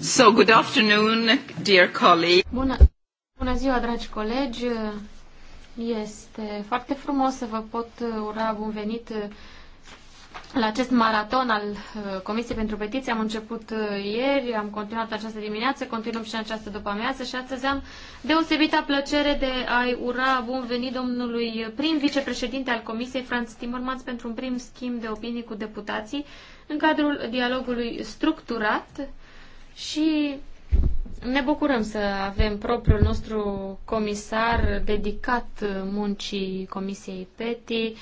So, good afternoon, dear colleague. Bună, bună ziua, dragi colegi. Este foarte frumos să vă pot ura bun venit la acest maraton al uh, Comisiei pentru Petiții. Am început uh, ieri, am continuat această dimineață, continuăm și în această după-amiază și astăzi am deosebita plăcere de a-i ura bun venit domnului prim vicepreședinte al Comisiei, Franz Timmermans, pentru un prim schimb de opinii cu deputații în cadrul dialogului structurat și ne bucurăm să avem propriul nostru comisar dedicat muncii Comisiei PETI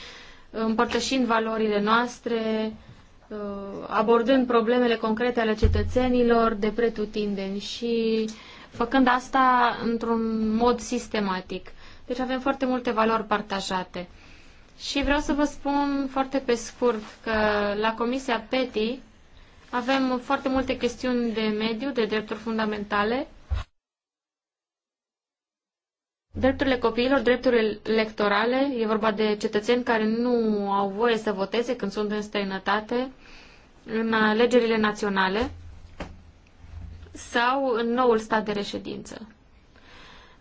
împărtășind valorile noastre, uh, abordând problemele concrete ale cetățenilor de pretutindeni și făcând asta într-un mod sistematic. Deci avem foarte multe valori partajate. Și vreau să vă spun foarte pe scurt că la Comisia PETI avem foarte multe chestiuni de mediu, de drepturi fundamentale, Drepturile copiilor, drepturile electorale, e vorba de cetățeni care nu au voie să voteze când sunt în străinătate, în alegerile naționale sau în noul stat de reședință.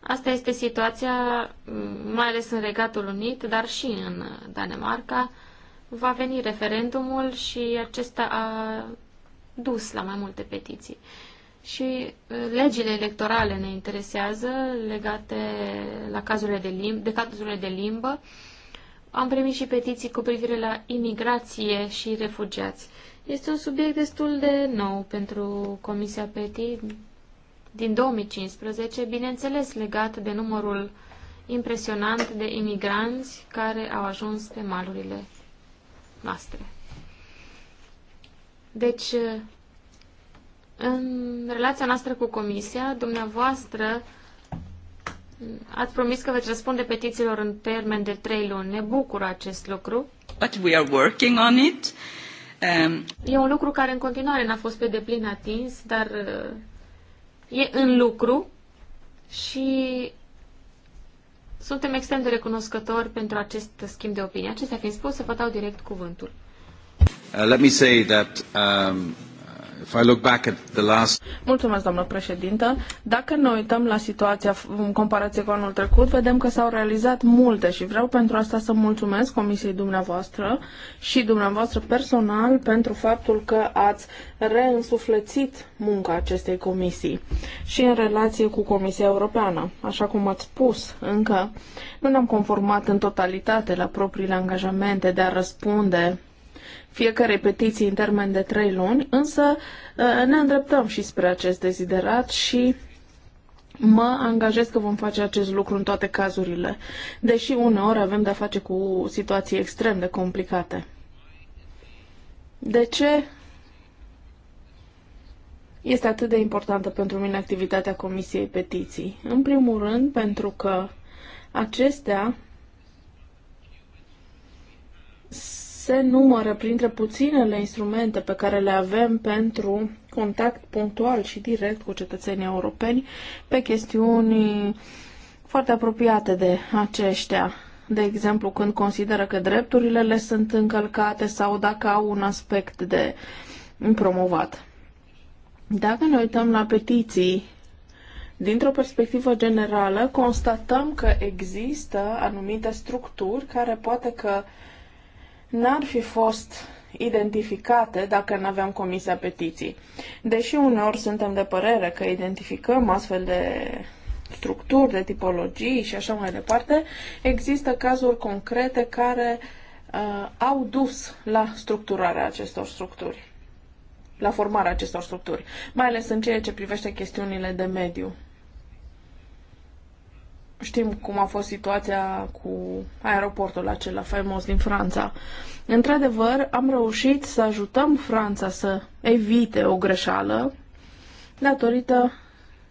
Asta este situația, mai ales în Regatul Unit, dar și în Danemarca. Va veni referendumul și acesta a dus la mai multe petiții și uh, legile electorale ne interesează legate la cazurile de, lim- de cazurile de limbă. Am primit și petiții cu privire la imigrație și refugiați. Este un subiect destul de nou pentru Comisia PETI din 2015, bineînțeles legat de numărul impresionant de imigranți care au ajuns pe malurile noastre. Deci, în relația noastră cu Comisia, dumneavoastră ați promis că veți răspunde petițiilor în termen de trei luni. Ne bucură acest lucru. But we are working on it. Um... E un lucru care în continuare n-a fost pe deplin atins, dar uh, e în lucru și suntem extrem de recunoscători pentru acest schimb de opinie. Acestea fiind spuse, vă dau direct cuvântul. Uh, let me say that um, If I look back at the last... Mulțumesc, doamnă președintă. Dacă ne uităm la situația în comparație cu anul trecut, vedem că s-au realizat multe și vreau pentru asta să mulțumesc Comisiei dumneavoastră și dumneavoastră personal pentru faptul că ați reînsuflețit munca acestei comisii și în relație cu Comisia Europeană. Așa cum ați spus, încă nu ne-am conformat în totalitate la propriile angajamente de a răspunde fiecare petiție în termen de trei luni, însă uh, ne îndreptăm și spre acest deziderat și mă angajez că vom face acest lucru în toate cazurile, deși uneori avem de-a face cu situații extrem de complicate. De ce este atât de importantă pentru mine activitatea Comisiei Petiții? În primul rând, pentru că acestea se numără printre puținele instrumente pe care le avem pentru contact punctual și direct cu cetățenii europeni pe chestiuni foarte apropiate de aceștia. De exemplu, când consideră că drepturile le sunt încălcate sau dacă au un aspect de promovat. Dacă ne uităm la petiții Dintr-o perspectivă generală, constatăm că există anumite structuri care poate că uh, n-ar fi fost identificate dacă nu aveam comisia petiții. Deși uneori suntem de părere că identificăm astfel de structuri, de tipologii și așa mai departe, există cazuri concrete care uh, au dus la structurarea acestor structuri, la formarea acestor structuri, mai ales în ceea ce privește chestiunile de mediu. Știm cum a fost situația cu aeroportul acela faimos din Franța. Într-adevăr, am reușit să ajutăm Franța să evite o greșeală datorită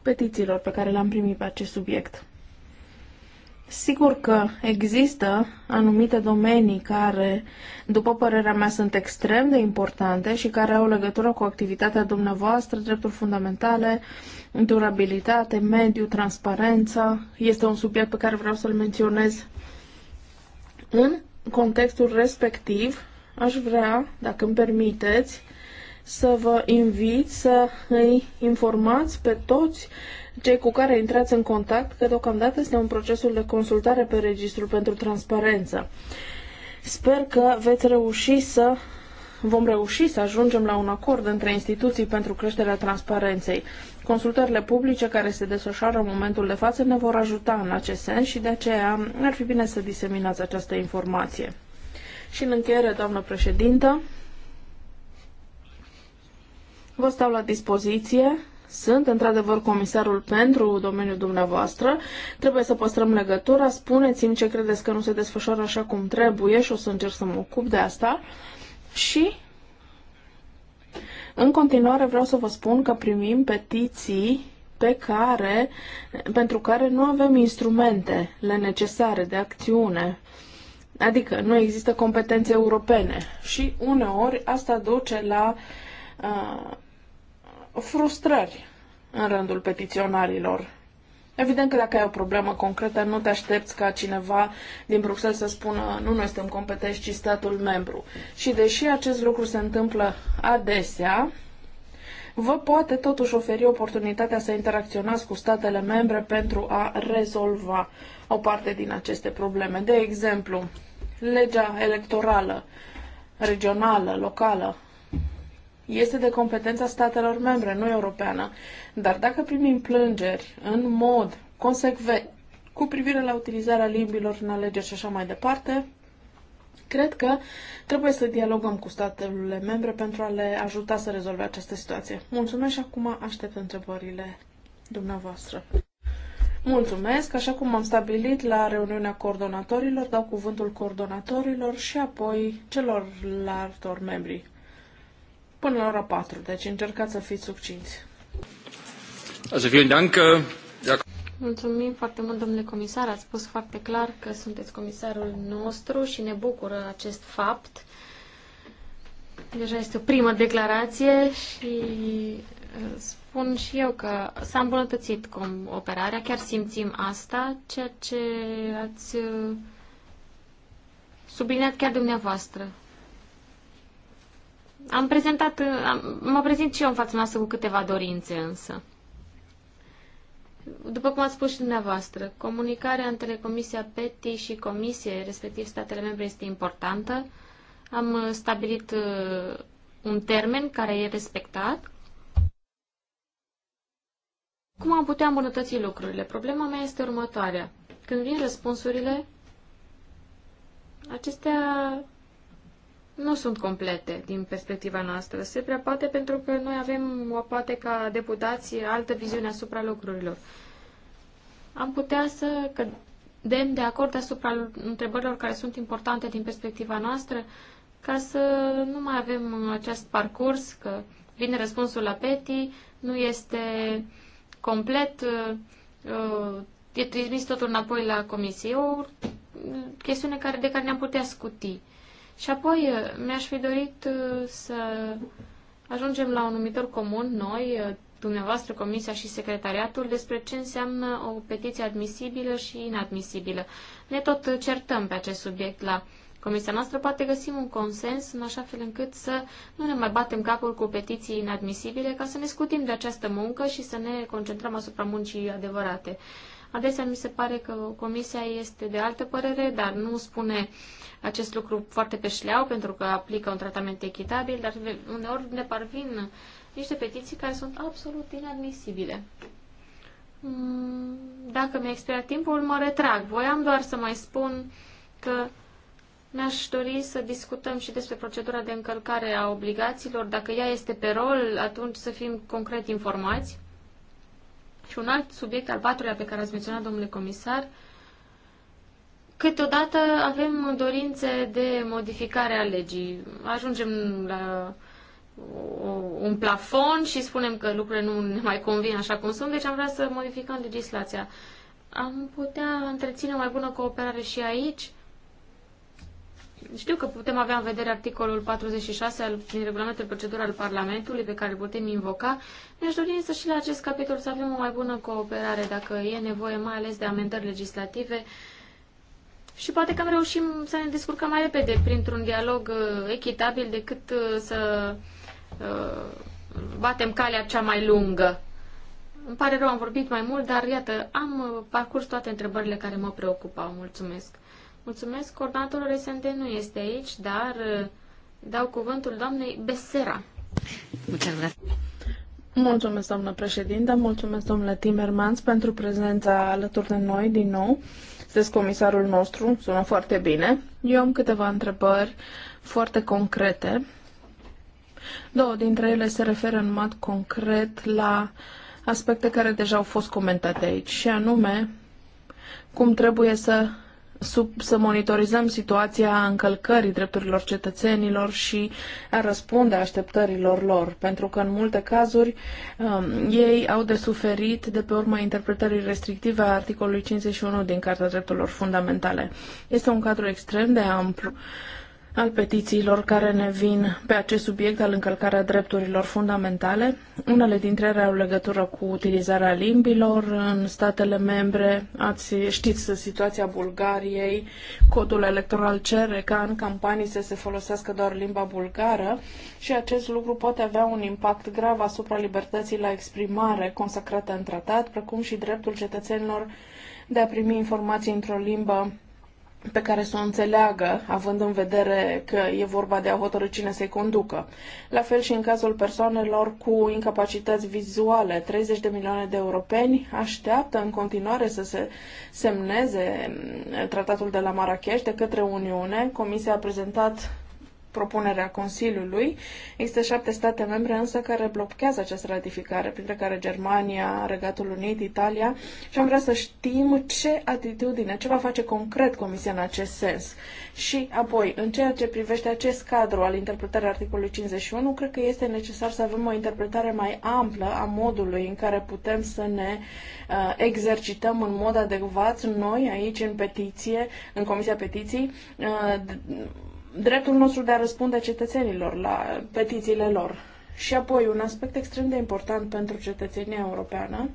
petițiilor pe care le-am primit pe acest subiect. Sigur că există anumite domenii care, după părerea mea, sunt extrem de importante și care au legătură cu activitatea dumneavoastră, drepturi fundamentale, durabilitate, mediu, transparență. Este un subiect pe care vreau să-l menționez. În contextul respectiv, aș vrea, dacă îmi permiteți, să vă invit să îi informați pe toți cei cu care intrați în contact că deocamdată este un procesul de consultare pe Registrul pentru Transparență. Sper că veți reuși să vom reuși să ajungem la un acord între instituții pentru creșterea transparenței. Consultările publice care se desfășoară în momentul de față ne vor ajuta în acest sens și de aceea ar fi bine să diseminați această informație. Și în încheiere, doamnă președintă, Vă stau la dispoziție. Sunt, într-adevăr, comisarul pentru domeniul dumneavoastră. Trebuie să păstrăm legătura. Spuneți-mi ce credeți că nu se desfășoară așa cum trebuie și o să încerc să mă ocup de asta. Și, în continuare, vreau să vă spun că primim petiții pe care, pentru care nu avem instrumentele necesare de acțiune. Adică nu există competențe europene și uneori asta duce la uh, frustrări în rândul petiționarilor. Evident că dacă ai o problemă concretă, nu te aștepți ca cineva din Bruxelles să spună nu noi suntem competenți, ci statul membru. Și deși acest lucru se întâmplă adesea, vă poate totuși oferi oportunitatea să interacționați cu statele membre pentru a rezolva o parte din aceste probleme. De exemplu, legea electorală regională, locală este de competența statelor membre, nu europeană. Dar dacă primim plângeri în mod consecvent cu privire la utilizarea limbilor în alegeri și așa mai departe, cred că trebuie să dialogăm cu statele membre pentru a le ajuta să rezolve această situație. Mulțumesc și acum aștept întrebările dumneavoastră. Mulțumesc, așa cum am stabilit la reuniunea coordonatorilor, dau cuvântul coordonatorilor și apoi celorlaltor membri până la ora 4, deci încercați să fiți succinți. Also, vielen äh, Mulțumim foarte mult, domnule comisar. Ați spus foarte clar că sunteți comisarul nostru și ne bucură acest fapt. Deja este o primă declarație și uh, spun și eu că s-a îmbunătățit cum operarea, chiar simțim asta, ceea ce ați uh, subliniat chiar dumneavoastră. Am prezentat, am, mă prezint și eu în fața noastră cu câteva dorințe însă. După cum ați spus și dumneavoastră, comunicarea între Comisia PETI și Comisie, respectiv statele membre, este importantă. Am stabilit uh, un termen care e respectat. Cum am putea îmbunătăți lucrurile? Problema mea este următoarea. Când vin răspunsurile, acestea nu sunt complete din perspectiva noastră. Se prea poate pentru că noi avem o poate ca deputați altă viziune asupra lucrurilor. Am putea să cădem de acord asupra întrebărilor care sunt importante din perspectiva noastră ca să nu mai avem acest parcurs că vine răspunsul la PETI, nu este complet, uh, e trimis totul înapoi la comisie. o chestiune care, de care ne-am putea scuti. Și apoi uh, mi-aș fi dorit uh, să ajungem la un numitor comun, noi, uh, dumneavoastră, Comisia și Secretariatul, despre ce înseamnă o petiție admisibilă și inadmisibilă. Ne tot certăm pe acest subiect la Comisia noastră poate găsim un consens în așa fel încât să nu ne mai batem capul cu petiții inadmisibile ca să ne scutim de această muncă și să ne concentrăm asupra muncii adevărate. Adesea mi se pare că comisia este de altă părere, dar nu spune acest lucru foarte pe șleau, pentru că aplică un tratament echitabil, dar uneori ne parvin niște petiții care sunt absolut inadmisibile. Mm, dacă mi-a expirat timpul, mă retrag. Voiam doar să mai spun că mi-aș dori să discutăm și despre procedura de încălcare a obligațiilor. Dacă ea este pe rol, atunci să fim concret informați. Și un alt subiect, al patrulea pe care ați menționat, domnule comisar, câteodată avem dorințe de modificare a legii. Ajungem la un plafon și spunem că lucrurile nu ne mai convin așa cum sunt, deci am vrea să modificăm legislația. Am putea întreține o mai bună cooperare și aici? Știu că putem avea în vedere articolul 46 al, din regulamentul procedură al Parlamentului pe care îl putem invoca. Ne-aș dori însă și la acest capitol să avem o mai bună cooperare dacă e nevoie mai ales de amendări legislative și poate că am reușit să ne descurcăm mai repede printr-un dialog uh, echitabil decât uh, să uh, batem calea cea mai lungă. Îmi pare rău, am vorbit mai mult, dar iată, am parcurs toate întrebările care mă preocupau. Mulțumesc! Mulțumesc. Coordonatorul SND nu este aici, dar uh, dau cuvântul doamnei Besera. Mulțumesc. Mulțumesc, doamnă președintă, mulțumesc, domnule Timmermans, pentru prezența alături de noi din nou. Sunteți comisarul nostru, sună foarte bine. Eu am câteva întrebări foarte concrete. Două dintre ele se referă în mod concret la aspecte care deja au fost comentate aici, și anume cum trebuie să sub, să monitorizăm situația încălcării drepturilor cetățenilor și a răspunde așteptărilor lor, pentru că în multe cazuri um, ei au de suferit de pe urma interpretării restrictive a articolului 51 din Carta Drepturilor Fundamentale. Este un cadru extrem de amplu al petițiilor care ne vin pe acest subiect al încălcarea drepturilor fundamentale. Unele dintre ele au legătură cu utilizarea limbilor în statele membre. Ați, știți situația Bulgariei. Codul electoral cere ca în campanii să se folosească doar limba bulgară și acest lucru poate avea un impact grav asupra libertății la exprimare consacrată în tratat, precum și dreptul cetățenilor de a primi informații într-o limbă pe care să o înțeleagă, având în vedere că e vorba de a hotărâ cine să-i conducă. La fel și în cazul persoanelor cu incapacități vizuale, 30 de milioane de europeni așteaptă în continuare să se semneze mm, tratatul de la Marrakech de către Uniune. Comisia a prezentat propunerea Consiliului. Există șapte state membre însă care blochează această ratificare, printre care Germania, Regatul Unit, Italia și am vrea să știm ce atitudine, ce va face concret Comisia în acest sens. Și apoi, în ceea ce privește acest cadru al interpretării articolului 51, cred că este necesar să avem o interpretare mai amplă a modului în care putem să ne uh, exercităm în mod adecvat noi aici în petiție, în Comisia Petiții, uh, dreptul nostru de a răspunde cetățenilor la petițiile lor. Și apoi, un aspect extrem de important pentru cetățenia europeană,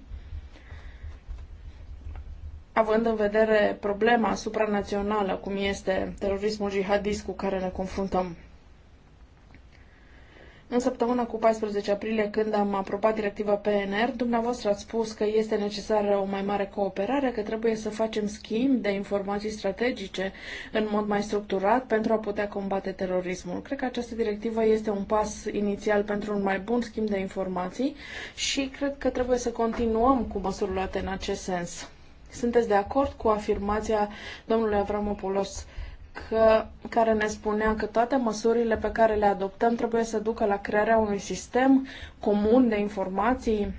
având în vedere problema supranațională, cum este terorismul jihadist cu care ne confruntăm. În săptămâna cu 14 aprilie, când am aprobat directiva PNR, dumneavoastră ați spus că este necesară o mai mare cooperare, că trebuie să facem schimb de informații strategice în mod mai structurat pentru a putea combate terorismul. Cred că această directivă este un pas inițial pentru un mai bun schimb de informații și cred că trebuie să continuăm cu măsuri luate în acest sens. Sunteți de acord cu afirmația domnului Avramopoulos că, care ne spunea că toate măsurile pe care le adoptăm trebuie să ducă la crearea unui sistem comun de informații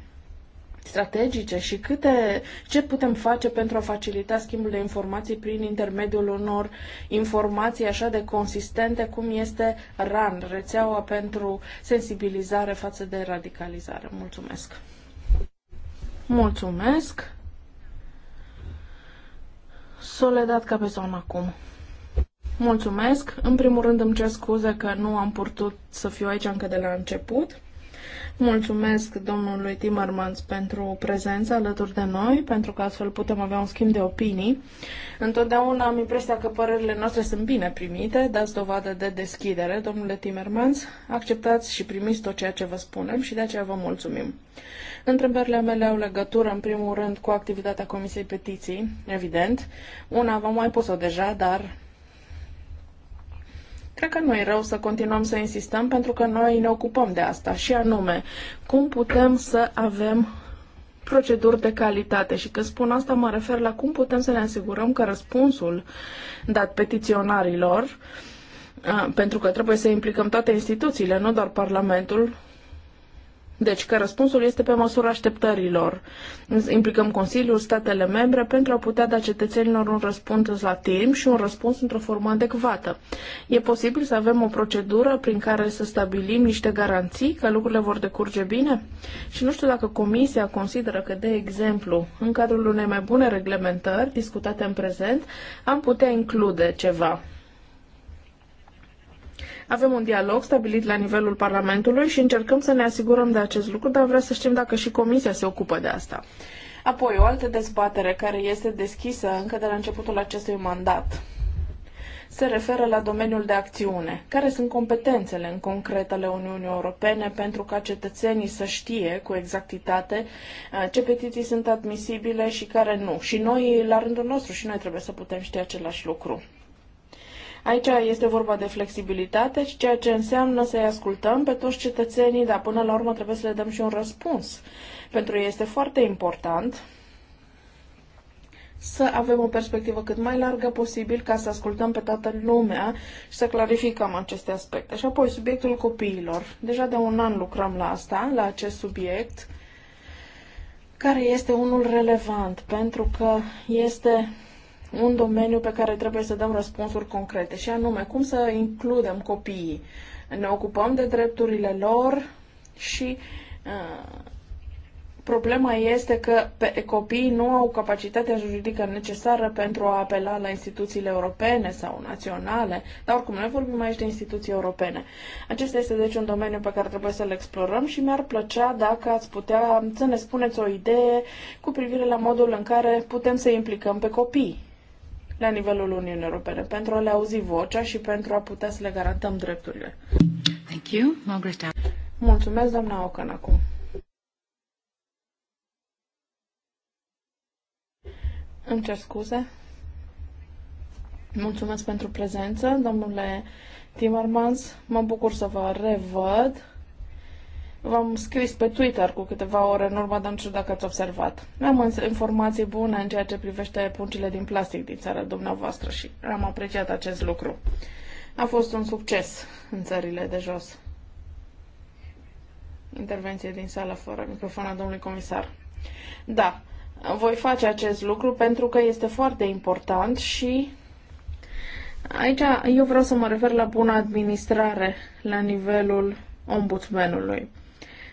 strategice și câte, ce putem face pentru a facilita schimbul de informații prin intermediul unor informații așa de consistente cum este RAN, rețeaua pentru sensibilizare față de radicalizare. Mulțumesc! Mulțumesc! Soledad Capezon acum. Mulțumesc. În primul rând îmi cer scuze că nu am putut să fiu aici încă de la început. Mulțumesc domnului Timmermans pentru prezența alături de noi, pentru că astfel putem avea un schimb de opinii. Întotdeauna am impresia că părerile noastre sunt bine primite, dați dovadă de deschidere. Domnule Timmermans, acceptați și primiți tot ceea ce vă spunem și de aceea vă mulțumim. Întrebările mele au legătură, în primul rând, cu activitatea Comisiei Petiții, evident. Una v-am mai pus-o deja, dar Cred că nu e rău să continuăm să insistăm pentru că noi ne ocupăm de asta și anume cum putem să avem proceduri de calitate și când spun asta mă refer la cum putem să ne asigurăm că răspunsul dat petiționarilor pentru că trebuie să implicăm toate instituțiile, nu doar Parlamentul, deci că răspunsul este pe măsura așteptărilor. Implicăm Consiliul, statele membre pentru a putea da cetățenilor un răspuns la timp și un răspuns într-o formă adecvată. E posibil să avem o procedură prin care să stabilim niște garanții că lucrurile vor decurge bine? Și nu știu dacă Comisia consideră că, de exemplu, în cadrul unei mai bune reglementări discutate în prezent, am putea include ceva avem un dialog stabilit la nivelul Parlamentului și încercăm să ne asigurăm de acest lucru, dar vreau să știm dacă și Comisia se ocupă de asta. Apoi, o altă dezbatere care este deschisă încă de la începutul acestui mandat se referă la domeniul de acțiune. Care sunt competențele în concret ale Uniunii Europene pentru ca cetățenii să știe cu exactitate uh, ce petiții sunt admisibile și care nu? Și noi, la rândul nostru, și noi trebuie să putem ști același lucru. Aici este vorba de flexibilitate, și ceea ce înseamnă să-i ascultăm pe toți cetățenii, dar până la urmă trebuie să le dăm și un răspuns. Pentru ei este foarte important să avem o perspectivă cât mai largă posibil ca să ascultăm pe toată lumea și să clarificăm aceste aspecte. Și apoi subiectul copiilor. Deja de un an lucrăm la asta, la acest subiect, care este unul relevant pentru că este un domeniu pe care trebuie să dăm răspunsuri concrete și anume cum să includem copiii. Ne ocupăm de drepturile lor și uh, problema este că pe, copiii nu au capacitatea juridică necesară pentru a apela la instituțiile europene sau naționale, dar oricum noi vorbim aici de instituții europene. Acesta este deci un domeniu pe care trebuie să-l explorăm și mi-ar plăcea dacă ați putea să ne spuneți o idee cu privire la modul în care putem să implicăm pe copii la nivelul Uniunii Europene pentru a le auzi vocea și pentru a putea să le garantăm drepturile. Thank you, Margaret. Mulțumesc, doamna Ocan, acum. Îmi cer scuze. Mulțumesc pentru prezență, domnule Timmermans. Mă bucur să vă revăd V-am scris pe Twitter cu câteva ore în urmă, dar nu știu dacă ați observat. Am informații bune în ceea ce privește puncile din plastic din țara dumneavoastră și am apreciat acest lucru. A fost un succes în țările de jos. Intervenție din sală fără microfon a domnului comisar. Da, voi face acest lucru pentru că este foarte important și aici eu vreau să mă refer la bună administrare la nivelul ombudsmenului.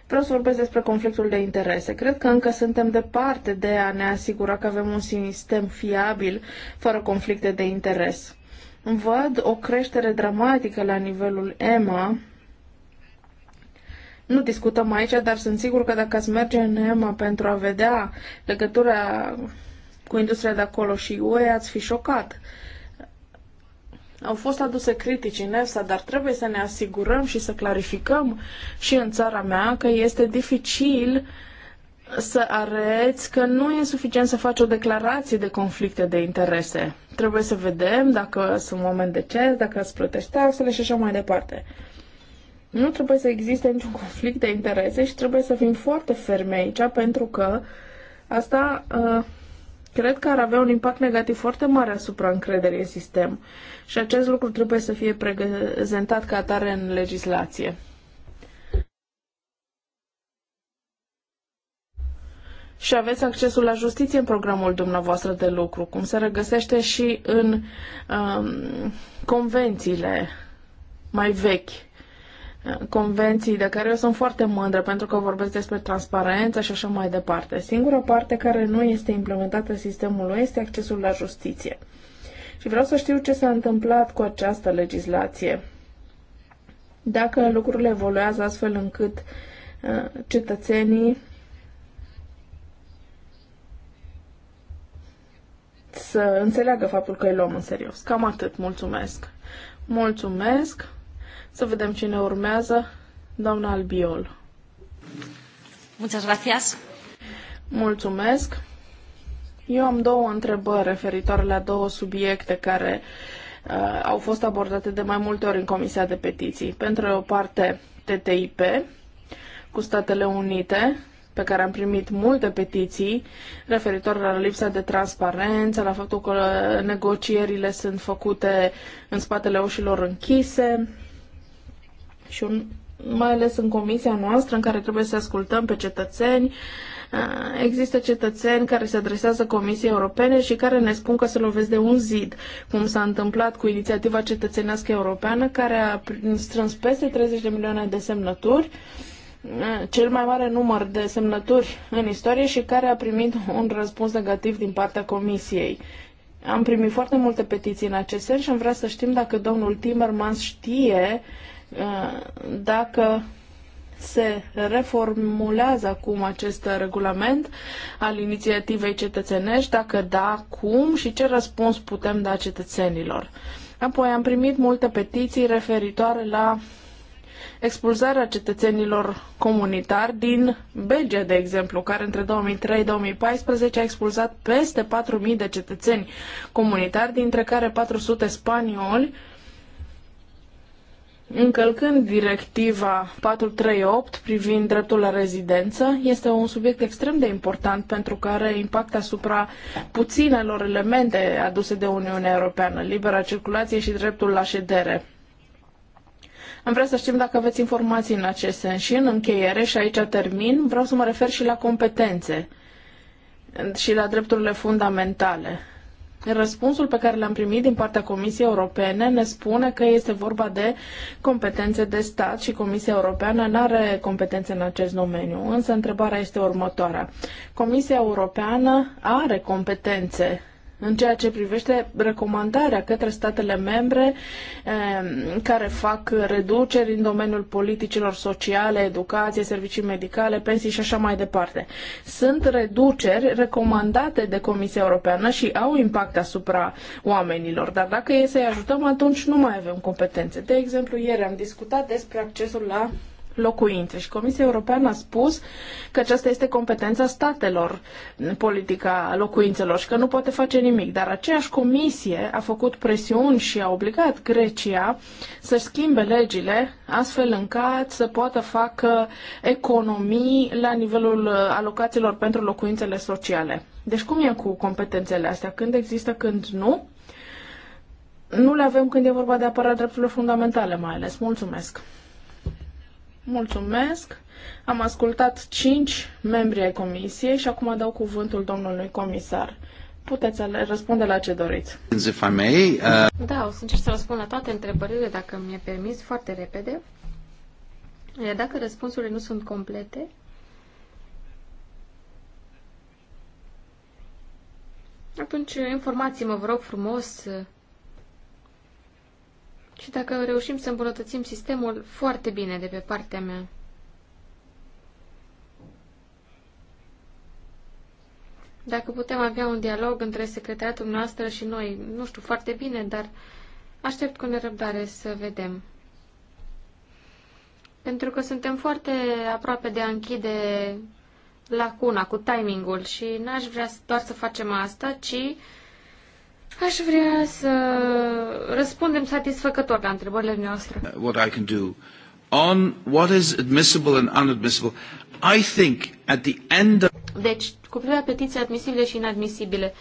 Vreau să vorbesc despre conflictul de interese. Cred că încă suntem departe de a ne asigura că avem un sistem fiabil, fără conflicte de interes. Văd o creștere dramatică la nivelul EMA. Nu discutăm aici, dar sunt sigur că dacă ați merge în EMA pentru a vedea legătura cu industria de acolo și UE, ați fi șocat. Uh, au fost aduse critici în EFSA, dar trebuie să ne asigurăm și să clarificăm și în țara mea că este dificil să arăți că nu e suficient să faci o declarație de conflicte de interese. Trebuie să vedem dacă sunt oameni de ce, dacă îți plătești taxele și așa mai departe. Nu trebuie să existe niciun conflict de interese și trebuie să fim foarte fermi aici pentru că asta uh, cred că ar avea un impact negativ foarte mare asupra încrederii în sistem. Uh, și acest lucru trebuie să fie prezentat ca atare în legislație. și aveți accesul la justiție în programul dumneavoastră de lucru, cum se regăsește și în um, convențiile mai vechi. Convenții de care eu sunt foarte mândră pentru că vorbesc despre transparență și așa mai departe. Singura parte care nu este implementată sistemului este accesul la justiție. Și vreau să știu ce s-a întâmplat cu această legislație. Dacă lucrurile evoluează astfel încât uh, cetățenii să înțeleagă faptul că îi luăm în serios. Cam atât. Mulțumesc. Mulțumesc. Să vedem cine urmează. Doamna Albiol. Muchas gracias. Mulțumesc. Eu am două întrebări referitoare la două subiecte care uh, au fost abordate de mai multe ori în Comisia de Petiții. Pentru o parte, TTIP cu Statele Unite, pe care am primit multe petiții referitor la lipsa de transparență, la faptul că negocierile sunt făcute în spatele ușilor închise și un, mai ales în comisia noastră în care trebuie să ascultăm pe cetățeni, uh, Ah, există cetățeni care se adresează Comisiei Europene și care ne spun că se lovesc de un zid, cum s-a întâmplat cu inițiativa cetățenească europeană, care a strâns peste 30 de milioane de semnături ah, cel mai mare număr de semnături în istorie și care a primit un răspuns negativ din partea Comisiei. Am primit foarte multe petiții în acest sens și am vrea să știm dacă domnul Timmermans știe ah, dacă se reformulează acum acest regulament al inițiativei cetățenești, dacă da, cum și ce răspuns putem da cetățenilor. Apoi am primit multe petiții referitoare la expulzarea cetățenilor comunitari din Belgia, de exemplu, care între 2003-2014 a expulzat peste 4.000 de cetățeni comunitari, dintre care 400 spanioli, încălcând directiva 438 privind dreptul la rezidență, este un subiect extrem de important pentru că are impact asupra puținelor elemente aduse de Uniunea Europeană, libera circulație și dreptul la ședere. Am vrea să știm dacă aveți informații în acest sens și în încheiere, și aici termin, vreau să mă refer și la competențe și la drepturile fundamentale. Răspunsul pe care l-am primit din partea Comisiei Europene ne spune că este vorba de competențe de stat și Comisia Europeană nu are competențe în acest domeniu. Însă întrebarea este următoarea. Comisia Europeană are competențe în ceea ce privește recomandarea către statele membre care fac reduceri în domeniul politicilor sociale, educație, servicii medicale, pensii și așa mai departe. Sunt reduceri recomandate de Comisia Europeană și au impact asupra oamenilor, dar dacă e să-i ajutăm, atunci nu mai avem competențe. De exemplu, ieri am discutat despre accesul la locuințe. Și Comisia Europeană a spus că aceasta este competența statelor, politica locuințelor și că nu poate face nimic. Dar aceeași comisie a făcut presiuni și a obligat Grecia să-și schimbe legile astfel încât să poată facă economii la nivelul alocațiilor pentru locuințele sociale. Deci cum e cu competențele astea? Când există, când nu? Nu le avem când e vorba de apărarea drepturilor fundamentale, mai ales. Mulțumesc! Mulțumesc. Am ascultat cinci membri ai comisiei și acum dau cuvântul domnului comisar. Puteți să răspunde la ce doriți. Uh, da, o să încerc să răspund la toate întrebările, dacă mi-e permis, foarte repede. Iar dacă răspunsurile nu sunt complete, atunci informații-mă, vă rog frumos, și dacă reușim să îmbunătățim sistemul foarte bine de pe partea mea. Dacă putem avea un dialog între secretariatul noastră și noi, nu știu foarte bine, dar aștept cu nerăbdare să vedem. Pentru că suntem foarte aproape de a închide lacuna cu timingul și n-aș vrea doar să facem asta, ci Aș vrea să răspundem satisfăcător la întrebările noastre. Uh, what I can do on what is admissible and unadmissible, I think at the end of... Deci, cu privire la petiții admisibile și inadmisibile,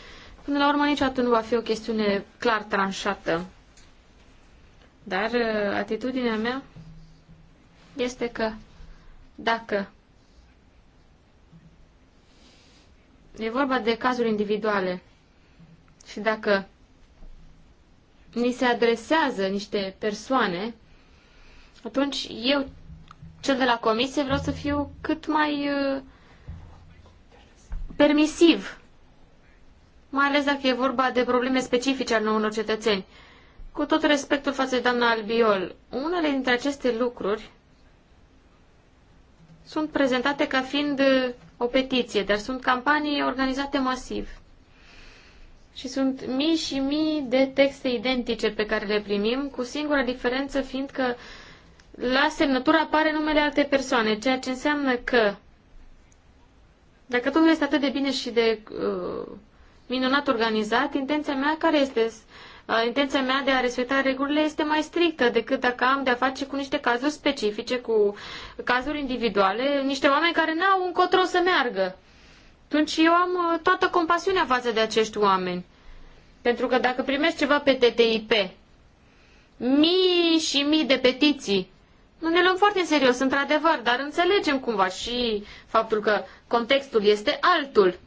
până la urmă niciodată nu va fi o chestiune clar tranșată. Dar uh, atitudinea mea este că dacă e vorba de cazuri individuale, și dacă ni se adresează niște persoane, atunci eu, cel de la comisie, vreau să fiu cât mai uh, permisiv, mai ales dacă e vorba de probleme specifice al unor cetățeni. Cu tot respectul față de doamna Albiol, unele dintre aceste lucruri sunt prezentate ca fiind uh, o petiție, dar sunt campanii organizate masiv și sunt mii și mii de texte identice pe care le primim, cu singura diferență fiind că la semnătură apare numele alte persoane, ceea ce înseamnă că dacă totul este atât de bine și de uh, minunat organizat, intenția mea care este? Uh, intenția mea de a respecta regulile este mai strictă decât dacă am de-a face cu niște cazuri specifice, cu cazuri individuale, niște oameni care n-au încotro să meargă atunci eu am uh, toată compasiunea față de acești oameni. Pentru că dacă primești ceva pe TTIP, mii și mii de petiții, nu ne luăm foarte în serios, într-adevăr, dar înțelegem cumva și faptul că contextul este altul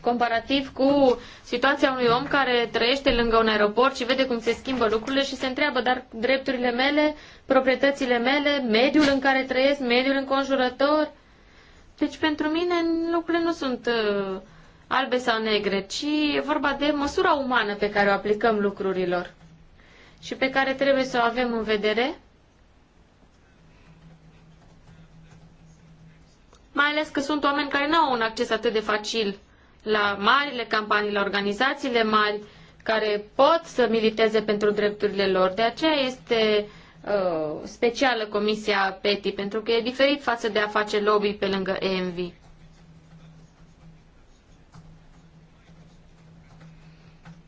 comparativ cu situația unui om care trăiește lângă un aeroport și vede cum se schimbă lucrurile și se întreabă, dar drepturile mele, proprietățile mele, mediul în care trăiesc, mediul înconjurător, deci pentru mine lucrurile nu sunt uh, albe sau negre, ci e vorba de măsura umană pe care o aplicăm lucrurilor și pe care trebuie să o avem în vedere, mai ales că sunt oameni care nu au un acces atât de facil la marile campanii, la organizațiile mari care pot să militeze pentru drepturile lor. De aceea este uh, uh, specială Comisia PETI, pentru că e diferit față de a face lobby pe lângă EMV.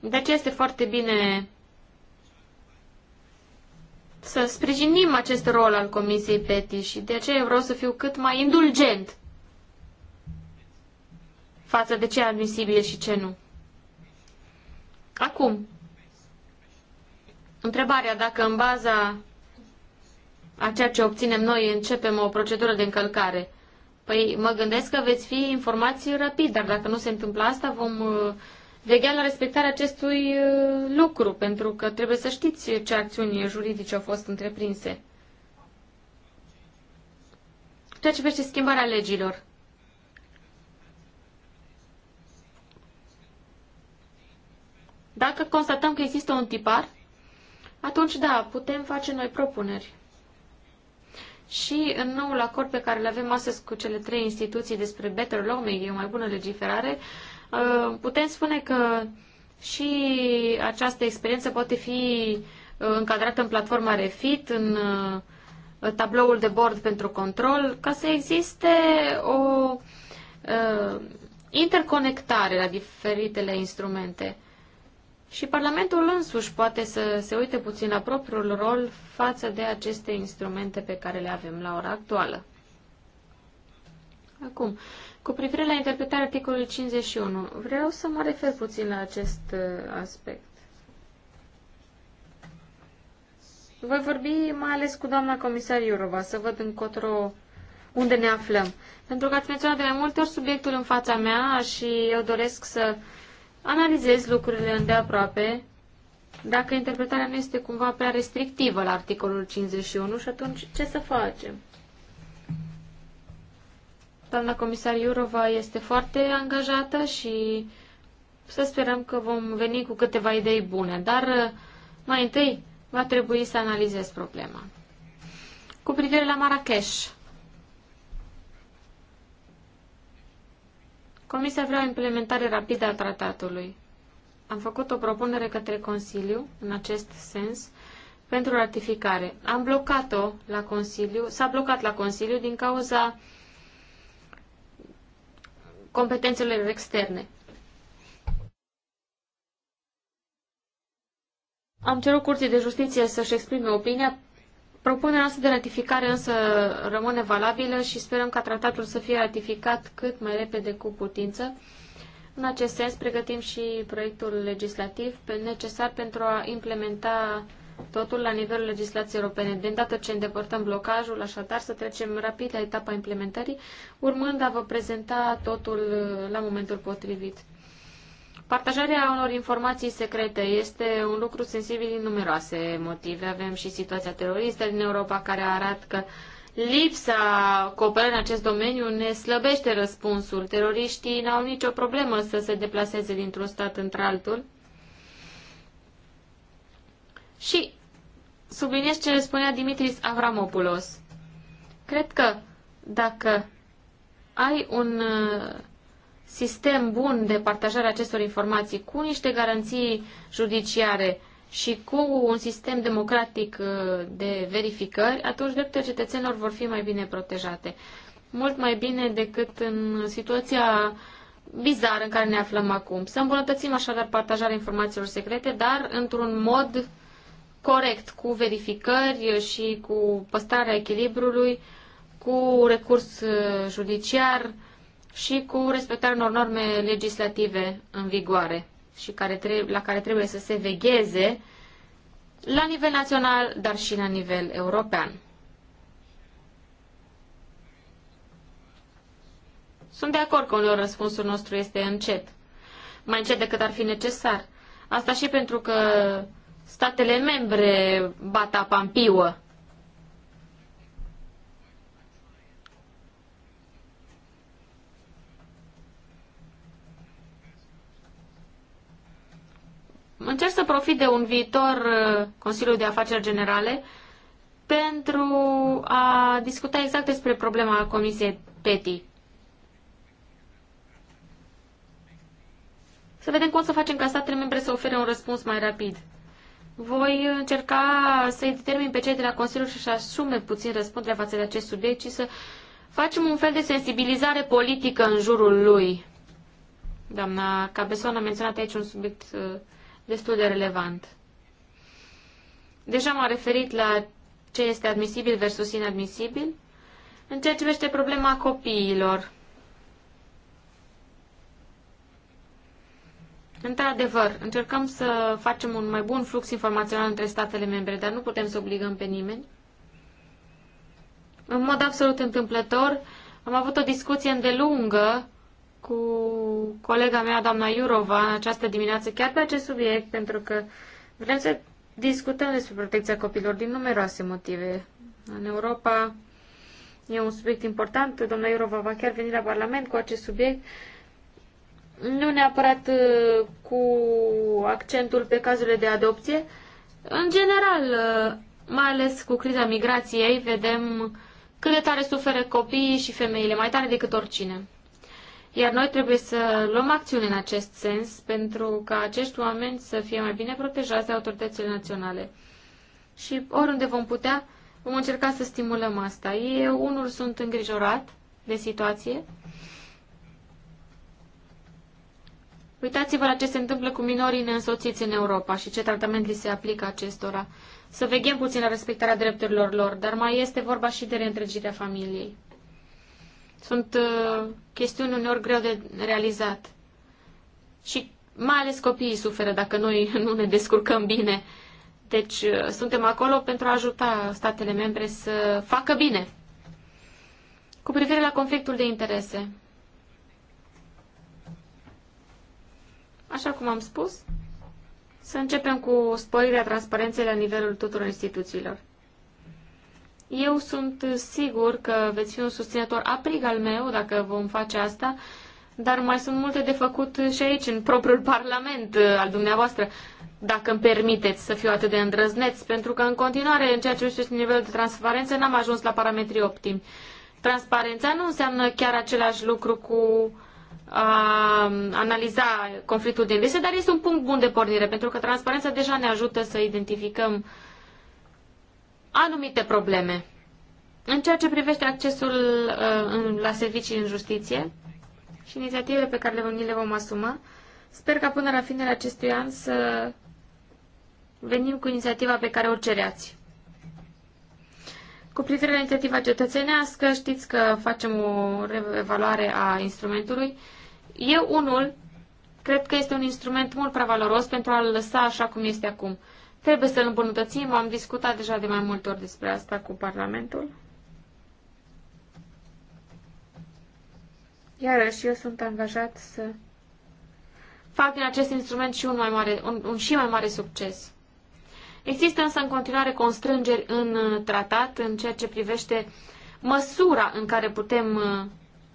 De aceea este foarte bine să sprijinim acest rol al Comisiei PETI și de aceea eu vreau să fiu cât mai indulgent față de ce e admisibil și ce nu. Acum, întrebarea dacă în baza a ceea ce obținem noi, începem o procedură de încălcare. Păi mă gândesc că veți fi informații rapid, dar dacă nu se întâmplă asta, vom uh, veghea la respectarea acestui uh, lucru, pentru că trebuie să știți ce acțiuni juridice au fost întreprinse. Ceea ce vește schimbarea legilor. Dacă constatăm că există un tipar, atunci da, putem face noi propuneri și în noul acord pe care îl avem astăzi cu cele trei instituții despre better lawmaking, o mai bună legiferare, uh, putem spune că și această experiență poate fi uh, încadrată în platforma Refit, în uh, tabloul de bord pentru control, ca să existe o interconectare la diferitele instrumente. Și Parlamentul însuși poate să se uite puțin la propriul rol față de aceste instrumente pe care le avem la ora actuală. Acum, cu privire la interpretarea articolului 51, vreau să mă refer puțin la acest uh, aspect. Voi vorbi mai ales cu doamna comisar Iurova, să văd încotro unde ne aflăm. Pentru că ați menționat de mai multe ori subiectul în fața mea și eu doresc să analizez lucrurile îndeaproape dacă interpretarea nu este cumva prea restrictivă la articolul 51 și atunci ce să facem? Doamna comisar Iurova este foarte angajată și să sperăm că vom veni cu câteva idei bune, dar uh, mai întâi va trebui să analizez problema. Cu privire la Marrakesh, Comisia vrea o implementare rapidă a tratatului. Am făcut o propunere către Consiliu în acest sens pentru ratificare. Am blocat-o la Consiliu, s-a blocat la Consiliu din cauza competențelor externe. Am cerut Curții de Justiție să-și exprime opinia Propunerea noastră de ratificare însă rămâne valabilă și sperăm ca tratatul să fie ratificat cât mai repede cu putință. În acest sens, pregătim și proiectul legislativ necesar pentru a implementa totul la nivelul legislației europene. De îndată ce îndepărtăm blocajul, așadar, să trecem rapid la etapa implementării, urmând a vă prezenta totul la momentul potrivit. Partajarea unor informații secrete este un lucru sensibil din numeroase motive. Avem și situația teroristă din Europa care arată că lipsa cooperării în acest domeniu ne slăbește răspunsul. Teroriștii n-au nicio problemă să se deplaseze dintr-un stat într-altul. Și subliniez ce spunea Dimitris Avramopoulos. Cred că dacă ai un sistem bun de partajare a acestor informații cu niște garanții judiciare și cu un sistem democratic uh, de verificări, atunci drepturile cetățenilor vor fi mai bine protejate. Mult mai bine decât în situația bizară în care ne aflăm acum. Să îmbunătățim așadar partajarea informațiilor secrete, dar într-un mod corect, cu verificări și cu păstrarea echilibrului, cu recurs uh, judiciar, și cu respectarea unor norme legislative în vigoare și care trebuie, la care trebuie să se vegheze la nivel național, dar și la nivel european. Sunt de acord că unor răspunsul nostru este încet, mai încet decât ar fi necesar. Asta și pentru că statele membre bat apa în piuă încerc să profit de un viitor uh, Consiliu de Afaceri Generale pentru a discuta exact despre problema Comisiei PETI. Să vedem cum să facem ca statele membre să ofere un răspuns mai rapid. Voi încerca să-i determin pe cei de la Consiliu și-și asume puțin răspunderea față de acest subiect și să facem un fel de sensibilizare politică în jurul lui. Doamna Cabeson a menționat aici un subiect uh, destul de relevant. Deja m-am referit la ce este admisibil versus inadmisibil. În ceea ce vește problema copiilor, Într-adevăr, încercăm să facem un mai bun flux informațional între statele membre, dar nu putem să obligăm pe nimeni. În mod absolut întâmplător, am avut o discuție îndelungă cu colega mea, doamna Iurova, în această dimineață chiar pe acest subiect, pentru că vrem să discutăm despre protecția copilor din numeroase motive. În Europa e un subiect important. Doamna Iurova va chiar veni la Parlament cu acest subiect. Nu neapărat uh, cu accentul pe cazurile de adopție. În general, uh, mai ales cu criza migrației, vedem cât de tare suferă copiii și femeile, mai tare decât oricine. Iar noi trebuie să luăm acțiune în acest sens pentru ca acești oameni să fie mai bine protejați de autoritățile naționale. Și oriunde vom putea, vom încerca să stimulăm asta. Eu, unul, sunt îngrijorat de situație. Uitați-vă la ce se întâmplă cu minorii neînsoțiți în Europa și ce tratament li se aplică acestora. Să veghem puțin la respectarea drepturilor lor, dar mai este vorba și de reîntregirea familiei. Sunt uh, chestiuni uneori greu de realizat. Și mai ales copiii suferă dacă noi nu ne descurcăm bine. Deci uh, suntem acolo pentru a ajuta statele membre să facă bine. Cu privire la conflictul de interese. Așa cum am spus, să începem cu sporirea transparenței la nivelul tuturor instituțiilor. Eu sunt sigur că veți fi un susținător aprig al meu dacă vom face asta, dar mai sunt multe de făcut și aici, în propriul parlament uh, al dumneavoastră, dacă îmi permiteți să fiu atât de îndrăzneț, pentru că în continuare, în ceea ce știți nivelul de transparență, n-am ajuns la parametrii optimi. Transparența nu înseamnă chiar același lucru cu a um, analiza conflictul de interese, dar este un punct bun de pornire, pentru că transparența deja ne ajută să identificăm uh, anumite probleme. În ceea ce privește accesul uh, la servicii în justiție și inițiativele pe care ni le vom asuma, sper ca până la finele acestui an să venim cu inițiativa pe care o cereați. Cu privire la inițiativa cetățenească, știți că facem o evaluare a instrumentului. Eu, unul, cred că este un instrument mult prea valoros pentru a-l lăsa așa cum este acum. Trebuie să-l îmbunătățim, am discutat deja de mai multe ori despre asta cu Parlamentul. și eu sunt angajat să fac din acest instrument și un, mai mare, un, un și mai mare succes. Există însă în continuare constrângeri în uh, tratat în ceea ce privește măsura în care putem uh,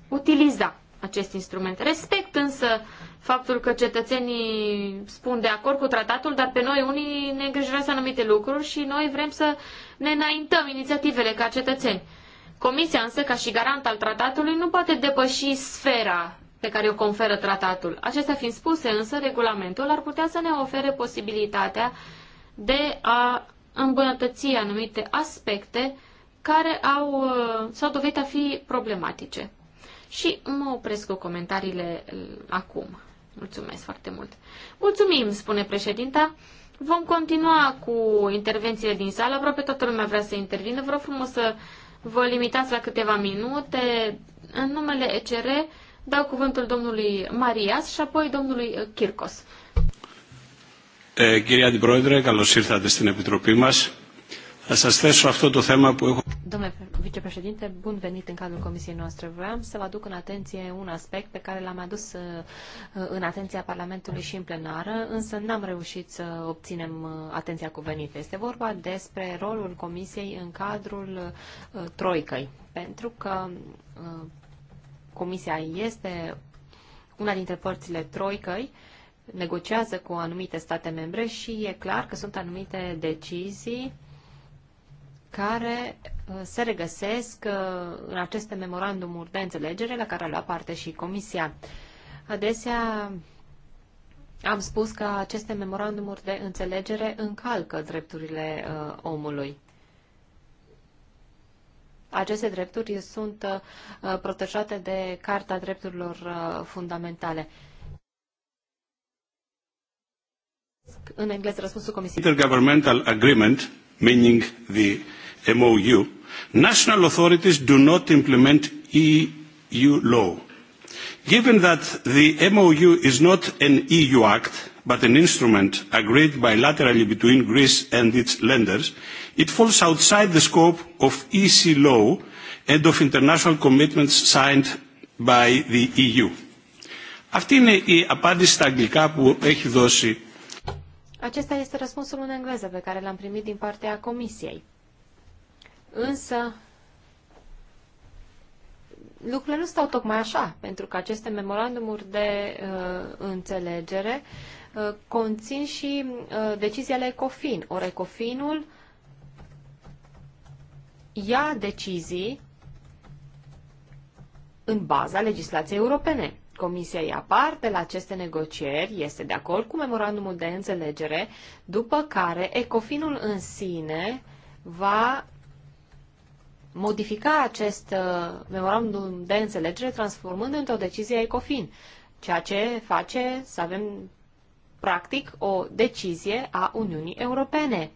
utiliza acest instrument. Respect însă faptul că cetățenii spun de acord cu tratatul, dar pe noi unii ne îngrijorează anumite lucruri și noi vrem să ne înaintăm inițiativele ca cetățeni. Comisia însă, ca și garant al tratatului, nu poate depăși sfera pe care o conferă tratatul. Acestea fiind spuse, însă, regulamentul ar putea să ne ofere posibilitatea de a îmbunătăți anumite aspecte care au, uh, s-au dovedit a fi problematice. Și mă opresc cu comentariile mm, acum. Mulțumesc foarte mult. Mulțumim, spune președinta. Vom continua cu intervențiile din sală. Aproape toată lumea vrea să intervină. Vreau frumos să vă limitați la câteva minute. În numele ECR dau cuvântul domnului Marias și apoi domnului Kirkos. Κυρία Αντιπρόεδρε, καλώς ήρθατε στην Επιτροπή μας. Domnule vicepreședinte, bun venit în cadrul comisiei noastre. Vreau să vă aduc în atenție un aspect pe care l-am adus uh, în atenția Parlamentului și în plenară, însă n-am reușit să obținem uh, atenția cuvenită. Este vorba despre rolul comisiei în cadrul uh, troicăi, pentru că comisia este una dintre părțile troicăi, negociază cu anumite state membre și e clar că sunt anumite decizii care uh, se regăsesc uh, în aceste memorandumuri de înțelegere la care a luat parte și Comisia. Adesea am spus că aceste memorandumuri de înțelegere încalcă drepturile uh, omului. Aceste drepturi sunt protejate de Carta Drepturilor Fundamentale. În engleză răspunsul Comisiei. Intergovernmental Agreement, meaning the MOU, national authorities do not implement EU law. Given that the MOU is not an EU act, but an instrument agreed bilaterally between Greece and its lenders, it falls outside the scope of EC law and of international commitments signed by the EU. Αυτή είναι η απάντηση στα αγγλικά που έχει δώσει. Acesta este răspunsul în engleză pe care l-am primit din partea Comisiei. Însă, lucrurile nu stau tocmai așa, pentru că aceste memorandumuri de uh, înțelegere uh, conțin și uh, decizia ale ECOFIN. Ori ECOFINul ia decizii în baza legislației europene. Comisia ia parte la aceste negocieri, este de acord cu memorandumul de înțelegere, după care ECOFINul în sine va modifica acest uh, memorandum de înțelegere transformând într-o decizie ECOFIN, ceea ce face să avem practic o decizie a Uniunii Europene.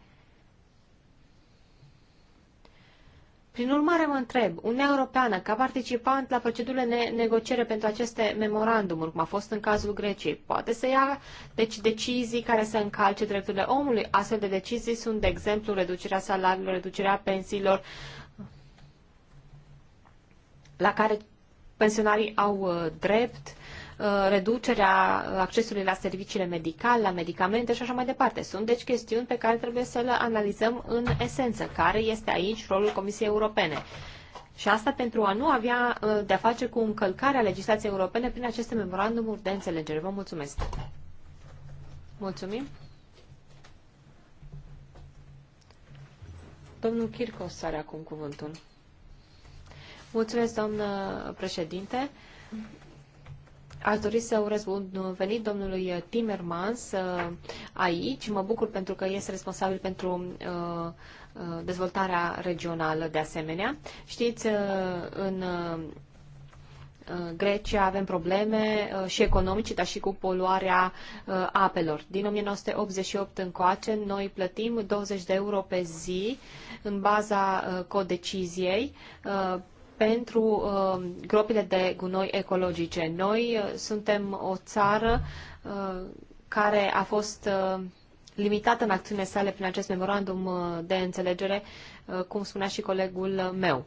Prin urmare, mă întreb, Uniunea Europeană, ca participant la procedurile de negociere pentru aceste memorandumuri, cum a fost în cazul Greciei, poate să ia deci, decizii care să încalce drepturile omului? Astfel de decizii sunt, de exemplu, reducerea salariilor, reducerea pensiilor, la care pensionarii au uh, drept, uh, reducerea accesului la serviciile medicale, la medicamente și așa mai departe. Sunt deci chestiuni pe care trebuie să le analizăm în esență, care este aici rolul Comisiei Europene. Și asta pentru a nu avea uh, de-a face cu încălcarea legislației europene prin aceste memorandumuri de înțelegere. Vă mulțumesc! Mulțumim! Domnul Kirkos are acum cuvântul. Mulțumesc, doamnă președinte. Aș dori să urez bun venit domnului Timmermans uh, aici. Mă bucur pentru că este responsabil pentru uh, uh, dezvoltarea regională de asemenea. Știți, în Grecia avem probleme și economice, dar și cu poluarea apelor. Din 1988 încoace, noi plătim 20 de euro pe zi în baza codeciziei pentru uh, gropile de gunoi ecologice. Noi uh, suntem o țară uh, care a fost uh, limitată în acțiunile sale prin acest memorandum uh, de înțelegere, uh, cum spunea și colegul meu.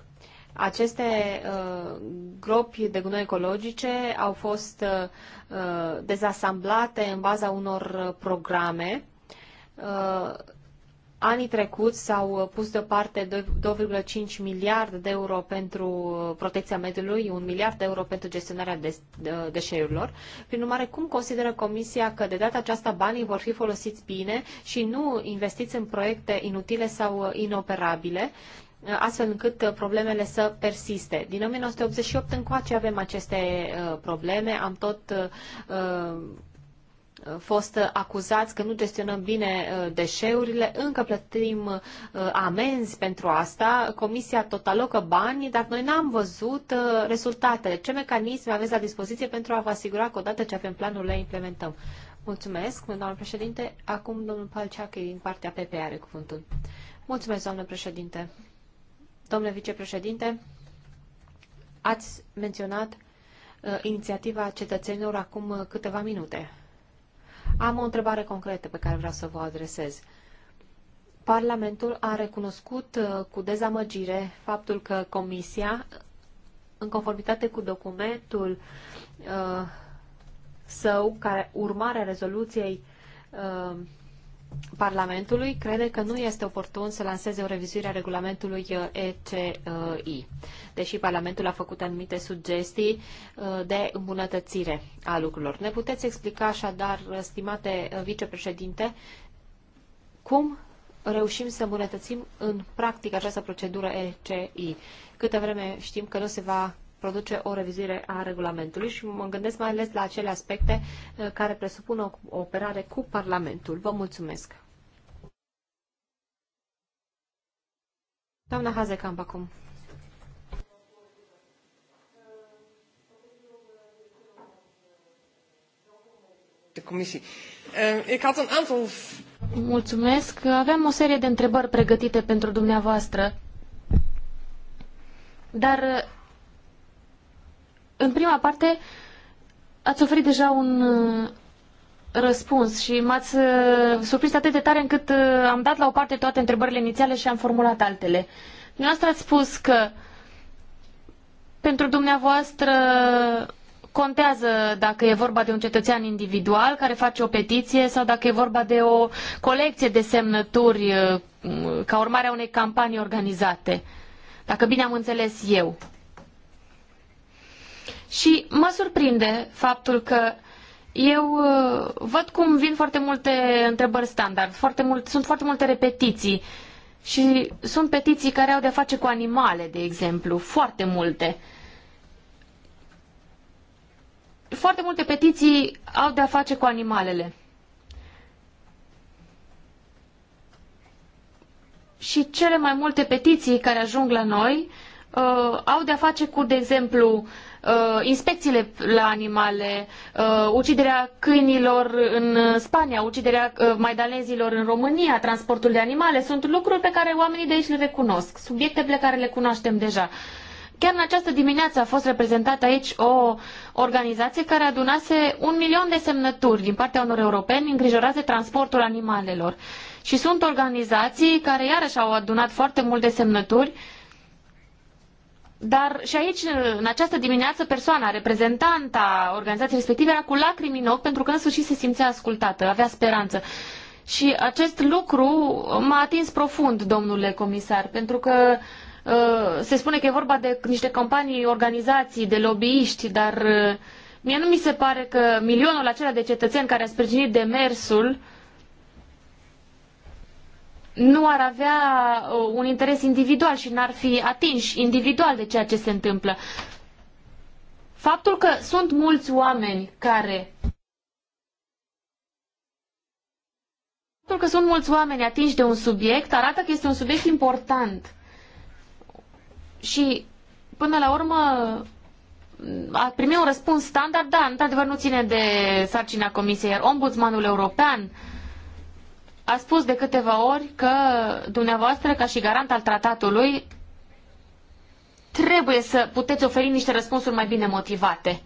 Aceste uh, gropi de gunoi ecologice au fost uh, uh dezasamblate în baza unor uh, programe uh, Anii trecuți s-au uh, pus deoparte 2,5 miliarde de euro pentru uh, protecția mediului, un miliard de euro pentru gestionarea de, uh, deșeurilor. Prin urmare, cum consideră Comisia că de data aceasta banii vor fi folosiți bine și nu investiți în proiecte inutile sau inoperabile? astfel încât problemele să persiste. Din 1988 încoace avem aceste probleme, am tot fost acuzați că nu gestionăm bine uh, deșeurile, încă plătim uh, amenzi pentru asta, comisia tot alocă bani, dar noi n-am văzut uh, rezultatele. Ce mecanisme aveți la dispoziție pentru a vă asigura că odată ce avem planul le implementăm? Mulțumesc, domnul președinte. Acum domnul Palceac din partea PP are cuvântul. Mulțumesc, domnule președinte. Domnule vicepreședinte, ați menționat uh, inițiativa cetățenilor acum câteva minute. Am o întrebare concretă pe care vreau să vă adresez. Parlamentul a recunoscut uh, cu dezamăgire faptul că Comisia, în conformitate cu documentul uh, său, care urmare rezoluției uh, Parlamentului crede că nu este oportun să lanseze o revizuire a regulamentului uh, ECI, uh, deși Parlamentul a făcut anumite sugestii uh, de îmbunătățire a lucrurilor. Ne puteți explica așadar, stimate vicepreședinte, cum reușim să îmbunătățim în practic această procedură ECI, câtă vreme știm că nu se va produce o revizuire a regulamentului și mă gândesc mai ales la acele aspecte uh, care presupun o operare cu Parlamentul. Vă mulțumesc! Doamna Hazekamp acum. de comisie. Uh, mulțumesc. Aveam o serie de întrebări pregătite pentru dumneavoastră. Dar uh, în prima parte, ați oferit deja un uh, răspuns și m-ați uh, surprins atât de tare încât uh, am dat la o parte toate întrebările inițiale și am formulat altele. Dumneavoastră ați spus că pentru dumneavoastră contează dacă e vorba de un cetățean individual care face o petiție sau dacă e vorba de o colecție de semnături ca urmare a unei campanii organizate. Dacă bine am înțeles eu. Și mă surprinde faptul că eu uh, văd cum vin foarte multe întrebări standard, foarte mult, sunt foarte multe repetiții și sunt petiții care au de a face cu animale, de exemplu, foarte multe. Foarte multe petiții au de a face cu animalele. Și cele mai multe petiții care ajung la noi uh, au de a face cu, de exemplu, uh, uh, inspecțiile la animale, uh, uciderea câinilor în Spania, uciderea uh, maidanezilor în România, transportul de animale, sunt lucruri pe care oamenii de aici le recunosc, subiecte pe care le cunoaștem deja. Chiar în această dimineață a fost reprezentată aici o organizație care adunase un milion de semnături din partea unor europeni îngrijorați de transportul animalelor. Și sunt organizații care iarăși au adunat foarte multe semnături uh, dar și aici, în această dimineață, persoana, reprezentanta organizației respective, era cu lacrimi în ochi pentru că în sfârșit se simțea ascultată, avea speranță. Și acest lucru m-a atins profund, domnule comisar, pentru că uh, se spune că e vorba de niște companii, organizații, de lobbyiști, dar uh, mie nu mi se pare că milionul acela de cetățeni care a sprijinit demersul uh, nu ar avea uh, un interes individual și n-ar fi atinși individual de ceea ce se întâmplă. Faptul că sunt mulți oameni care Faptul că sunt mulți oameni atinși de un subiect arată că este un subiect important. Și până la urmă a primi un răspuns standard, da, într-adevăr nu ține de sarcina comisiei, iar ombudsmanul european a spus de câteva ori că dumneavoastră, ca și garant al tratatului, trebuie să puteți oferi niște răspunsuri mai bine motivate.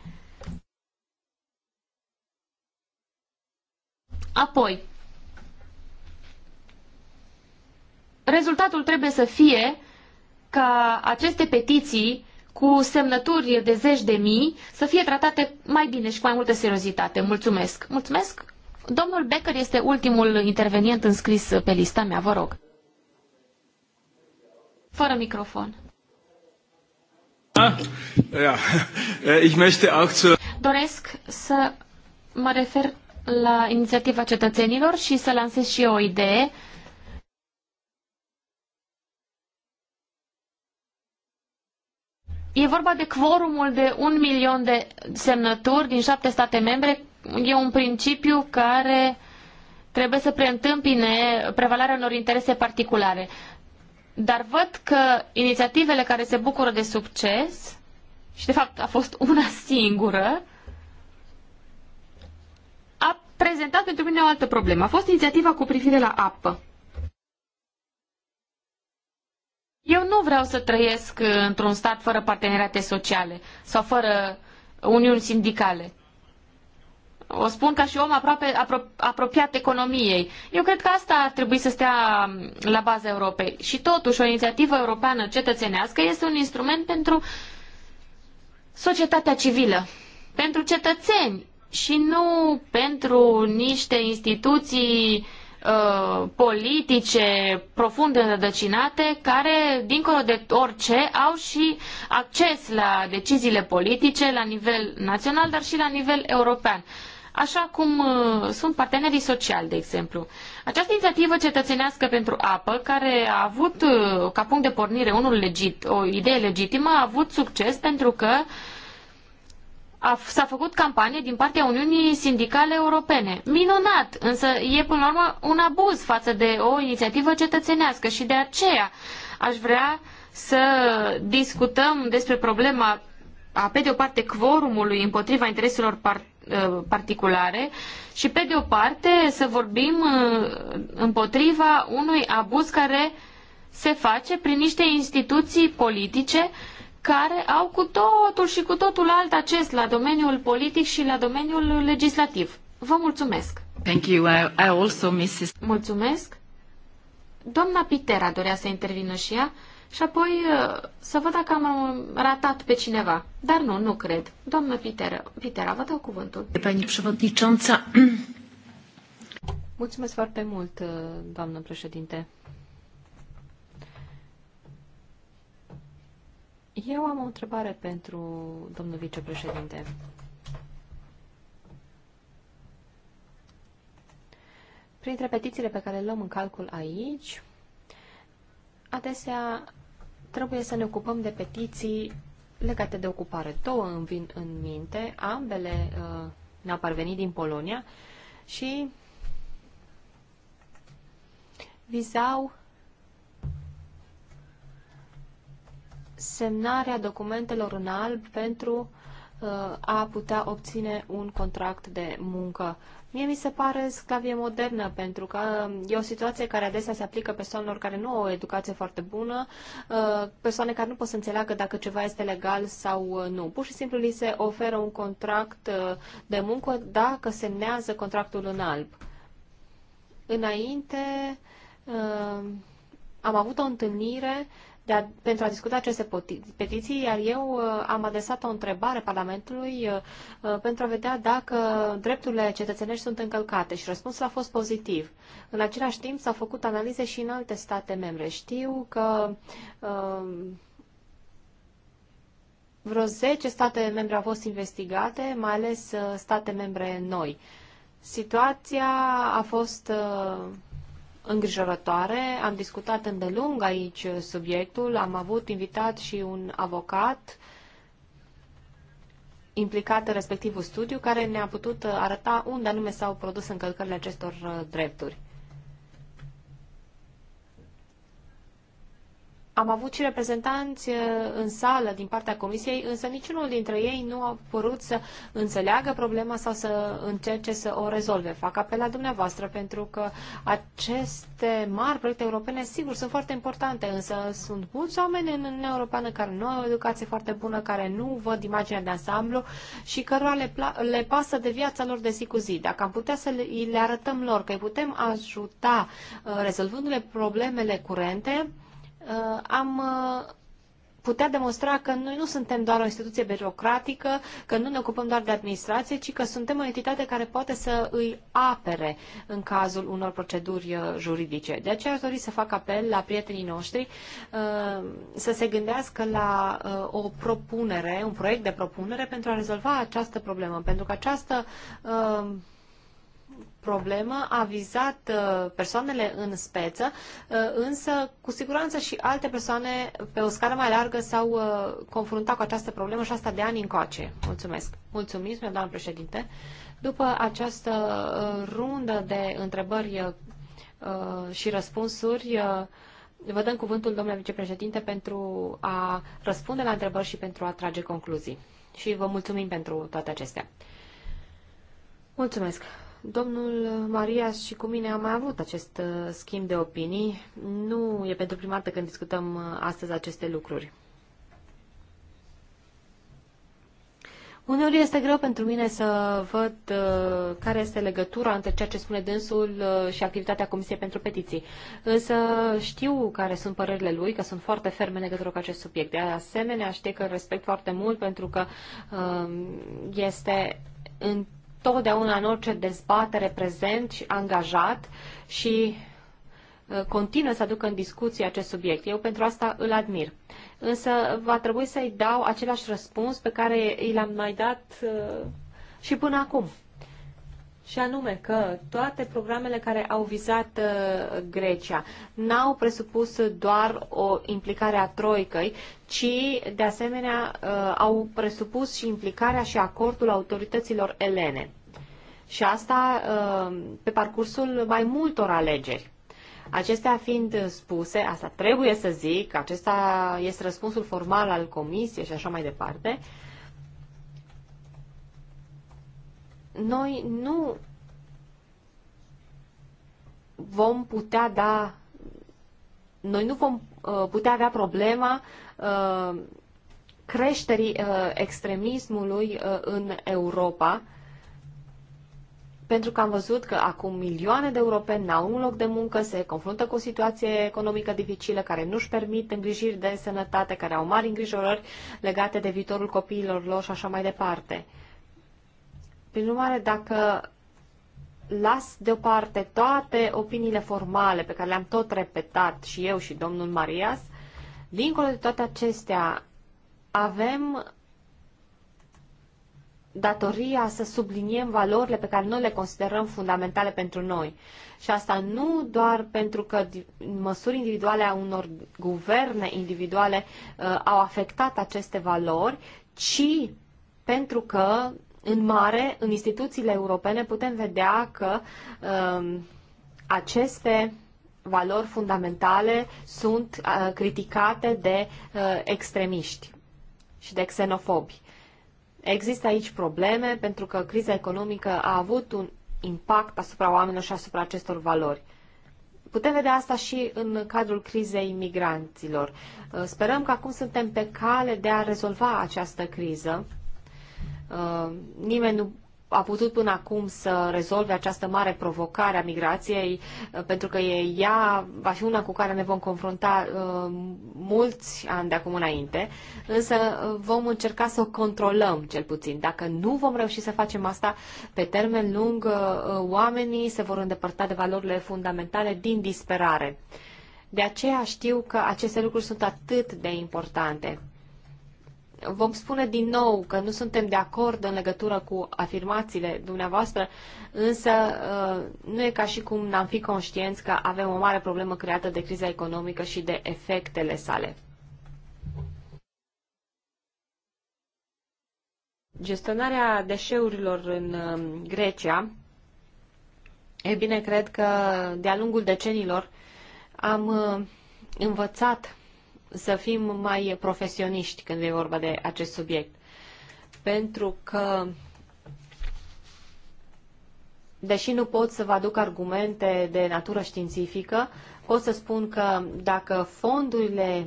Apoi, rezultatul trebuie să fie ca aceste petiții cu semnături de zeci de mii să fie tratate mai bine și cu mai multă seriozitate. Mulțumesc! Mulțumesc! Domnul Becker este ultimul intervenient înscris pe lista mea, vă rog. Fără microfon. Ah, äh, Doresc să mă refer la inițiativa cetățenilor și să lansez și eu o idee. E vorba de quorumul de un milion de semnături din șapte state membre e un principiu care trebuie să preîntâmpine prevalarea unor interese particulare. Dar văd că inițiativele care se bucură de succes, și de fapt a fost una singură, a prezentat pentru mine o altă problemă. A fost inițiativa cu privire la apă. Eu nu vreau să trăiesc într-un stat fără parteneriate sociale sau fără uniuni sindicale o spun ca și om aproape apro, apropiat economiei. Eu cred că asta ar trebui să stea mm, la baza Europei. Și totuși, o inițiativă europeană cetățenească este un instrument pentru societatea civilă, pentru cetățeni și nu pentru niște instituții uh, politice profund înrădăcinate care, dincolo de orice, au și acces la deciziile politice la nivel național, dar și la nivel european așa cum uh, sunt partenerii sociali, de exemplu. Această inițiativă cetățenească pentru apă, care a avut uh, ca punct de pornire unul legit, o idee legitimă, a avut succes pentru că s-a făcut campanie din partea Uniunii Sindicale Europene. Minunat, însă e până la urmă un abuz față de o inițiativă cetățenească și de aceea aș vrea să discutăm despre problema a, pe de o parte, quorumului împotriva intereselor partidelor Eh, particulare și, pe de o parte, să vorbim eh, împotriva unui abuz care se face prin niște instituții politice care au cu totul și cu totul alt acces la domeniul politic și la domeniul legislativ. Vă mulțumesc! Thank you. I, I also miss Mulțumesc! Doamna Pitera dorea să intervină și ea și apoi uh, să văd dacă am um, ratat pe cineva. Dar nu, nu cred. Doamnă Pitera, Pitera vă dau cuvântul. Pani Przewodnicząca. Mulțumesc foarte mult, uh, doamnă președinte. Eu am o întrebare pentru domnul vicepreședinte. Printre petițiile pe care le luăm în calcul aici, adesea trebuie să ne ocupăm de petiții legate de ocupare. Două îmi vin în minte, ambele uh, ne-au parvenit din Polonia și vizau semnarea documentelor în alb pentru uh, a putea obține un contract de muncă Mie mi se pare sclavie modernă, pentru că e o situație care adesea se aplică persoanelor care nu au o educație foarte bună, ă, persoane care nu pot să înțeleagă dacă ceva este legal sau nu. Pur și simplu li se oferă un contract ă, de muncă dacă semnează contractul în alb. Înainte ă, am avut o întâlnire de a, pentru a discuta aceste petiții, iar eu uh, am adresat o întrebare Parlamentului uh, uh, pentru a vedea dacă drepturile cetățenești sunt încălcate și răspunsul a fost pozitiv. În același timp s-au făcut analize și în alte state membre. Știu că vreo 10 state membre au fost investigate, mai ales state membre noi. Situația a fost îngrijorătoare. Am discutat îndelung aici subiectul, am avut invitat și un avocat implicat în respectivul studiu, care ne-a putut arăta unde anume s-au produs încălcările acestor drepturi. Am avut și reprezentanți eh, în sală din partea comisiei, însă niciunul dintre ei nu a părut să înțeleagă problema sau să încerce să o rezolve. Fac apel la dumneavoastră pentru că aceste mari proiecte europene, sigur, sunt foarte importante, însă sunt mulți oameni în Uniunea Europeană care nu au o educație foarte bună, care nu văd imaginea de ansamblu și cărora le, le pasă de viața lor de zi cu zi. Dacă am putea să le, le arătăm lor că îi putem ajuta eh, rezolvându-le problemele curente, Uh, am uh, putea demonstra că noi nu suntem doar o instituție birocratică, că nu ne ocupăm doar de administrație, ci că suntem o entitate care poate să îi apere în cazul unor proceduri uh, juridice. De aceea aș dori să fac apel la prietenii noștri să se gândească la o propunere, un proiect de propunere pentru a rezolva această problemă, pentru că această problemă a vizat uh, persoanele în speță, uh, însă cu siguranță și alte persoane pe o scară mai largă s-au uh, confruntat cu această problemă și asta de ani încoace. Mulțumesc. Mulțumim, doamnă președinte. După această rundă de întrebări și răspunsuri, vă dăm cuvântul, domnule vicepreședinte, pentru a răspunde la întrebări și pentru a trage concluzii. Și vă mulțumim pentru toate acestea. Mulțumesc domnul Marias și cu mine am mai avut acest uh, schimb de opinii. Nu e pentru prima dată când discutăm uh, astăzi aceste lucruri. Uneori este greu pentru mine să văd uh, care este legătura între ceea ce spune dânsul uh, și activitatea Comisiei pentru Petiții. Însă știu care sunt părerile lui, că sunt foarte ferme în legătură cu acest subiect. De asemenea, știu că îl respect foarte mult pentru că uh, este în totdeauna în orice dezbatere prezent și angajat și uh, continuă să aducă în discuție acest subiect. Eu pentru asta îl admir. Însă va trebui să-i dau același răspuns pe care i l-am mai dat uh, și până acum și anume că toate programele care au vizat uh, Grecia n-au presupus doar o implicare a troicăi, ci de asemenea uh, au presupus și implicarea și acordul autorităților elene. Și asta uh, pe parcursul mai multor alegeri. Acestea fiind spuse, asta trebuie să zic, acesta este răspunsul formal al comisiei și așa mai departe, uh, noi nu vom putea da noi nu vom uh, putea avea problema uh, creșterii uh, extremismului în Europa, pentru că am văzut că acum milioane de europeni n-au un loc de muncă, se confruntă cu o situație economică dificilă, care nu-și permit îngrijiri de sănătate, care au mari îngrijorări legate de viitorul copiilor lor și așa mai departe. Uh, prin urmare, dacă las deoparte toate opiniile formale pe care le-am tot repetat și eu și domnul Marias, dincolo de toate acestea, avem datoria să subliniem valorile pe care noi le considerăm fundamentale pentru noi. Și asta nu doar pentru că măsuri individuale a unor guverne individuale uh, au afectat aceste valori, ci pentru că în mare, în instituțiile europene putem vedea că um, aceste valori fundamentale sunt uh, criticate de uh, extremiști și de xenofobi. Există aici probleme pentru că criza economică a avut un impact asupra oamenilor și asupra acestor valori. Putem vedea asta și în cadrul crizei migranților. Uh, sperăm că acum suntem pe cale de a rezolva această criză Uh, nimeni nu a putut până acum să rezolve această mare provocare a migrației, uh, pentru că ea va fi una cu care ne vom confrunta uh, mulți ani de acum înainte, însă vom încerca să o controlăm cel puțin. Dacă nu vom reuși să facem asta, pe termen lung oamenii se vor îndepărta de valorile fundamentale din disperare. De aceea știu că aceste lucruri sunt atât de importante. Vom spune din nou că nu suntem de acord în legătură cu afirmațiile dumneavoastră, însă uh, nu e ca și cum n-am fi conștienți că avem o mare problemă creată de criza economică și de efectele sale. Gestionarea deșeurilor în um, Grecia, e bine, cred că de-a lungul decenilor am uh, învățat să fim mai profesioniști când e vorba de acest subiect. Pentru că, deși nu pot să vă aduc argumente de natură științifică, pot să spun că dacă fondurile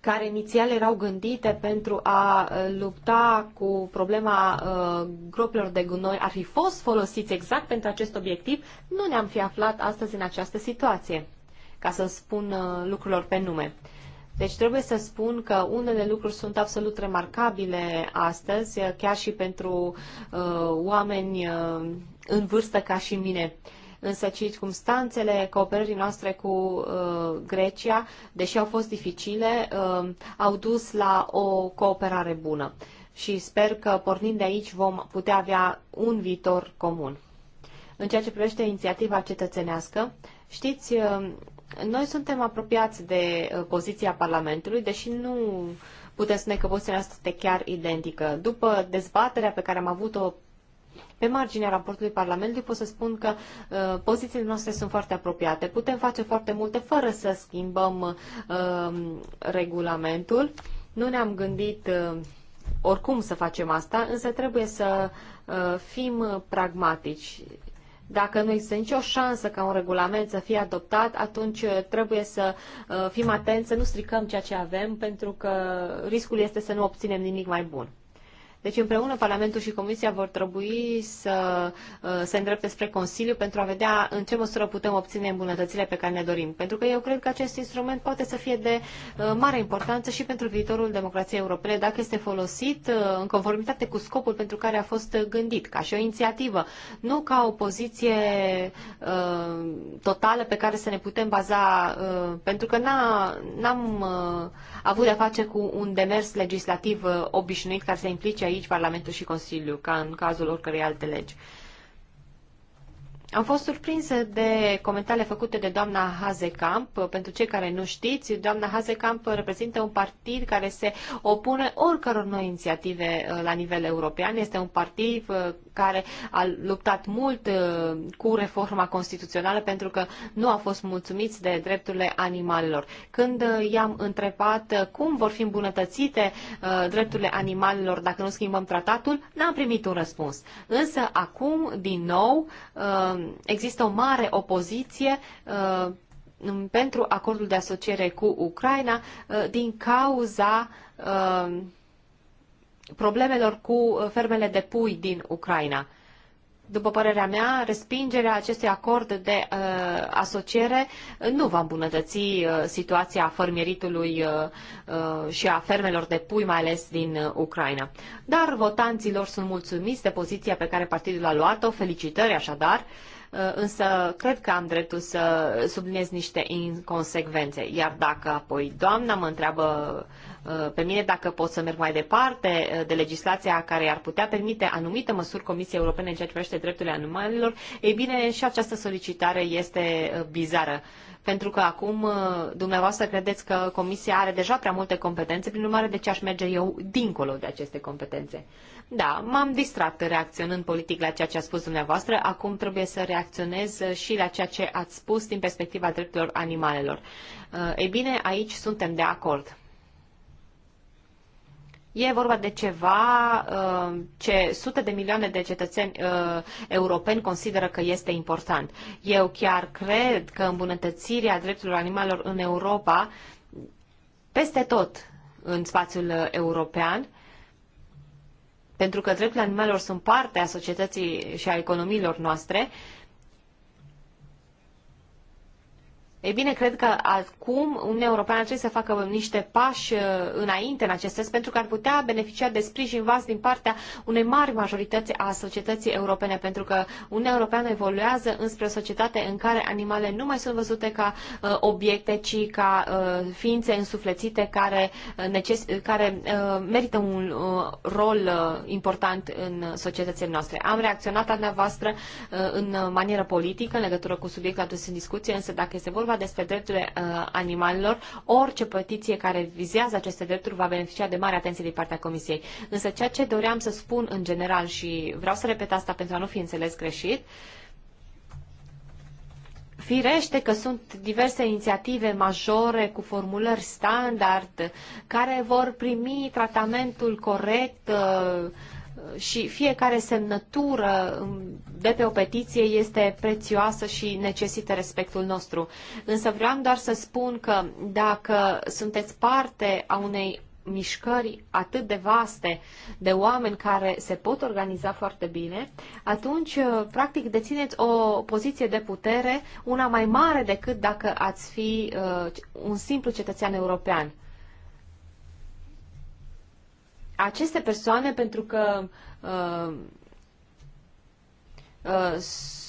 care inițial erau gândite pentru a uh, lupta cu problema uh, gropilor de gunoi ar fi fost folosiți exact pentru acest obiectiv, nu ne-am fi aflat astăzi în această situație ca să spun uh, lucrurilor pe nume. Deci trebuie să spun că unele lucruri sunt absolut remarcabile astăzi, uh, chiar și pentru uh, oameni uh, în vârstă ca și mine. Însă circumstanțele cooperării noastre cu uh, Grecia, deși au fost dificile, uh, au dus la o cooperare bună. Și sper că pornind de aici vom putea avea un viitor comun. În ceea ce privește inițiativa cetățenească, știți, uh, noi suntem apropiați de uh, poziția Parlamentului, deși nu putem spune că poziția noastră este chiar identică. După dezbaterea pe care am avut-o pe marginea raportului Parlamentului pot să spun că uh, pozițiile noastre sunt foarte apropiate. Putem face foarte multe fără să schimbăm uh, regulamentul. Nu ne-am gândit uh, oricum să facem asta, însă trebuie să uh, fim pragmatici dacă nu există nicio șansă ca un regulament să fie adoptat, atunci uh, trebuie să uh, fim atenți, să nu stricăm ceea ce avem, pentru că riscul este să nu obținem nimic mai bun. Deci împreună Parlamentul și Comisia vor trebui să uh, se îndrepte spre Consiliu pentru a vedea în ce măsură putem obține îmbunătățile pe care ne dorim. Pentru că eu cred că acest instrument poate să fie de uh, mare importanță și pentru viitorul democrației europene, dacă este folosit uh, în conformitate cu scopul pentru care a fost gândit, ca și o inițiativă, nu ca o poziție totală pe care să ne putem baza, pentru că n-am avut de-a face cu un demers legislativ obișnuit care să implice aici Parlamentul și consiliul ca în cazul oricărei alte legi. Am fost surprinsă de comentariile făcute de doamna Hazekamp. Pentru cei care nu știți, doamna Hazekamp reprezintă un partid care se opune oricăror noi inițiative uh, la nivel european. Este un partid uh, care a luptat mult uh, cu reforma constituțională pentru că nu a fost mulțumiți de drepturile animalelor. Când i-am întrebat cum vor fi îmbunătățite drepturile animalelor dacă nu schimbăm tratatul, n-am primit un răspuns. Însă acum, din nou, există o mare opoziție uh, pentru acordul de asociere cu Ucraina uh, din cauza uh, problemelor cu fermele de pui din Ucraina. După părerea mea, respingerea acestui acord de uh, asociere nu va îmbunătăți uh, situația fermieritului uh, uh și a fermelor de pui, mai ales din uh, Ucraina. Dar votanților sunt mulțumiți de poziția pe care partidul a luat-o. Felicitări așadar uh, însă cred că am dreptul să subliniez niște inconsecvențe. Iar dacă apoi doamna mă întreabă Uh, pe mine dacă pot să merg mai departe uh, de legislația care ar putea permite anumite măsuri Comisiei Europene în ceea ce privește drepturile animalelor, ei bine, și această solicitare este uh, bizară. Pentru că acum dumneavoastră credeți că Comisia are deja prea multe competențe, prin urmare de ce aș merge eu dincolo de aceste competențe. Da, m-am distrat reacționând politic la ceea ce a spus dumneavoastră, acum trebuie să reacționez și la ceea ce ați spus din perspectiva drepturilor animalelor. Ei bine, aici suntem de acord. E vorba de ceva uh, ce sute de milioane de cetățeni uh, europeni consideră că este important. Eu chiar cred că îmbunătățirea drepturilor animalelor în Europa, peste tot în spațiul uh, european, pentru că drepturile animalelor sunt parte a societății și a economiilor noastre, Ei bine, cred că acum Uniunea Europeană trebuie să facă niște pași uh, înainte în acest sens pentru că ar putea beneficia de sprijin vas din partea unei mari majorități a societății europene, pentru că Uniunea Europeană evoluează înspre o societate în care animale nu mai sunt văzute ca uh, obiecte, ci ca uh, ființe însuflețite care, uh, neces- care uh, merită un uh, rol uh, important în societățile noastre. Am reacționat a dumneavoastră uh, în manieră politică în legătură cu subiectul adus în discuție, însă dacă este vorba vorba despre drepturile uh, animalelor, orice petiție care vizează aceste drepturi va beneficia de mare atenție din partea Comisiei. Însă ceea ce doream să spun în general și vreau să repet asta pentru a nu fi înțeles greșit, Firește că sunt diverse inițiative majore cu formulări standard care vor primi tratamentul corect uh, și fiecare semnătură um, de pe o petiție este prețioasă și necesită respectul nostru. Însă vreau doar să spun că dacă sunteți parte a unei mișcări atât de vaste de oameni care se pot organiza foarte bine, atunci, uh, practic, dețineți o poziție de putere una mai mare decât dacă ați fi uh, un simplu cetățean european aceste persoane, pentru că uh, uh,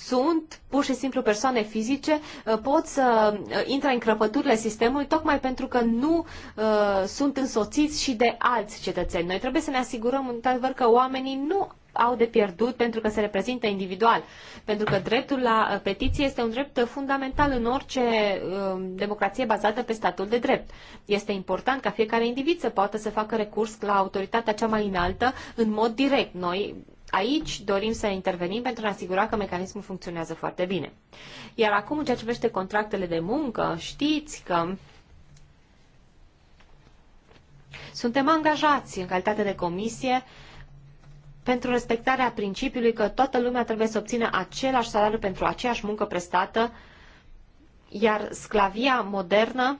sunt pur și simplu persoane fizice, uh, pot să uh, intre în crăpăturile sistemului tocmai pentru că nu uh, sunt însoțiți și de alți cetățeni. Noi trebuie să ne asigurăm, într-adevăr, că oamenii nu au de pierdut pentru că se reprezintă individual. Pentru că dreptul la uh, petiție este un drept fundamental în orice um, democrație bazată pe statul de drept. Este important ca fiecare individ să poată să facă recurs la autoritatea cea mai înaltă în mod direct. Noi Aici dorim să intervenim pentru a asigura că mecanismul funcționează foarte bine. Iar acum, în ceea ce privește contractele de muncă, știți că suntem angajați în calitate de comisie pentru respectarea principiului că toată lumea trebuie să obțină același salariu pentru aceeași muncă prestată, iar sclavia modernă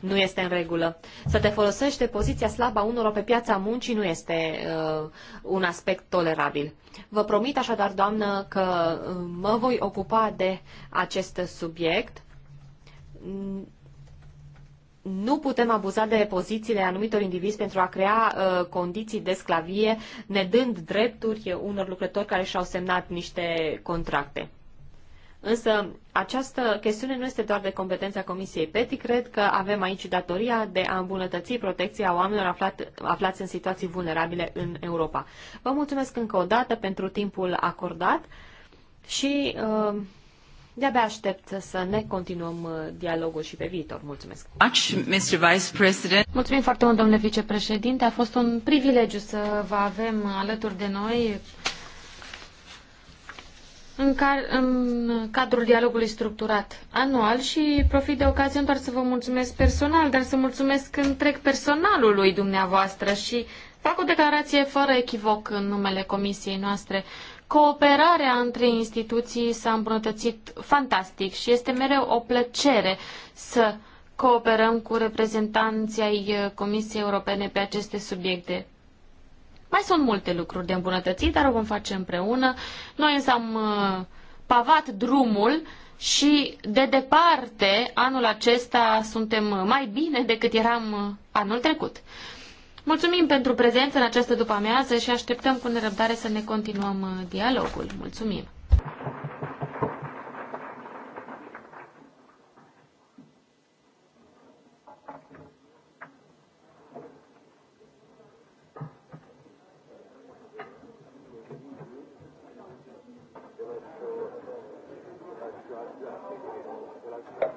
nu este în regulă. Să te folosești de poziția slabă a unor pe piața muncii nu este uh, un aspect tolerabil. Vă promit așadar, doamnă, că uh, mă voi ocupa de acest subiect nu putem abuza de pozițiile anumitor indivizi pentru a crea uh, condiții de sclavie, ne dând drepturi unor lucrători care și-au semnat niște contracte. Însă această chestiune nu este doar de competența Comisiei PETI, cred că avem aici datoria de a îmbunătăți protecția oamenilor aflat, aflați în situații vulnerabile în Europa. Vă mulțumesc încă o dată pentru timpul acordat și uh, de-abia aștept să ne continuăm uh, dialogul și pe viitor. Mulțumesc! Mulțumim foarte mult, domnule vicepreședinte. A fost un privilegiu să vă avem alături de noi în, car- în cadrul dialogului structurat anual și profit de ocazie doar să vă mulțumesc personal, dar să mulțumesc întreg personalului dumneavoastră și fac o declarație fără echivoc în numele comisiei noastre. Cooperarea între instituții s-a îmbunătățit fantastic și este mereu o plăcere să cooperăm cu reprezentanții ai Comisiei Europene pe aceste subiecte. Mai sunt multe lucruri de îmbunătățit, dar o vom face împreună. Noi însă am uh, pavat drumul și de departe anul acesta suntem mai bine decât eram uh, anul trecut. Mulțumim pentru prezență în această după-amiază și așteptăm cu nerăbdare să ne continuăm uh, dialogul. Mulțumim! Thank you.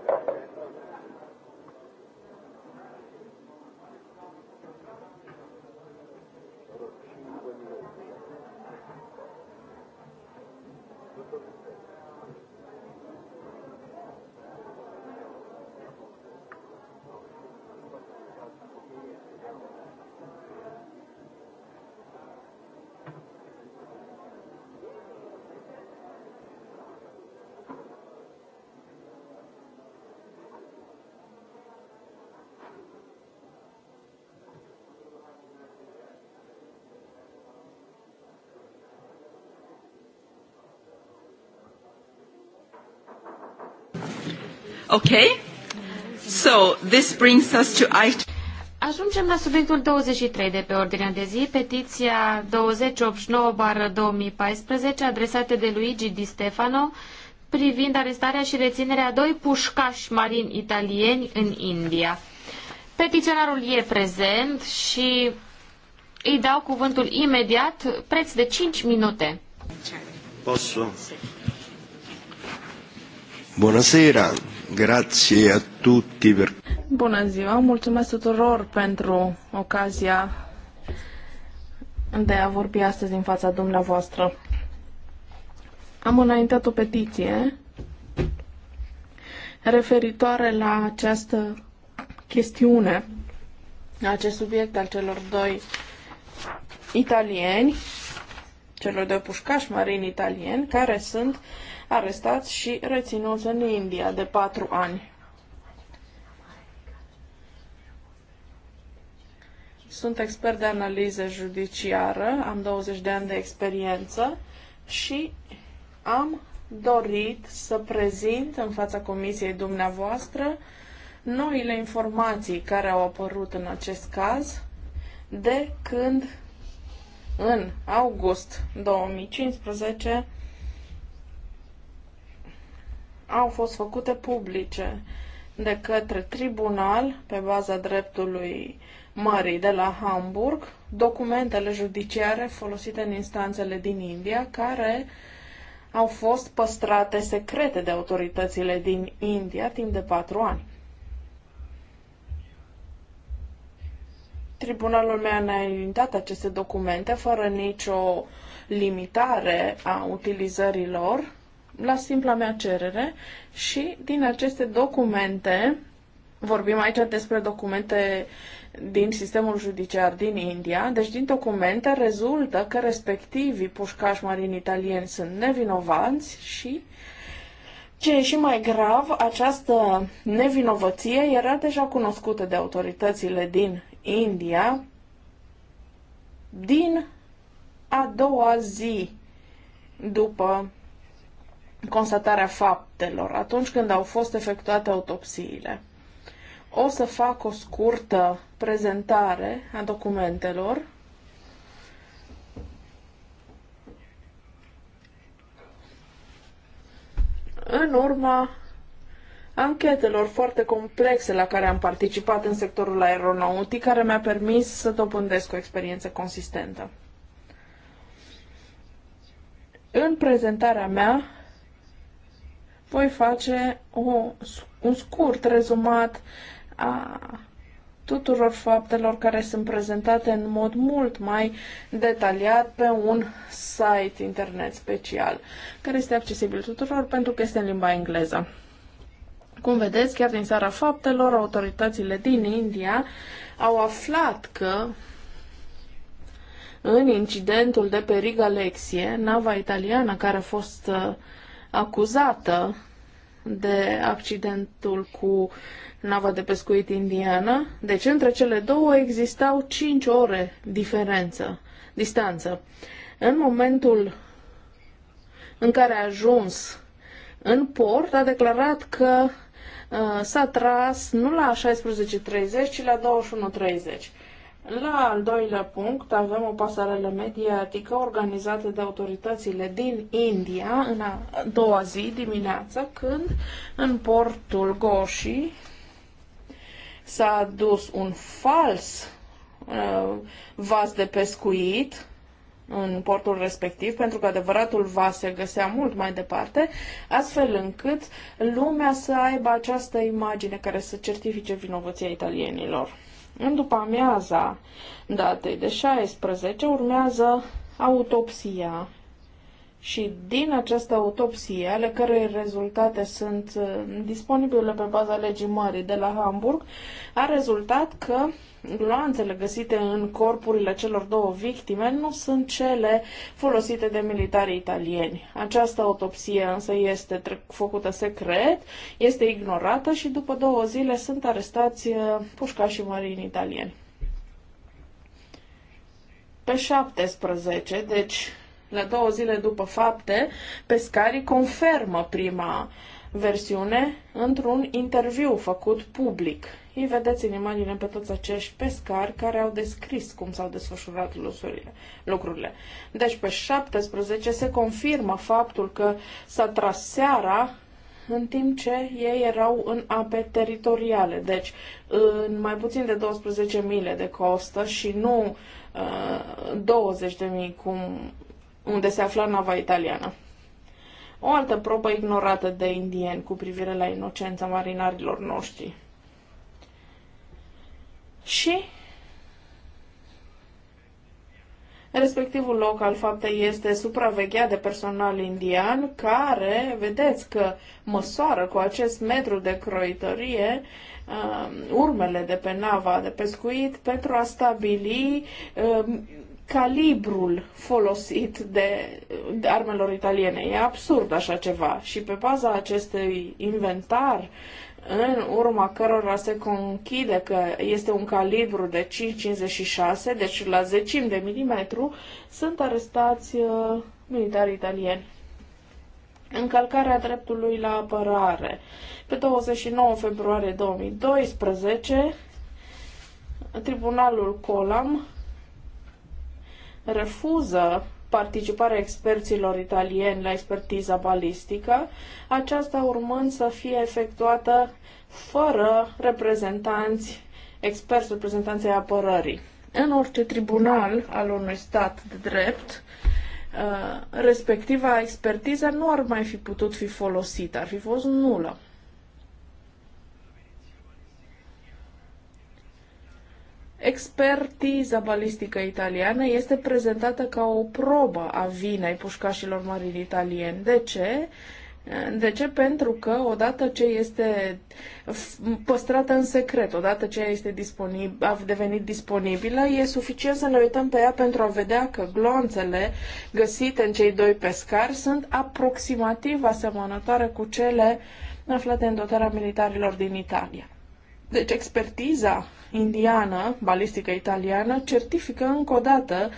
Okay? So, this brings us to item... Ajungem la subiectul 23 de pe ordinea de zi, petiția 2089-2014, adresată de Luigi Di Stefano, privind arestarea și reținerea a doi pușcași marini italieni în India. Petiționarul e prezent și îi dau cuvântul imediat, preț de 5 minute. Posso? Buonasera. Grazie a tutti per... Bună ziua, mulțumesc tuturor pentru ocazia de a vorbi astăzi în fața dumneavoastră. Am înaintat o petiție referitoare la această chestiune, la acest subiect al celor doi italieni, celor doi pușcași marini italieni, care sunt uh, arestat și reținut în India de patru ani. Sunt expert de analiză judiciară, am 20 de ani de experiență și am dorit să prezint în fața comisiei dumneavoastră noile informații care au apărut în acest caz de când în august 2015 au fost făcute publice de către tribunal pe baza dreptului mării de la Hamburg, documentele judiciare folosite în instanțele din India, care au fost păstrate secrete de autoritățile din India timp de patru ani. Tribunalul mi-a înaintat aceste documente fără nicio limitare a utilizărilor la simpla mea cerere și din aceste documente, vorbim aici despre documente din sistemul judiciar din India, deci din documente rezultă că respectivii pușcași marini italieni sunt nevinovați și ce e și mai grav, această nevinovăție era deja cunoscută de autoritățile din India din a doua zi după constatarea faptelor atunci când au fost efectuate autopsiile. O să fac o scurtă prezentare a documentelor în urma anchetelor foarte complexe la care am participat în sectorul aeronautic, care mi-a permis să dobândesc o experiență consistentă. În prezentarea mea voi face o, un scurt rezumat a tuturor faptelor care sunt prezentate în mod mult mai detaliat pe un site internet special, care este accesibil tuturor pentru că este în limba engleză. Cum vedeți, chiar din seara faptelor, autoritățile din India au aflat că în incidentul de pe Riga Lexie, nava italiană care a fost uh, acuzată de accidentul cu nava de pescuit indiană. Deci între cele două existau 5 ore diferență, distanță. În momentul în care a ajuns în port, a declarat că uh, s-a tras nu la 16.30, ci la 21.30. La al doilea punct avem o pasarelă mediatică organizată de autoritățile din India în a doua zi dimineață, când în portul Goshi s-a dus un fals uh, vas de pescuit în portul respectiv, pentru că adevăratul vas se găsea mult mai departe, astfel încât lumea să aibă această imagine care să certifice vinovăția italienilor. În după amiaza datei de 16 urmează autopsia și din această autopsie, ale cărei rezultate sunt uh, disponibile pe baza legii mării de la Hamburg, a rezultat că gloanțele găsite în corpurile celor două victime nu sunt cele folosite de militarii italieni. Această autopsie însă este făcută secret, este ignorată și după două zile sunt arestați uh, pușcașii marini italieni. Pe 17, deci la două zile după fapte, pescarii confirmă prima uh, versiune într-un interviu făcut public. Îi vedeți în imagine pe toți acești pescari care au descris cum s-au desfășurat lucrurile. Deci pe 17 se confirmă faptul că s-a tras seara în timp ce ei erau în ape teritoriale, deci în mai puțin de 12 mile de costă și nu uh, 20 de mii cum unde se afla nava italiană. O altă probă ignorată de indieni cu privire la inocența marinarilor noștri. Și Respectivul loc al faptei este supravegheat de personal indian care, vedeți că măsoară cu acest metru de croitorie um, urmele de pe nava de pescuit pentru a stabili um, calibrul folosit de, de armelor italiene. E absurd așa ceva. Și pe baza acestui inventar, în urma cărora se conchide că este un calibru de 5,56, deci la zecim de milimetru, sunt arestați uh, militari italieni. Încălcarea dreptului la apărare. Pe 29 februarie 2012, Tribunalul Colam refuză participarea experților italieni la expertiza balistică, aceasta urmând să fie efectuată fără reprezentanți, experți reprezentanței apărării. În orice tribunal al unui stat de drept, uh, respectiva expertiză nu ar mai fi putut fi folosită, ar fi fost nulă. Expertiza balistică italiană este prezentată ca o probă a vinei pușcașilor marini italieni. De ce? De ce? Pentru că odată ce este păstrată în secret, odată ce este disponib- a devenit disponibilă, e suficient să ne uităm pe ea pentru a vedea că glonțele găsite în cei doi pescari sunt aproximativ asemănătoare cu cele aflate în dotarea militarilor din Italia. Deci expertiza indiană, balistică italiană, certifică încă o dată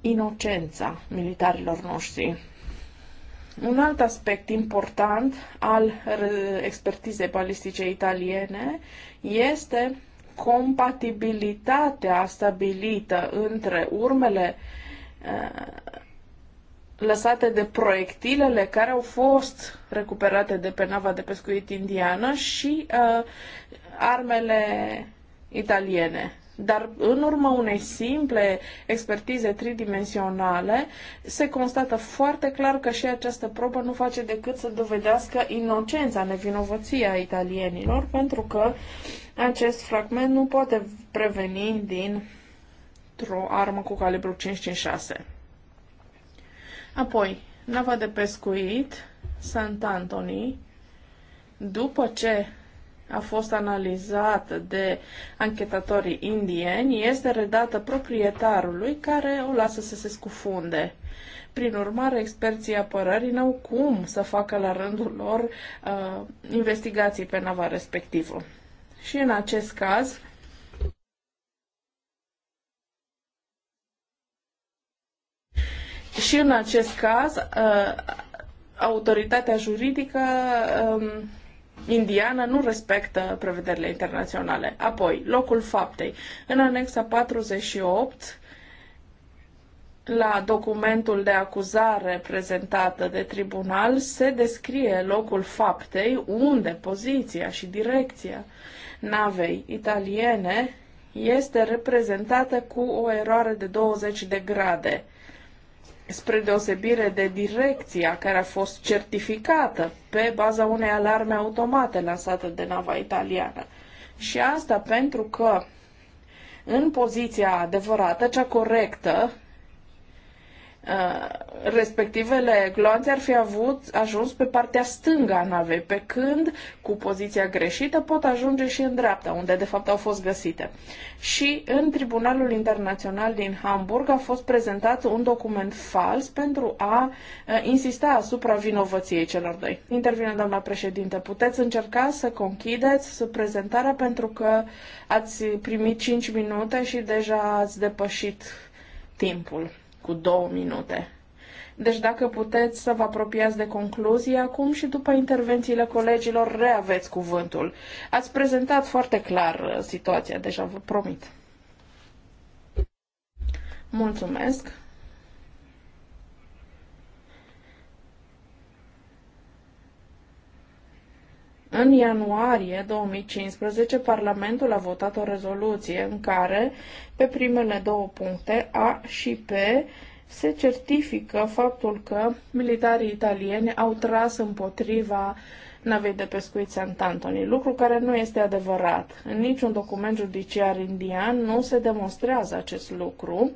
inocența militarilor noștri. Un alt aspect important al expertizei balistice italiene este compatibilitatea stabilită între urmele uh, lăsate de proiectilele care au fost recuperate de pe nava de pescuit indiană și uh, armele italiene. Dar în urma unei simple expertize tridimensionale, se constată foarte clar că și această probă nu face decât să dovedească inocența, nevinovăția italienilor, pentru că acest fragment nu poate preveni din o armă cu calibru 556. Apoi, nava de pescuit, Sant Anthony, după ce a fost analizată de anchetatorii indieni, este redată proprietarului care o lasă să se scufunde. Prin urmare, experții apărării n-au cum să facă la rândul lor uh, investigații pe nava respectivă. Și în acest caz, Și în acest caz, uh, autoritatea juridică um, indiană nu respectă prevederile internaționale. Apoi, locul faptei. În anexa 48, la documentul de acuzare prezentată de tribunal se descrie locul faptei unde poziția și direcția navei italiene este reprezentată cu o eroare de 20 de grade spre deosebire de direcția care a fost certificată pe baza unei alarme automate lansate de nava italiană. Și asta pentru că în poziția adevărată, cea corectă, Uh, respectivele gloanțe ar fi avut ajuns pe partea stângă a navei, pe când, cu poziția greșită, pot ajunge și în dreapta, unde de fapt au fost găsite. Și în Tribunalul Internațional din Hamburg a fost prezentat un document fals pentru a uh, insista asupra vinovăției celor doi. Intervine doamna președinte, puteți încerca să conchideți prezentarea pentru că ați primit 5 minute și deja ați depășit timpul cu două minute. Deci dacă puteți să vă apropiați de concluzie acum și după intervențiile colegilor reaveți cuvântul. Ați prezentat foarte clar uh, situația, deja vă promit. Mulțumesc. În ianuarie 2015, Parlamentul a votat o rezoluție în care, pe primele două puncte, A și P, se certifică faptul că militarii italieni au tras împotriva navei de pescuit Sant Anthony, lucru care nu este adevărat. În niciun document judiciar indian nu se demonstrează acest lucru.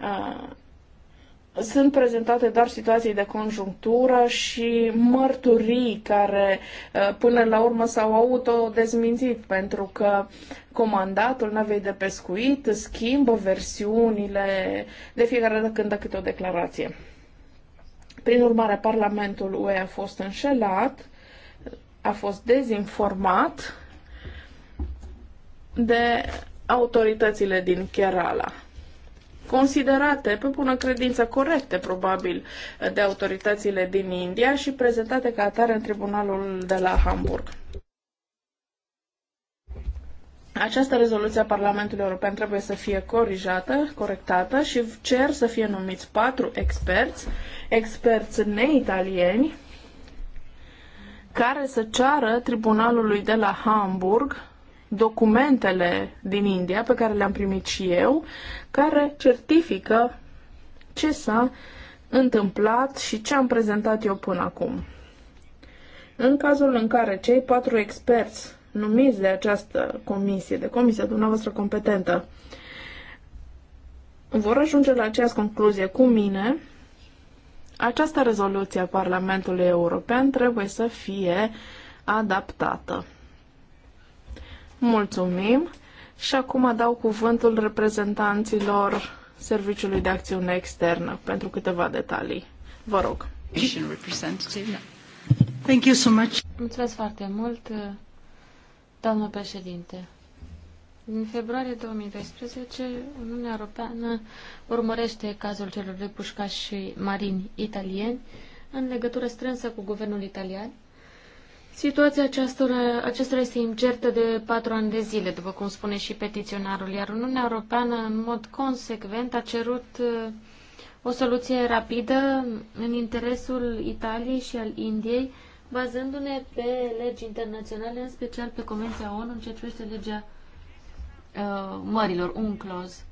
Ah, sunt prezentate doar situații de conjunctură și mărturii care uh, până la urmă s-au autodezmințit pentru că comandatul navei de pescuit schimbă versiunile de fiecare dată când dă câte o declarație. Prin urmare, Parlamentul UE a fost înșelat, a fost dezinformat de autoritățile din Kerala considerate pe bună credință corecte, probabil, de autoritățile din India și prezentate ca atare în tribunalul de la Hamburg. Această rezoluție a Parlamentului European trebuie să fie corijată, corectată și cer să fie numiți patru experți, experți neitalieni, care să ceară tribunalului de la Hamburg documentele din India pe care le-am primit și eu, care certifică ce s-a întâmplat și ce am prezentat eu până acum. În cazul în care cei patru experți numiți de această comisie, de comisia dumneavoastră competentă, vor ajunge la aceeași concluzie cu mine, această rezoluție a Parlamentului European trebuie să fie adaptată. Mulțumim și acum dau cuvântul reprezentanților Serviciului de Acțiune Externă pentru câteva detalii. Vă rog. Thank you so much. Mulțumesc foarte mult, doamnă președinte. În februarie 2012, Uniunea Europeană urmărește cazul celor doi pușcași marini italieni în legătură strânsă cu guvernul italian Situația acestora, acestora este incertă de patru ani de zile, după cum spune și petiționarul, iar Uniunea Europeană în mod consecvent a cerut uh, o soluție rapidă în interesul Italiei și al Indiei, bazându-ne pe legi internaționale, în special pe Convenția ONU în ceea ce privește legea uh, mărilor, clause.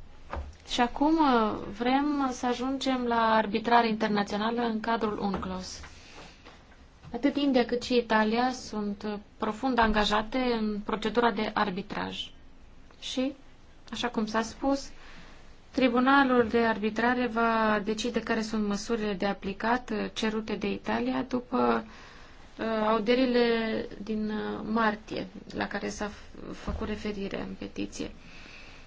Și acum uh, vrem să ajungem la arbitrare internațională în cadrul UNCLOS. Atât India cât și Italia sunt uh, profund angajate în procedura de arbitraj. Și, așa cum s-a spus, Tribunalul de arbitrare va decide care sunt măsurile de aplicat uh, cerute de Italia după uh, auderile din martie, la care s-a făcut referire în petiție.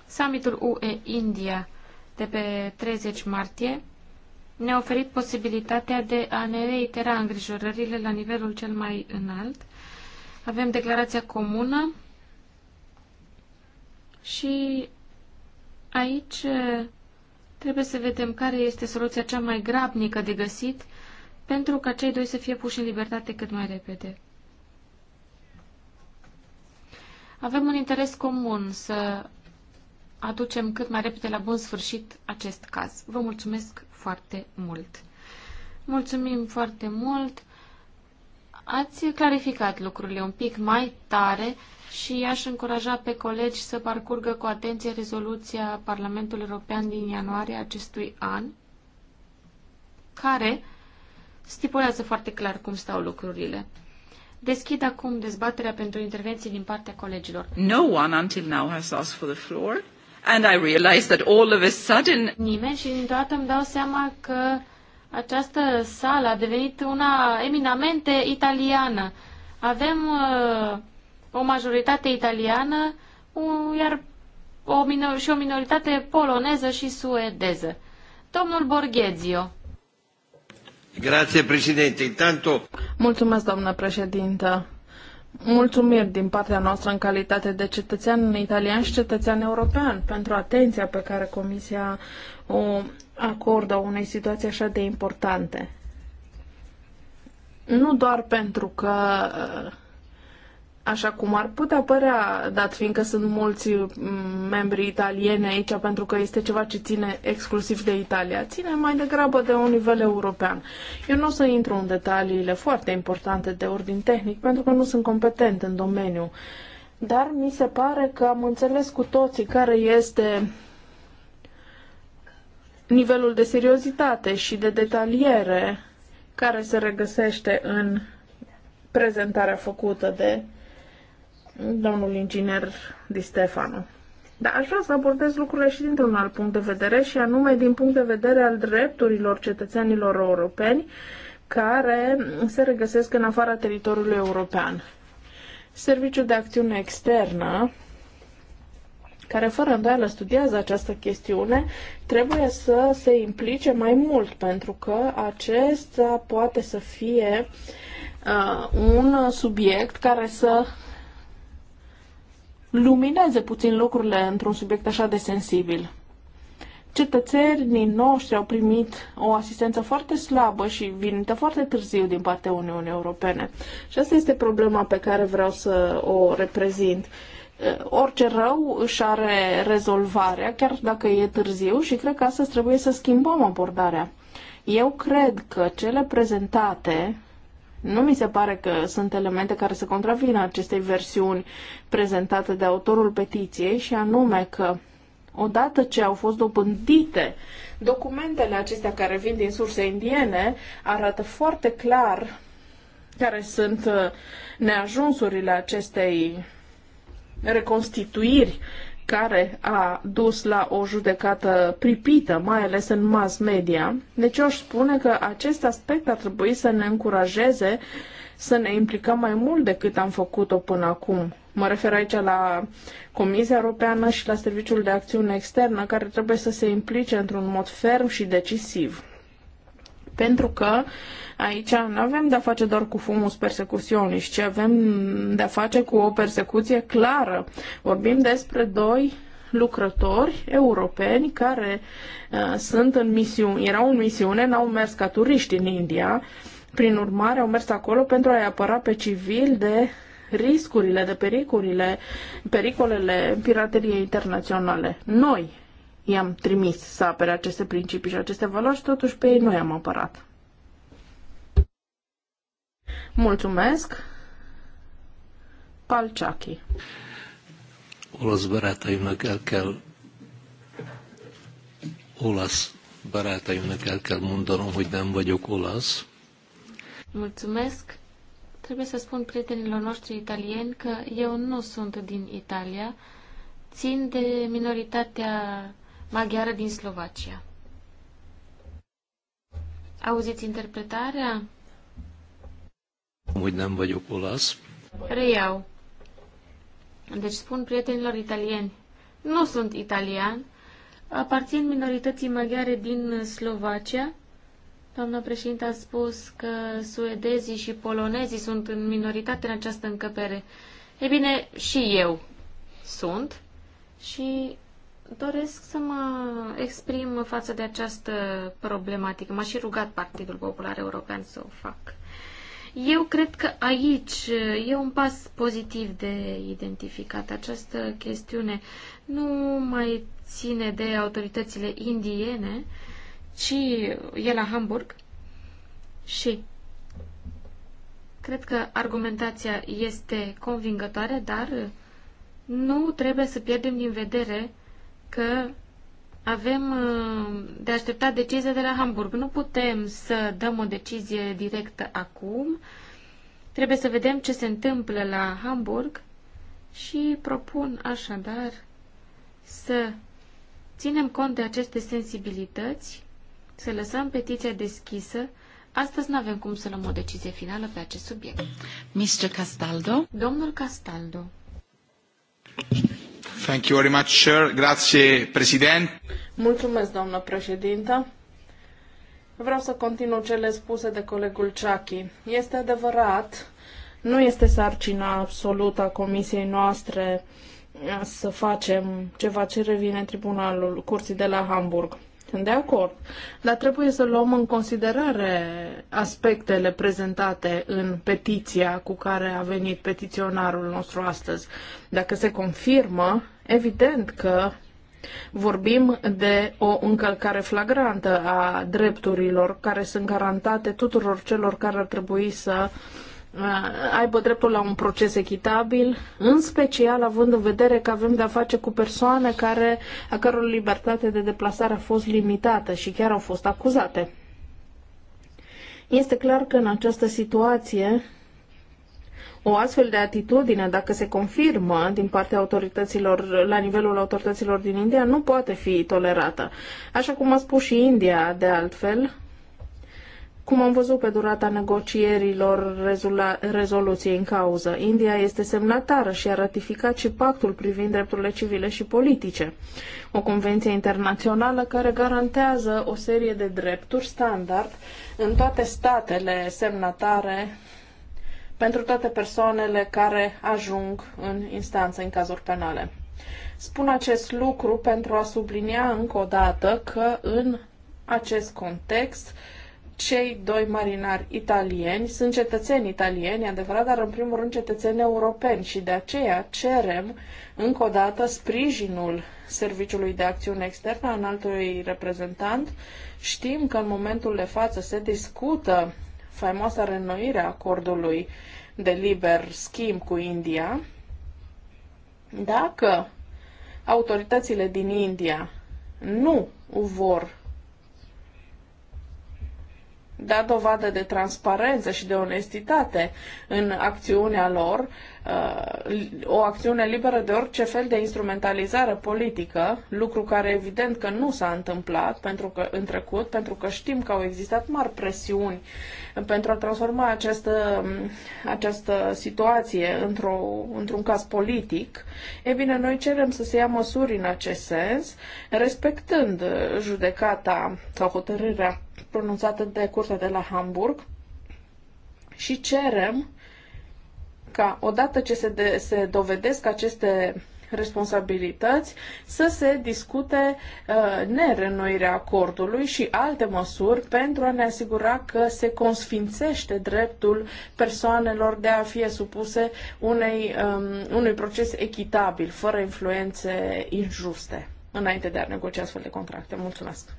Summitul UE-India de pe 30 martie ne-a oferit posibilitatea de a ne reitera îngrijorările la nivelul cel mai înalt. Avem declarația comună și aici eh, trebuie să vedem care este soluția cea mai grabnică de găsit pentru ca cei doi să fie puși în libertate cât mai repede. Avem un interes comun să aducem cât mai repede la bun sfârșit acest caz. Vă mulțumesc foarte mult. Mulțumim foarte mult! Ați clarificat lucrurile un pic mai tare și aș încuraja pe colegi să parcurgă cu atenție rezoluția Parlamentului European din ianuarie acestui an, care stipulează foarte clar cum stau lucrurile. Deschid acum dezbaterea pentru intervenții din partea colegilor. No one until now has asked for the floor. And I realized that all of a sudden... Nimeni și deodată îmi dau seama că această sală a devenit una eminamente italiană. Avem uh, o majoritate italiană, uh, iar o minor- și o minoritate poloneză și suedeză. Domnul Borghezio. Grazie, președinte. Intanto... Mulțumesc, doamnă președintă mulțumiri din partea noastră în calitate de cetățean italian și cetățean european pentru atenția pe care Comisia o acordă unei situații așa de importante. Nu doar pentru că Așa cum ar putea părea, dat fiindcă sunt mulți mm, membri italieni aici, pentru că este ceva ce ține exclusiv de Italia, ține mai degrabă de un nivel european. Eu nu o să intru în detaliile foarte importante de ordin tehnic, pentru că nu sunt competent în domeniu. Dar mi se pare că am înțeles cu toții care este nivelul de seriozitate și de detaliere care se regăsește în prezentarea făcută de domnul inginer Di Stefano. Dar aș vrea să abordez lucrurile și dintr-un alt punct de vedere, și anume din punct de vedere al drepturilor cetățenilor europeni care se regăsesc în afara teritoriului european. Serviciul de acțiune externă, care fără îndoială studiază această chestiune, trebuie să se implice mai mult, pentru că acesta poate să fie uh, un subiect care să lumineze puțin lucrurile într-un subiect așa de sensibil. Cetățenii noștri au primit o asistență foarte slabă și vinită foarte târziu din partea Uniunii Europene. Și asta este problema pe care vreau să o reprezint orice rău își are rezolvarea, chiar dacă e târziu și cred că astăzi trebuie să schimbăm abordarea. Eu cred că cele prezentate nu mi se pare că sunt elemente care să contravină acestei versiuni prezentate de autorul petiției și anume că odată ce au fost dobândite documentele acestea care vin din surse indiene, arată foarte clar care sunt uh, neajunsurile acestei reconstituiri care a dus la o judecată pripită, mai ales în mass media. Deci eu aș spune că acest aspect ar trebui să ne încurajeze să ne implicăm mai mult decât am făcut-o până acum. Mă refer aici la Comisia Europeană și la Serviciul de Acțiune Externă, care trebuie să se implice într-un mod ferm și decisiv. Pentru că aici nu avem de-a face doar cu fumus persecuționis, ci avem de-a face cu o persecuție clară. Vorbim despre doi lucrători europeni care uh, sunt în misiune, erau în misiune, n-au mers ca turiști în India, prin urmare au mers acolo pentru a-i apăra pe civil de riscurile, de pericurile, pericolele pirateriei internaționale. Noi, i-am trimis să apere aceste principii și aceste valori și totuși pe ei nu i-am apărat. Mulțumesc! Palciachi. Olasz barátaimnak el kell olasz barátaimnak el kell mondanom, hogy nem vagyok olasz. Mulțumesc! Trebuie să spun prietenilor noștri italieni că eu nu sunt din Italia, țin de minoritatea maghiară din Slovacia. Auziți interpretarea? Úgy nem vagyok olasz. Reiau. Deci spun prietenilor italieni. Nu sunt italian. Aparțin minorității maghiare din Slovacia. Doamna președinte a spus că suedezii și polonezii sunt în minoritate în această încăpere. E bine, și eu sunt și Doresc să mă exprim față de această problematică. M-a și rugat Partidul Popular European să o fac. Eu cred că aici e un pas pozitiv de identificat. Această chestiune nu mai ține de autoritățile indiene, ci e la Hamburg și cred că argumentația este convingătoare, dar nu trebuie să pierdem din vedere că avem uh, de așteptat decizia de la Hamburg. Nu putem să dăm o decizie directă acum. Trebuie să vedem ce se întâmplă la Hamburg și propun așadar să ținem cont de aceste sensibilități, să lăsăm petiția deschisă. Astăzi nu avem cum să luăm o decizie finală pe acest subiect. Mr. Castaldo. Domnul Castaldo. Thank you very much, sir. Grazie, President. Mulțumesc, doamnă președintă. Vreau să continu cele spuse de colegul Ciachi. Este adevărat, nu este sarcina absolută a comisiei noastre uh, să facem ceva ce revine tribunalul curții de la Hamburg. Sunt de acord, dar trebuie să luăm în considerare aspectele prezentate în petiția cu care a venit petiționarul nostru astăzi. Dacă se confirmă, Evident că vorbim de o încălcare flagrantă a drepturilor care sunt garantate tuturor celor care ar trebui să uh, aibă dreptul la un proces echitabil, în special având în vedere că avem de-a face cu persoane care, a căror libertate de deplasare a fost limitată și chiar au fost acuzate. Este clar că în această situație o astfel de atitudine, dacă se confirmă din partea autorităților, la nivelul autorităților din India, nu poate fi tolerată. Așa cum a spus și India, de altfel, cum am văzut pe durata negocierilor rezoluției în cauză, India este semnatară și a ratificat și pactul privind drepturile civile și politice, o convenție internațională care garantează o serie de drepturi standard în toate statele semnatare pentru toate persoanele care ajung în instanță în cazuri penale. Spun acest lucru pentru a sublinia încă o dată că în acest context cei doi marinari italieni sunt cetățeni italieni, adevărat, dar în primul rând cetățeni europeni și de aceea cerem încă o dată sprijinul Serviciului de Acțiune Externă, înaltului reprezentant. Știm că în momentul de față se discută faimoasa reînnoire a acordului de liber schimb cu India, dacă autoritățile din India nu vor da dovadă de transparență și de onestitate în acțiunea lor, uh, o acțiune liberă de orice fel de instrumentalizare politică, lucru care evident că nu s-a întâmplat pentru că, în trecut, pentru că știm că au existat mari presiuni pentru a transforma această, această situație într-o, într-un caz politic. E bine, noi cerem să se ia măsuri în acest sens, respectând judecata sau hotărârea pronunțată de Curtea de la Hamburg și cerem ca odată ce se, de, se dovedesc aceste responsabilități să se discute uh, nerenoirea acordului și alte măsuri pentru a ne asigura că se consfințește dreptul persoanelor de a fi supuse unei, um, unui proces echitabil, fără influențe injuste, înainte de a negocia astfel de contracte. Mulțumesc!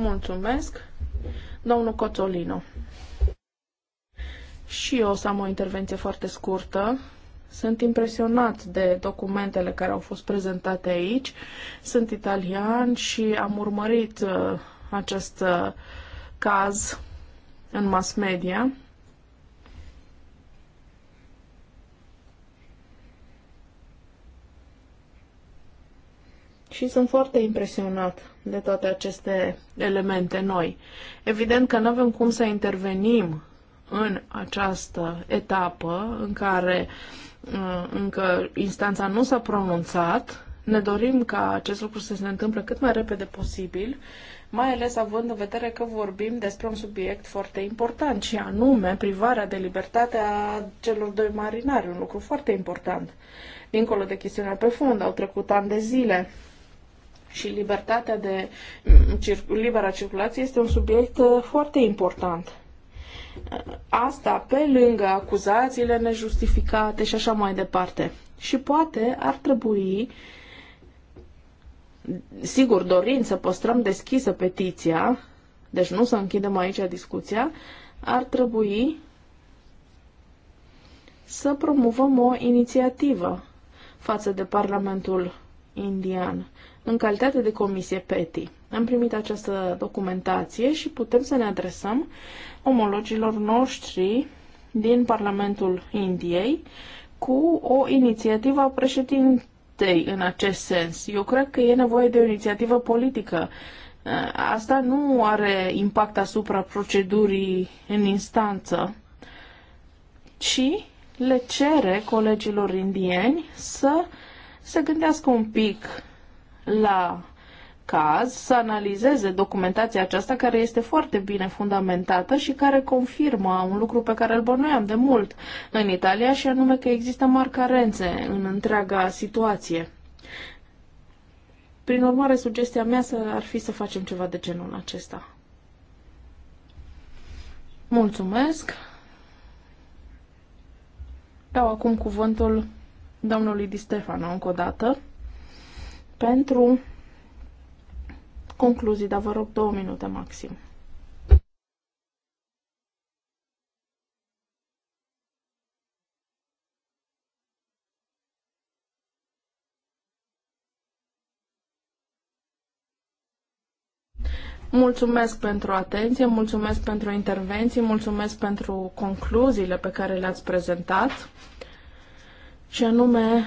Mulțumesc. Domnul Coțolino. Și eu o să am o intervenție foarte scurtă. Sunt impresionat de documentele care au fost prezentate aici. Sunt italian și am urmărit uh, acest uh, caz în mass media și sunt foarte impresionat de toate aceste elemente noi. Evident că nu avem cum să intervenim în această etapă în care uh, încă instanța nu s-a pronunțat. Ne dorim ca acest lucru să se întâmple cât mai repede posibil, mai ales având în vedere că vorbim despre un subiect foarte important, și anume privarea de libertate a celor doi marinari, un lucru foarte important. Dincolo de chestiunea pe fund, au trecut ani de zile și libertatea de mm, libera circulație este un subiect uh, foarte important. Uh, asta pe lângă acuzațiile nejustificate și așa mai departe. Și poate ar trebui sigur dorind să păstrăm deschisă petiția, deci nu să închidem aici discuția, ar trebui să promovăm o inițiativă față de Parlamentul indian în calitate de comisie PETI, am primit această documentație și putem să ne adresăm omologilor noștri din Parlamentul Indiei cu o inițiativă a președintei în acest sens. Eu cred că e nevoie de o inițiativă politică. Uh, asta nu are impact asupra procedurii în instanță, ci le cere colegilor indieni să se gândească un pic la caz să analizeze documentația aceasta care este foarte bine fundamentată și care confirmă un lucru pe care îl bănuiam de mult în Italia și anume că există mari carențe în întreaga situație. Prin urmare, sugestia mea să ar fi să facem ceva de genul acesta. Mulțumesc. Dau acum cuvântul domnului Di Stefano încă o dată pentru concluzii, dar vă rog două minute maxim. Mulțumesc pentru atenție, mulțumesc pentru intervenții, mulțumesc pentru concluziile pe care le-ați prezentat. Și anume,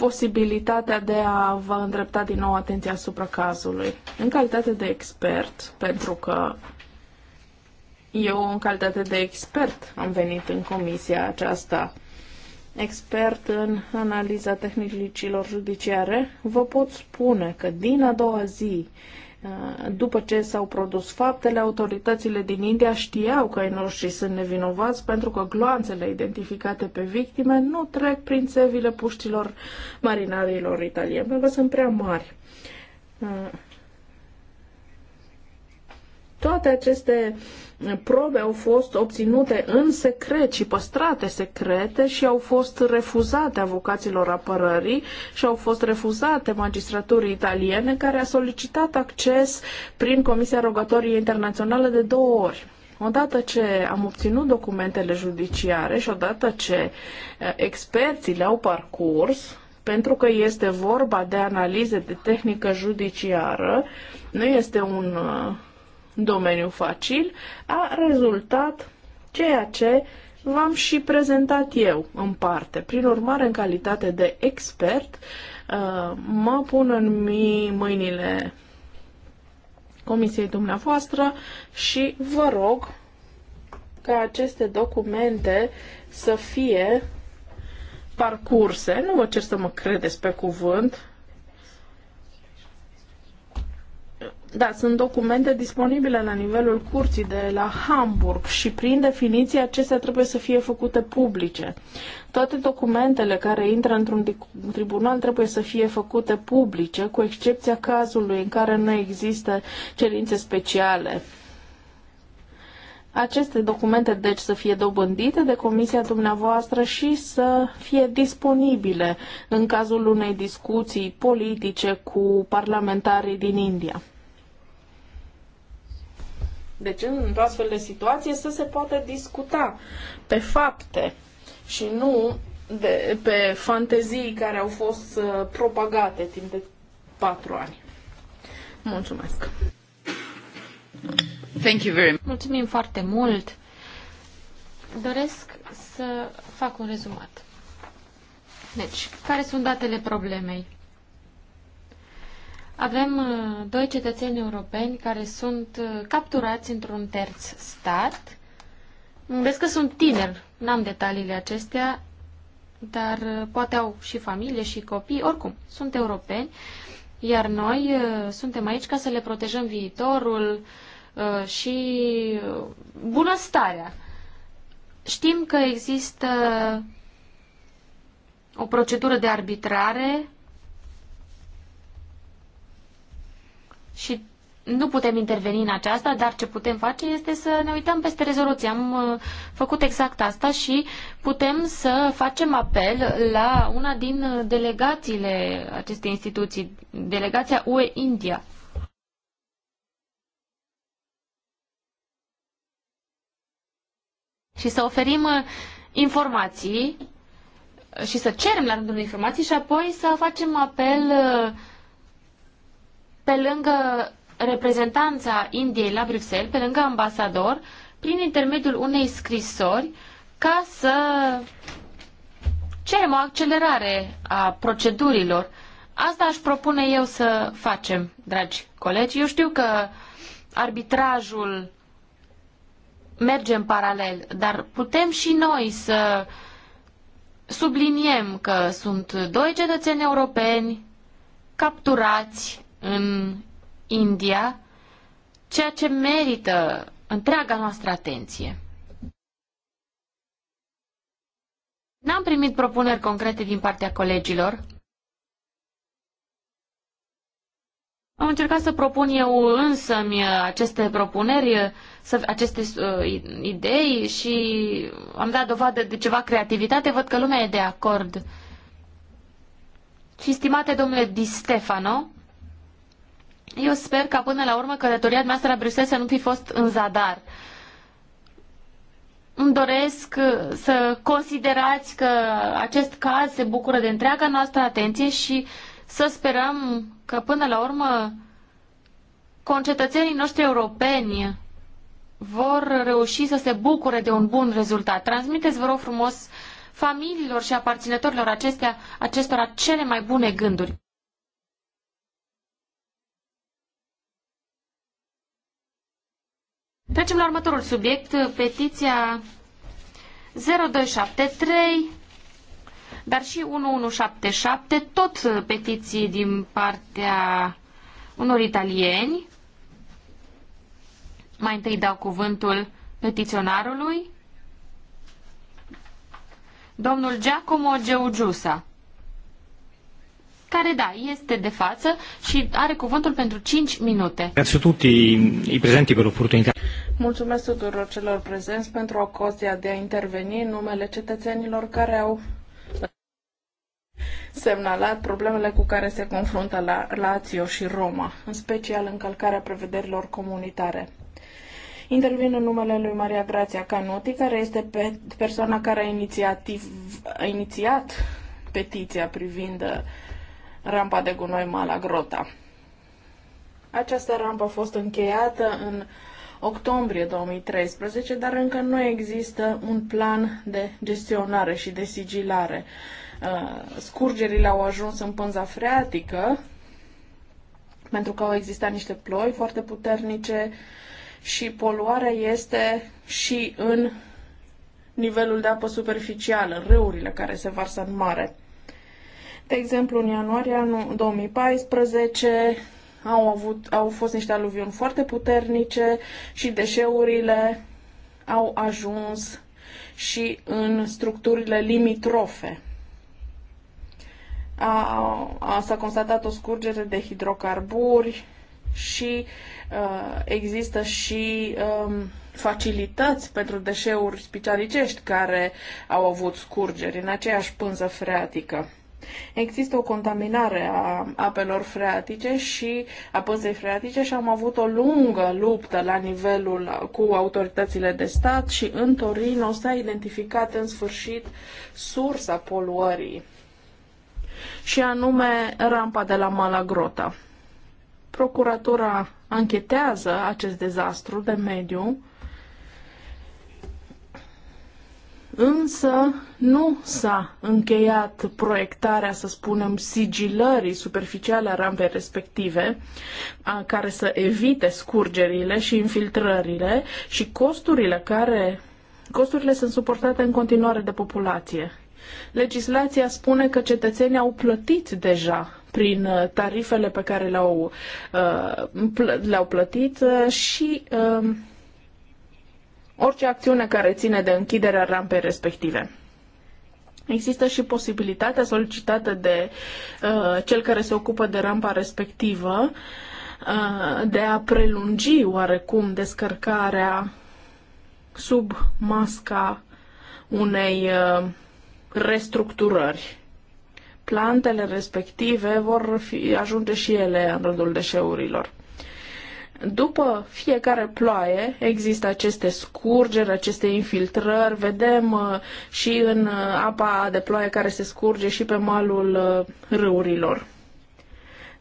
posibilitatea de a vă îndrepta din nou atenția asupra cazului. În calitate de expert, pentru că eu în calitate de expert am venit în comisia aceasta, expert în analiza tehnicilor judiciare, vă pot spune că din a doua zi Uh, după ce s-au produs faptele, autoritățile din India știau că și noștri sunt nevinovați pentru că gloanțele identificate pe victime nu trec prin țevile puștilor marinarilor italieni, pentru că sunt prea mari. Uh, toate aceste uh, probe au fost obținute în secret și păstrate secrete și au fost refuzate avocaților apărării și au fost refuzate magistraturii italiene care a solicitat acces prin Comisia Rogatorie Internațională de două ori. Odată ce am obținut documentele judiciare și odată ce uh, experții le-au parcurs, pentru că este vorba de analize de tehnică judiciară, nu este un uh, domeniu facil, a rezultat ceea ce v-am și prezentat eu în parte. Prin urmare, în calitate de expert, uh, mă pun în mâinile comisiei dumneavoastră și vă rog ca aceste documente să fie parcurse, nu vă cer să mă credeți pe cuvânt, Da, sunt documente disponibile la nivelul curții de la Hamburg și, prin definiție, acestea trebuie să fie făcute publice. Toate documentele care intră într-un tribunal trebuie să fie făcute publice, cu excepția cazului în care nu există cerințe speciale. Aceste documente, deci, să fie dobândite de comisia dumneavoastră și să fie disponibile în cazul unei discuții politice cu parlamentarii din India. Deci, într-o astfel de situație, să se poată discuta pe fapte și nu de, pe fantezii care au fost uh, propagate timp de patru ani. Mulțumesc! Thank you very much. Mulțumim foarte mult! Doresc să fac un rezumat. Deci, care sunt datele problemei? Avem uh, doi cetățeni europeni care sunt uh, capturați într-un terț stat. Vezi că sunt tineri, n-am detaliile acestea, dar uh, poate au și familie și copii, oricum, sunt europeni, iar noi suntem aici ca să le protejăm viitorul și bunăstarea. Știm că există o procedură de arbitrare și nu putem interveni în aceasta, dar ce putem face este să ne uităm peste rezoluție. Am uh, făcut exact asta și putem să facem apel la una din uh, delegațiile acestei instituții, delegația UE India. Și să oferim uh, informații și să cerem la rândul informații și apoi să facem apel uh, pe lângă reprezentanța Indiei la Bruxelles, pe lângă ambasador, prin intermediul unei scrisori, ca să cerem o accelerare a procedurilor. Asta aș propune eu să facem, dragi colegi. Eu știu că arbitrajul merge în paralel, dar putem și noi să subliniem că sunt doi cetățeni europeni capturați în India, ceea ce merită întreaga noastră atenție. N-am primit propuneri concrete din partea colegilor. Am încercat să propun eu însă aceste propuneri, aceste uh, idei și am dat dovadă de ceva creativitate. Văd că lumea e de acord. Și, stimate domnule Di Stefano, eu sper ca până la urmă călătoria noastră la Bruxelles să nu fi fost în zadar. Îmi doresc uh, să considerați că acest caz se bucură de întreaga noastră atenție și să sperăm că până la urmă concetățenii noștri europeni vor reuși să se bucure de un bun rezultat. Transmiteți, vă rog frumos, familiilor și aparținătorilor acestea, acestora cele mai bune gânduri. Trecem la următorul subiect, petiția 0273, dar și 1177, tot petiții din partea unor italieni. Mai întâi dau cuvântul petiționarului, domnul Giacomo Geugiusa care, da, este de față și are cuvântul pentru 5 minute. Mulțumesc tuturor celor prezenți pentru ocazia de a interveni în numele cetățenilor care au semnalat problemele cu care se confruntă la Lazio și Roma, în special încălcarea prevederilor comunitare. Intervin în numele lui Maria Grația Canuti, care este pe persoana care a, inițiativ, a inițiat petiția privind rampa de gunoi Mala Grota. Această rampă a fost încheiată în octombrie 2013, dar încă nu există un plan de gestionare și de sigilare. Uh, scurgerile au ajuns în pânza freatică pentru că au existat niște ploi foarte puternice și poluarea este și în nivelul de apă superficială, râurile care se varsă în mare. De exemplu, în ianuarie anul 2014 au, avut, au fost niște aluviuni foarte puternice și deșeurile au ajuns și în structurile limitrofe. A, a, s-a constatat o scurgere de hidrocarburi și uh, există și um, facilități pentru deșeuri spicialicești care au avut scurgeri în aceeași pânză freatică. Există o contaminare a apelor freatice și a păzei freatice și am avut o lungă luptă la nivelul cu autoritățile de stat și în Torino s-a identificat în sfârșit sursa poluării și anume rampa de la Malagrota. Procuratura anchetează acest dezastru de mediu însă nu s-a încheiat proiectarea, să spunem, sigilării superficiale a rampei respective, a, care să evite scurgerile și infiltrările și costurile care costurile sunt suportate în continuare de populație. Legislația spune că cetățenii au plătit deja prin uh, tarifele pe care le-au, uh, le-au plătit uh, și orice acțiune care ține de închiderea rampei respective. Există și posibilitatea solicitată de uh, cel care se ocupă de rampa respectivă uh, de a prelungi oarecum descărcarea sub masca unei uh, restructurări. Plantele respective vor fi, ajunge și ele în rândul deșeurilor. După fiecare ploaie există aceste scurgeri, aceste infiltrări, vedem uh, și în uh, apa de ploaie care se scurge și pe malul uh, râurilor.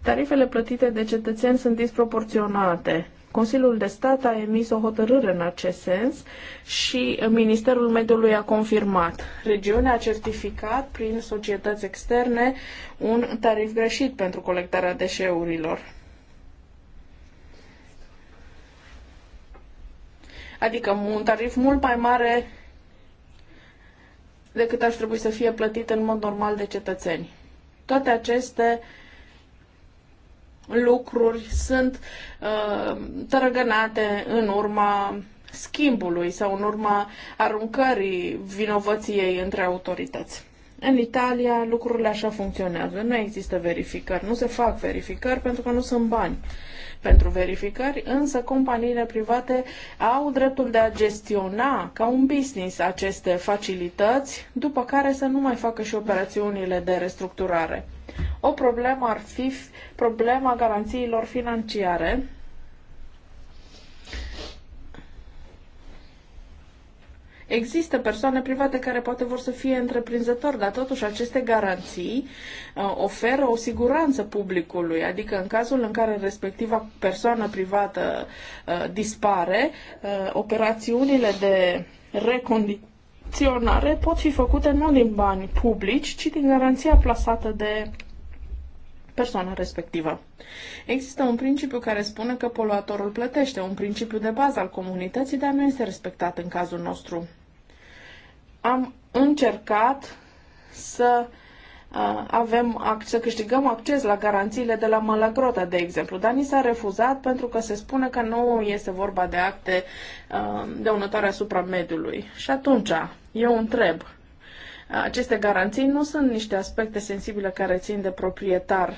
Tarifele plătite de cetățeni sunt disproporționate. Consiliul de stat a emis o hotărâre în acest sens și Ministerul Mediului a confirmat. Regiunea a certificat prin societăți externe un tarif greșit pentru colectarea deșeurilor. adică un tarif mult mai mare decât ar trebui să fie plătit în mod normal de cetățeni. Toate aceste lucruri sunt uh, tărăgănate în urma schimbului sau în urma aruncării vinovăției între autorități. În Italia lucrurile așa funcționează, nu există verificări, nu se fac verificări pentru că nu sunt bani pentru verificări, însă companiile private au dreptul de a gestiona ca un business aceste facilități, după care să nu mai facă și operațiunile de restructurare. O problemă ar fi problema garanțiilor financiare, Există persoane private care poate vor să fie întreprinzători, dar totuși aceste garanții uh, oferă o siguranță publicului, adică în cazul în care respectiva persoană privată uh, dispare, uh, operațiunile de recondiționare pot fi făcute nu din bani publici, ci din garanția plasată de persoana respectivă. Există un principiu care spune că poluatorul plătește, un principiu de bază al comunității, dar nu este respectat în cazul nostru am încercat să avem, să câștigăm acces la garanțiile de la Malagrota, de exemplu. Dar ni s-a refuzat pentru că se spune că nu este vorba de acte de unătoare asupra mediului. Și atunci, eu întreb, aceste garanții nu sunt niște aspecte sensibile care țin de proprietar.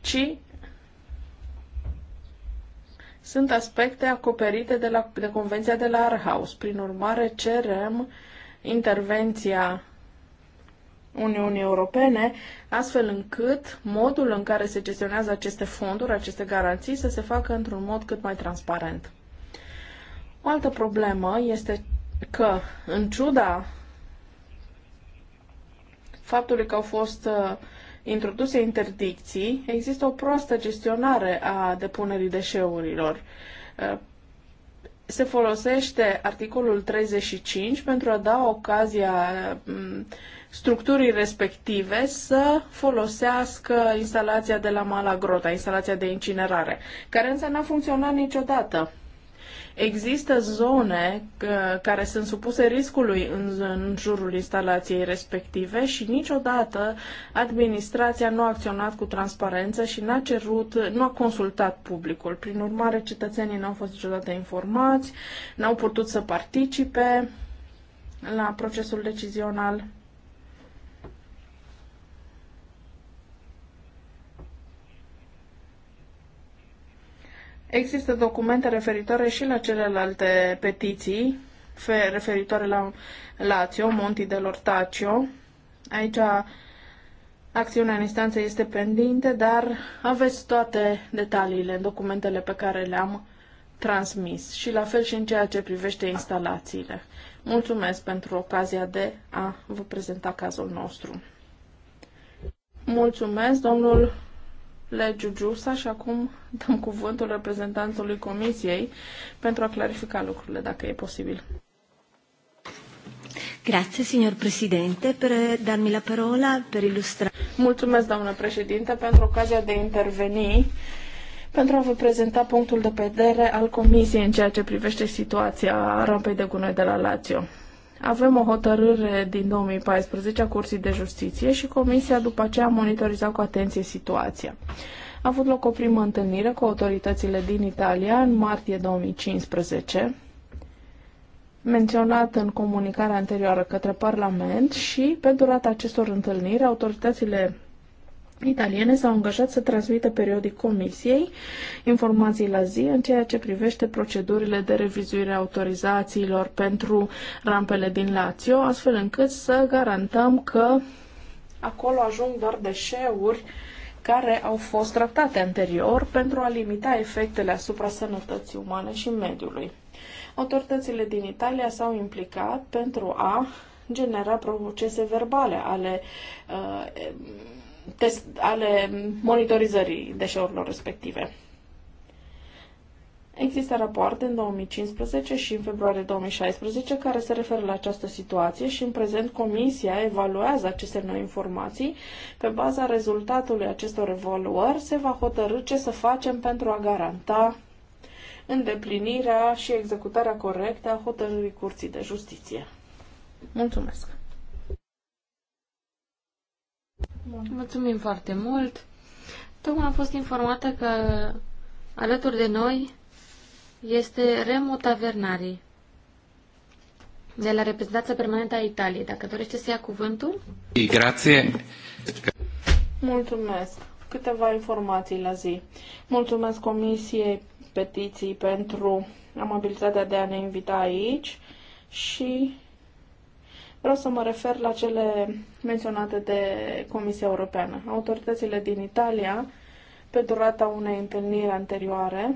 Ci sunt aspecte acoperite de, la, de Convenția de la Arhaus. Prin urmare, cerem intervenția Uniunii Europene, astfel încât modul în care se gestionează aceste fonduri, aceste garanții, să se facă într-un mod cât mai transparent. O altă problemă este că, în ciuda faptului că au fost uh, introduse interdicții, există o proastă gestionare a depunerii deșeurilor. Uh, se folosește articolul 35 pentru a da ocazia mm, structurii respective să folosească instalația de la Malagrota, instalația de incinerare, care însă n-a funcționat niciodată. Există zone uh, care sunt supuse riscului în jurul instalației respective și niciodată administrația nu a acționat cu transparență și n-a cerut, nu a consultat publicul. Prin urmare, cetățenii nu au fost niciodată informați, n-au putut să participe la procesul decizional. Există documente referitoare și la celelalte petiții, referitoare la Lazio, Monti de Lortacio. Aici acțiunea în instanță este pendinte, dar aveți toate detaliile în documentele pe care le-am transmis și la fel și în ceea ce privește instalațiile. Mulțumesc pentru ocazia de a vă prezenta cazul nostru. Mulțumesc, domnul le Giugiusa și acum dăm cuvântul reprezentantului Comisiei pentru a clarifica lucrurile, dacă e posibil. Grazie, signor Presidente, per darmi la parola, per illustrare. Mulțumesc, doamnă președinte, pentru ocazia de a interveni pentru a vă prezenta punctul de vedere al Comisiei în ceea ce privește situația rampei de gunoi de la Lazio. Avem o hotărâre din 2014 a Curții de Justiție și Comisia după aceea a monitorizat cu atenție situația. A avut loc o primă întâlnire cu autoritățile din Italia în martie 2015, menționat în comunicarea anterioară către Parlament și, pe durata acestor întâlniri, autoritățile italiene s-au angajat să transmită periodic Comisiei informații la zi în ceea ce privește procedurile de revizuire autorizațiilor pentru rampele din Lazio, astfel încât să garantăm că acolo ajung doar deșeuri care au fost tratate anterior pentru a limita efectele asupra sănătății umane și mediului. Autoritățile din Italia s-au implicat pentru a genera procese verbale ale uh, test, ale monitorizării deșeurilor respective. Există rapoarte în 2015 și în februarie 2016 care se referă la această situație și în prezent Comisia evaluează aceste noi informații. Pe baza rezultatului acestor evaluări se va hotărâ ce să facem pentru a garanta îndeplinirea și executarea corectă a hotărârii Curții de Justiție. Mulțumesc! Mulțumim foarte mult. Tocmai am fost informată că alături de noi este Remo Tavernari de la reprezentanța permanentă a Italiei. Dacă dorește să ia cuvântul. Grație. Mulțumesc. Câteva informații la zi. Mulțumesc Comisiei Petiții pentru amabilitatea de a ne invita aici și Vreau să mă refer la cele menționate de Comisia Europeană. Autoritățile din Italia, pe durata unei întâlniri anterioare,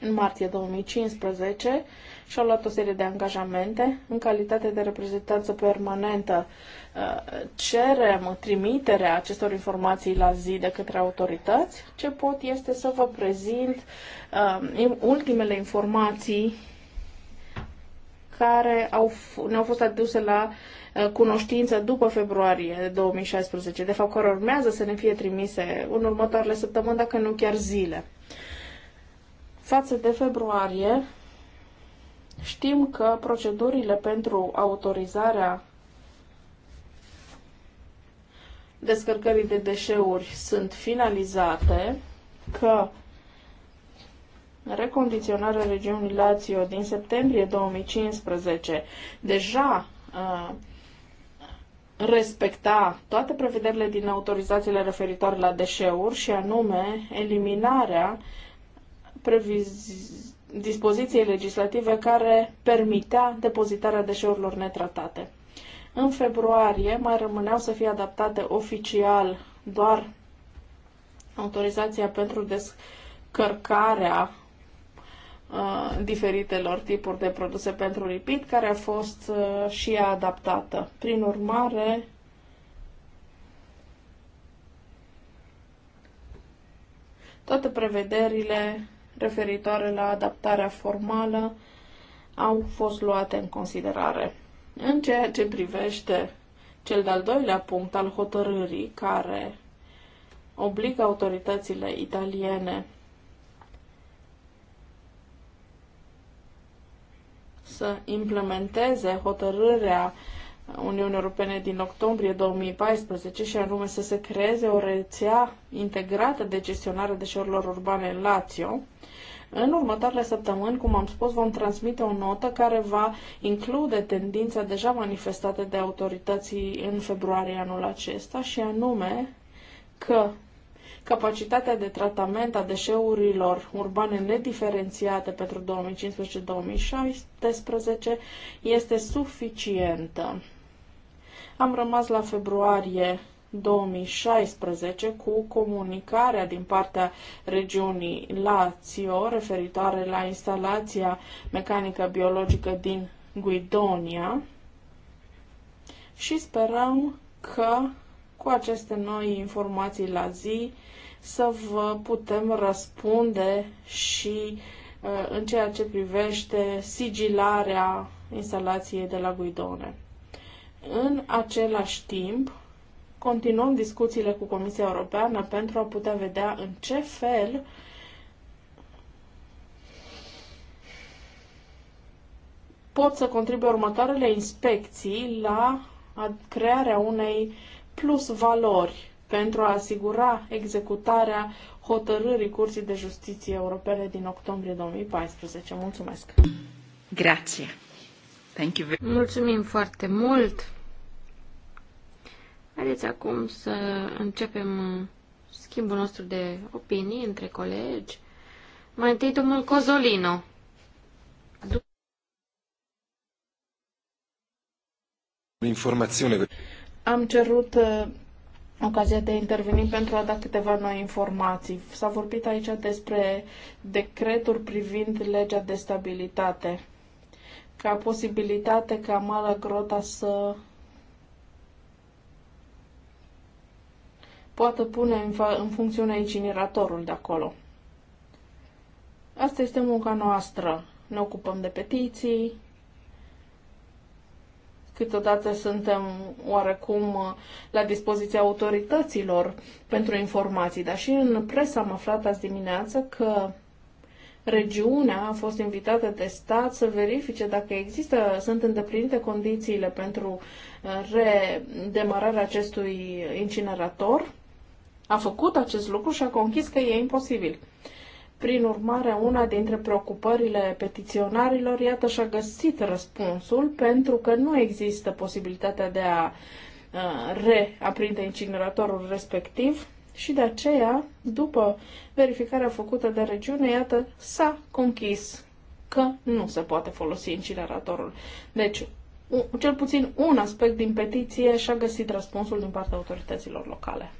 în martie 2015 și-au luat o serie de angajamente. În calitate de reprezentanță permanentă uh, cerem trimiterea acestor informații la zi de către autorități. Ce pot este să vă prezint uh, ultimele informații care au, ne-au fost aduse la uh, cunoștință după februarie 2016, de fapt care urmează să ne fie trimise în următoarele săptămâni, dacă nu chiar zile. Față de februarie, știm că procedurile pentru autorizarea descărcării de deșeuri sunt finalizate, că recondiționarea regiunii Lazio din septembrie 2015 deja uh, respecta toate prevederile din autorizațiile referitoare la deșeuri și anume eliminarea previz- dispoziției legislative care permitea depozitarea deșeurilor netratate. În februarie mai rămâneau să fie adaptate oficial doar autorizația pentru descărcarea Uh, diferitelor tipuri de produse pentru lipid, care a fost uh, și ea adaptată. Prin urmare, toate prevederile referitoare la adaptarea formală au fost luate în considerare. În ceea ce privește cel de-al doilea punct al hotărârii care obligă autoritățile italiene să implementeze hotărârea Uniunii Europene din octombrie 2014 și anume să se creeze o rețea integrată de gestionare deșeurilor urbane în Lazio. În următoarele săptămâni, cum am spus, vom transmite o notă care va include tendința deja manifestată de autorității în februarie anul acesta și anume că Capacitatea de tratament a deșeurilor urbane nediferențiate pentru 2015-2016 este suficientă. Am rămas la februarie 2016 cu comunicarea din partea regiunii Lazio referitoare la instalația mecanică biologică din Guidonia și sperăm că cu aceste noi informații la zi să vă putem răspunde și uh, în ceea ce privește sigilarea instalației de la Guidone. În același timp, continuăm discuțiile cu Comisia Europeană pentru a putea vedea în ce fel pot să contribuie următoarele inspecții la crearea unei uh, plus valori pentru a asigura executarea hotărârii Curții de Justiție Europene din octombrie 2014. Mulțumesc! Grație! Thank you very Mulțumim foarte mult! Haideți acum să începem schimbul nostru de opinii între colegi. Mai întâi domnul Cozolino. Informațiune. Am cerut uh, ocazia de a interveni pentru a da câteva noi informații. S-a vorbit aici despre decretul privind legea de stabilitate, ca posibilitate ca Mala Grota să poată pune în, în funcțiune incineratorul de acolo. Asta este munca noastră. Ne ocupăm de petiții, Câteodată suntem oarecum uh, la dispoziția autorităților pentru informații, dar și în presă am aflat azi dimineață că regiunea a fost invitată de stat să verifice dacă există, sunt îndeplinite condițiile pentru uh, redemararea acestui incinerator. A făcut acest lucru și a conchis că e imposibil. Prin urmare, una dintre preocupările petiționarilor, iată, și-a găsit răspunsul, pentru că nu există posibilitatea de a reaprinde incineratorul respectiv și de aceea, după verificarea făcută de regiune, iată, s-a conchis că nu se poate folosi incineratorul. Deci, cel puțin un aspect din petiție și-a găsit răspunsul din partea autorităților locale.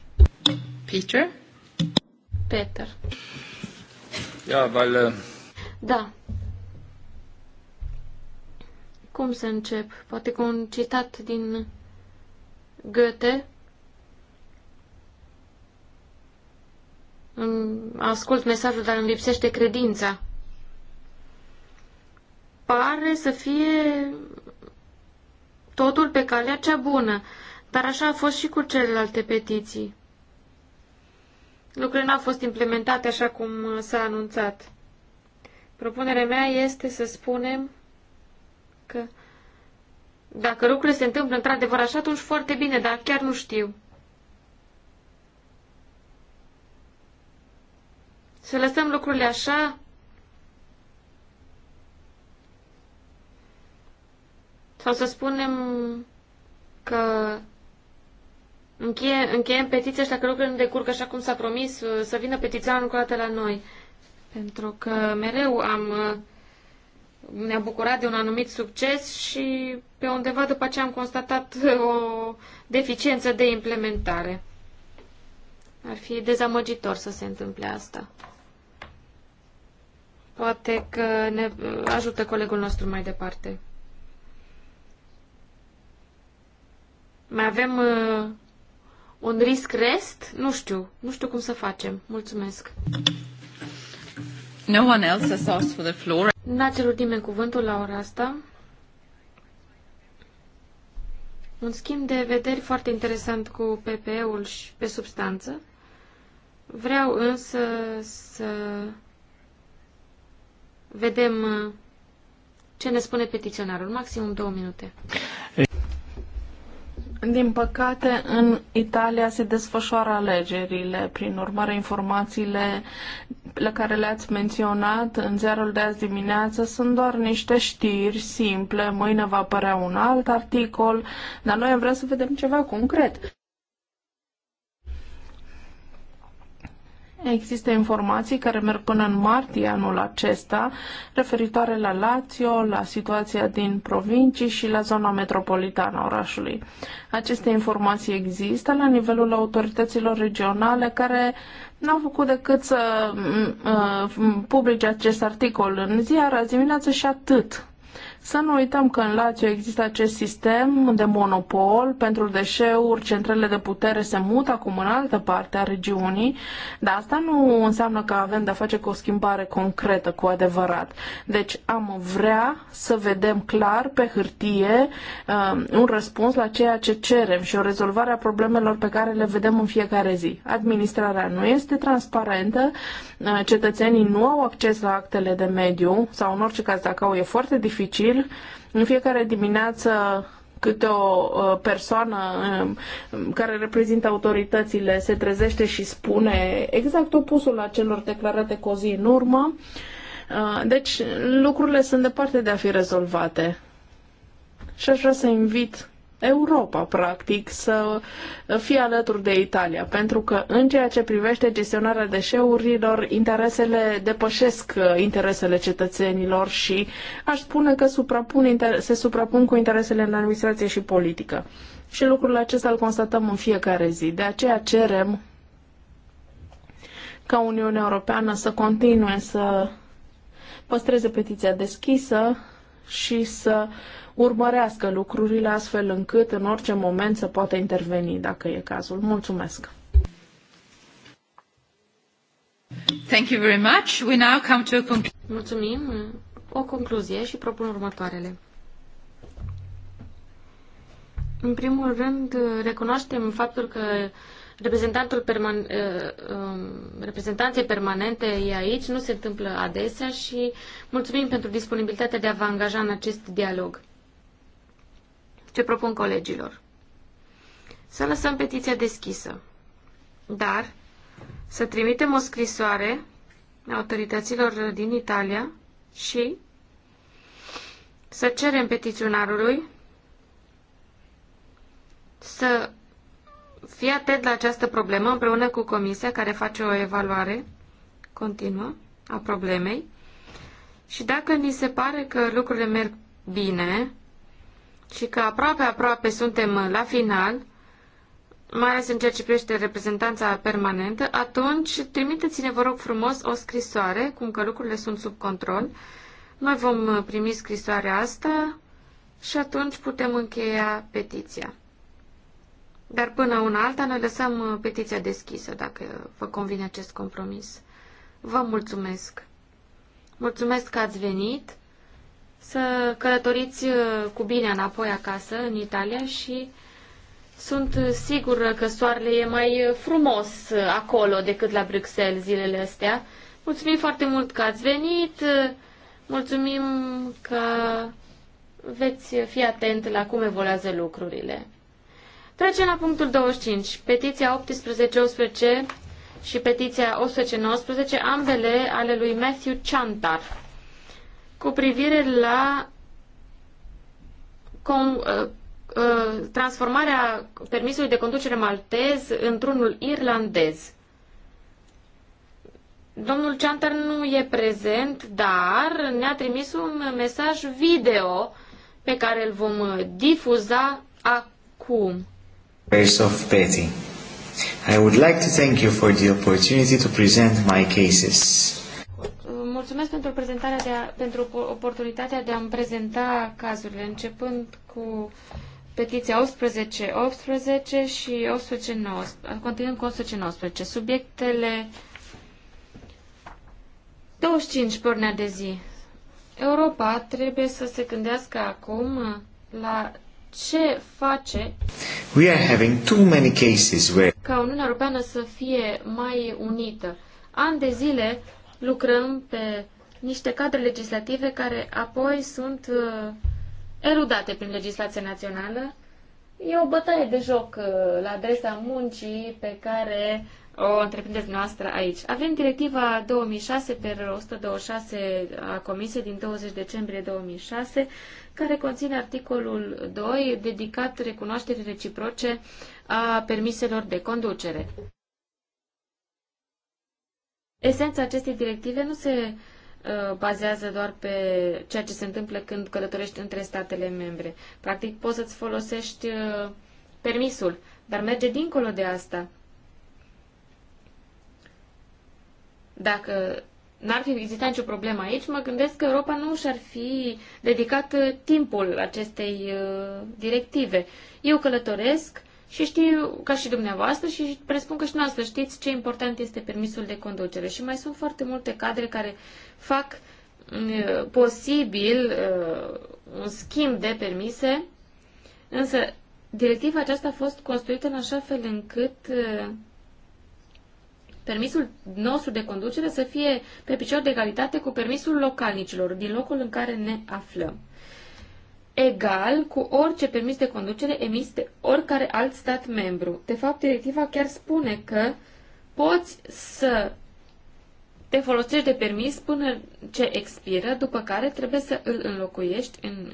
Peter? Peter. Ja, weil... Äh, da. Cum să încep? Poate cu un citat din Goethe. Ascult mesajul, dar îmi lipsește credința. Pare să fie totul pe calea cea bună, dar așa a fost și cu celelalte petiții lucrurile n-au fost implementate așa cum s-a anunțat. Propunerea mea este să spunem că dacă lucrurile se întâmplă într-adevăr așa, atunci foarte bine, dar chiar nu știu. Să lăsăm lucrurile așa? Sau să spunem că Încheie, încheiem petiția și dacă lucrurile nu decurg așa cum s-a promis, uh, să vină petiția încă la noi. Pentru că mereu am uh, ne-a bucurat de un anumit succes și pe undeva după ce am constatat uh, o deficiență de implementare. Ar fi dezamăgitor să se întâmple asta. Poate că ne ajută colegul nostru mai departe. Mai avem un risc rest? Nu știu. Nu știu cum să facem. Mulțumesc. No one else has asked for the floor. N-a cerut nimeni cuvântul la ora asta. Un schimb de vederi foarte interesant cu PPE-ul și pe substanță. Vreau însă să vedem ce ne spune petiționarul. Maximum două minute. Din păcate, în Italia se desfășoară alegerile. Prin urmare, informațiile la care le-ați menționat în ziarul de azi dimineață sunt doar niște știri simple. Mâine va apărea un alt articol, dar noi vrem să vedem ceva concret. Există informații care merg până în martie anul acesta, referitoare la Lazio, la situația din provincii și la zona metropolitană a orașului. Aceste informații există la nivelul autorităților regionale care n-au făcut decât să uh, publice acest articol în ziar azi dimineață și atât. Să nu uităm că în Lazio există acest sistem de monopol pentru deșeuri, centrele de putere se mută acum în altă parte a regiunii, dar asta nu înseamnă că avem de-a face cu o schimbare concretă, cu adevărat. Deci am vrea să vedem clar pe hârtie um, un răspuns la ceea ce cerem și o rezolvare a problemelor pe care le vedem în fiecare zi. Administrarea nu este transparentă, uh, cetățenii nu au acces la actele de mediu sau în orice caz dacă au e foarte dificil, posibil. În fiecare dimineață câte o uh, persoană um, care reprezintă autoritățile se trezește și spune exact opusul a celor declarate cu o zi în urmă. Uh, deci lucrurile sunt departe de a fi rezolvate. Și aș vrea să invit Europa, practic, să fie alături de Italia, pentru că în ceea ce privește gestionarea deșeurilor, interesele depășesc uh, interesele cetățenilor și aș spune că suprapun, se suprapun cu interesele în administrație și politică. Și lucrul acesta îl constatăm în fiecare zi. De aceea cerem ca Uniunea Europeană să continue să păstreze petiția deschisă și să uh, urmărească lucrurile astfel încât în orice moment să poată interveni dacă e cazul. Mulțumesc! Thank you very much. We now come to a Mulțumim. O concluzie și propun următoarele. În primul rând, recunoaștem faptul că reprezentantul perman- ă, um, reprezentanței permanente e aici, nu se întâmplă adesea și mulțumim pentru disponibilitatea de a vă angaja în acest dialog ce propun colegilor. Să lăsăm petiția deschisă, dar să trimitem o scrisoare autorităților din Italia și să cerem petiționarului să fie atent la această problemă împreună cu comisia care face o evaluare continuă a problemei și dacă ni se pare că lucrurile merg bine, și că aproape-aproape suntem la final, mai ales în ceea ce privește reprezentanța permanentă, atunci trimiteți-ne, vă rog frumos, o scrisoare, cum că lucrurile sunt sub control. Noi vom primi scrisoarea asta și atunci putem încheia petiția. Dar până una alta, noi lăsăm uh, petiția deschisă, dacă vă convine acest compromis. Vă mulțumesc! Mulțumesc că ați venit! să călătoriți uh, cu bine înapoi acasă, în Italia, și sunt sigură că soarele e mai frumos uh, acolo decât la Bruxelles zilele astea. Mulțumim foarte mult că ați venit, uh, mulțumim că veți fi atent la cum evoluează lucrurile. Trecem la punctul 25. Petiția 18-18 și petiția 119, ambele ale lui Matthew Chantar cu privire la com, uh, uh, transformarea permisului de conducere maltez într-unul irlandez. Domnul Chantar nu e prezent, dar ne-a trimis un mesaj video pe care îl vom difuza acum. Grace of Betty. I would like to thank you for the opportunity to present my cases mulțumesc pentru prezentarea de a, pentru oportunitatea de a-mi prezenta cazurile, începând cu petiția 18, 18 și 18, continuând cu 18, Subiectele 25 pornea de zi. Europa trebuie să se gândească acum la ce face We are having too many cases where... ca Uniunea Europeană să fie mai unită. An de zile lucrăm pe niște cadre legislative care apoi sunt uh, erudate prin legislația națională. E o bătaie de joc uh, la adresa muncii pe care o întreprindeți noastră aici. Avem directiva 2006 pe 126 a Comisiei din 20 decembrie 2006, care conține articolul 2 dedicat recunoașterii reciproce a permiselor de conducere. Esența acestei directive nu se uh, bazează doar pe ceea ce se întâmplă când călătorești între statele membre. Practic, poți să-ți folosești uh, permisul, dar merge dincolo de asta. Dacă n-ar fi existat nicio problemă aici, mă gândesc că Europa nu și-ar fi dedicat uh, timpul acestei directive. Eu călătoresc și știu, ca și dumneavoastră, și presupun că și noastră știți ce important este permisul de conducere. Și mai sunt foarte multe cadre care fac mm, posibil uh, un schimb de permise, însă directiva aceasta a fost construită în așa fel încât uh, permisul nostru de conducere să fie pe picior de egalitate cu permisul localnicilor din locul în care ne aflăm egal cu orice permis de conducere emis de oricare alt stat membru. De fapt, directiva chiar spune că poți să te folosești de permis până ce expiră, după care trebuie să îl înlocuiești în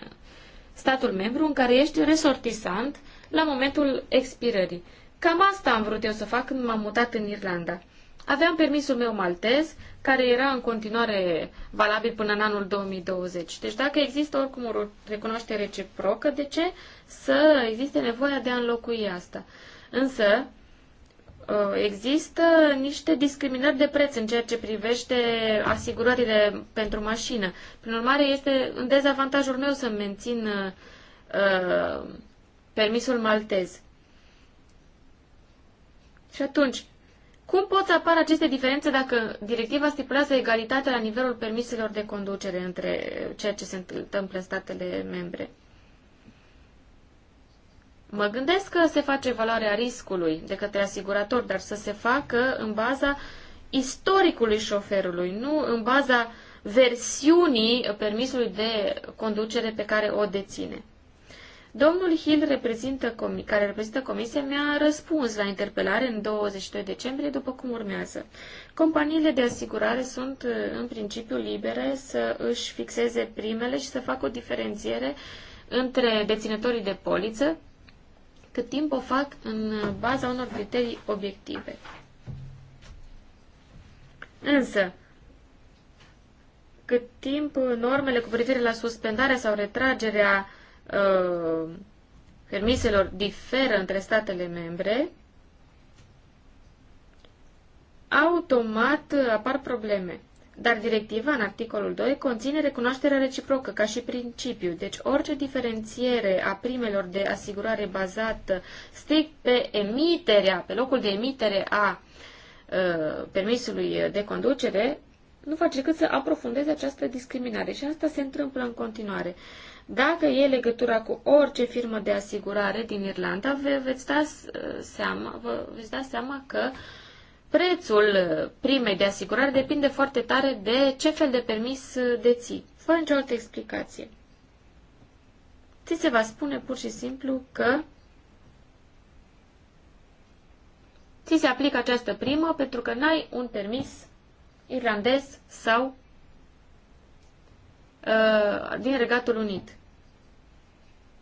statul membru în care ești resortisant la momentul expirării. Cam asta am vrut eu să fac când m-am mutat în Irlanda. Aveam permisul meu maltez, care era în continuare valabil până în anul 2020. Deci dacă există oricum o recunoaștere reciprocă, de ce să existe nevoia de a înlocui asta? Însă, ă, există niște discriminări de preț în ceea ce privește asigurările pentru mașină. Prin urmare, este în dezavantajul meu să mențin uh, permisul maltez. Și atunci, cum pot să apară aceste diferențe dacă directiva stipulează egalitatea la nivelul permiselor de conducere între ceea ce se întâmplă în statele membre? Mă gândesc că se face valoarea riscului de către asigurator, dar să se facă în baza istoricului șoferului, nu în baza versiunii permisului de conducere pe care o deține. Domnul Hill, reprezintă care reprezintă comisia, mi-a răspuns la interpelare în 22 decembrie, după cum urmează. Companiile de asigurare sunt uh, în principiu libere să își fixeze primele și să facă o diferențiere între deținătorii de poliță, cât timp o fac în baza unor criterii obiective. Însă, cât timp normele cu privire la suspendarea sau retragerea uh, Uh, permiselor diferă între statele membre, automat apar probleme. Dar directiva, în articolul 2, conține recunoașterea reciprocă ca și principiu, deci orice diferențiere a primelor de asigurare bazată strict pe emiterea, pe locul de emitere a uh, permisului de conducere, nu face decât să aprofundeze această discriminare și asta se întâmplă în continuare. Dacă e legătura cu orice firmă de asigurare din Irlanda, vă veți da seama, vă veți da seama că prețul uh, primei de asigurare depinde foarte tare de ce fel de permis uh, deții, fără nicio altă explicație. Ți se va spune pur și simplu că ți se aplică această primă pentru că n-ai un permis irlandez sau uh, din Regatul Unit.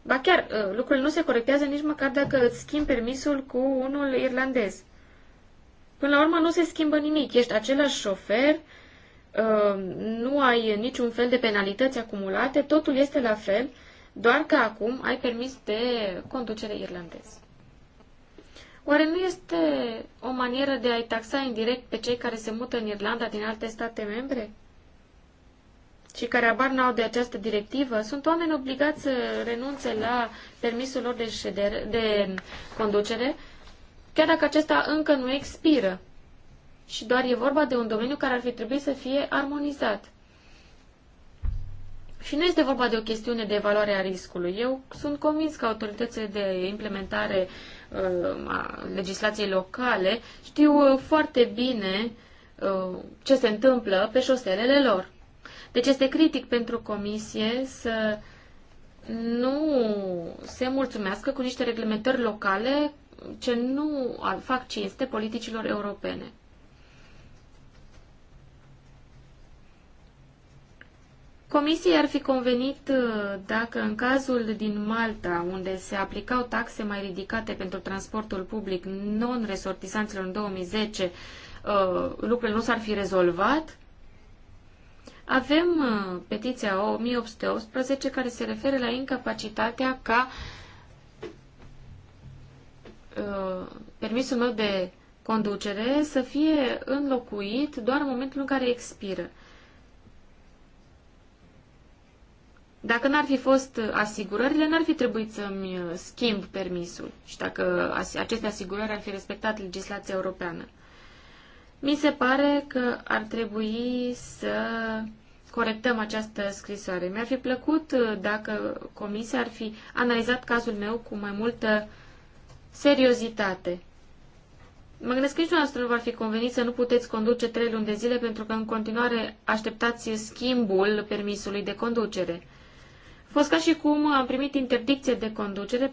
Ba chiar, uh, lucrurile nu se corectează nici măcar dacă îți schimbi permisul cu unul irlandez. Până la urmă nu se schimbă nimic. Ești același șofer, uh, nu ai niciun fel de penalități acumulate, totul este la fel, doar că acum ai permis de conducere irlandez. Oare nu este o manieră de a-i taxa indirect pe cei care se mută în Irlanda din alte state membre? și care abar n-au de această directivă, sunt oameni obligați să renunțe la permisul lor de, ședere, de conducere, chiar dacă acesta încă nu expiră. Și doar e vorba de un domeniu care ar fi trebuit să fie armonizat. Și nu este vorba de o chestiune de evaluare a riscului. Eu sunt convins că autoritățile de implementare uh, a legislației locale știu uh, foarte bine uh, ce se întâmplă pe șoselele lor. Deci este critic pentru comisie să nu se mulțumească cu niște reglementări locale ce nu fac cinste politicilor europene. Comisiei ar fi convenit uh, dacă în cazul din Malta, unde se aplicau taxe mai ridicate pentru transportul public non-resortisanților în 2010, uh, lucrurile nu s-ar fi rezolvat, avem uh, petiția 1818 care se referă la incapacitatea ca uh, permisul meu de conducere să fie înlocuit doar în momentul în care expiră. Dacă n-ar fi fost asigurările, n-ar fi trebuit să-mi uh, schimb permisul și dacă aceste asigurări ar fi respectat legislația europeană. Mi se pare că ar trebui să corectăm această scrisoare. Mi-ar fi plăcut uh, dacă comisia ar fi analizat cazul meu cu mai multă seriozitate. Mă gândesc că nici nu va fi convenit să nu puteți conduce trei luni de zile pentru că în continuare așteptați schimbul permisului de conducere. A fost ca și cum am primit interdicție de conducere,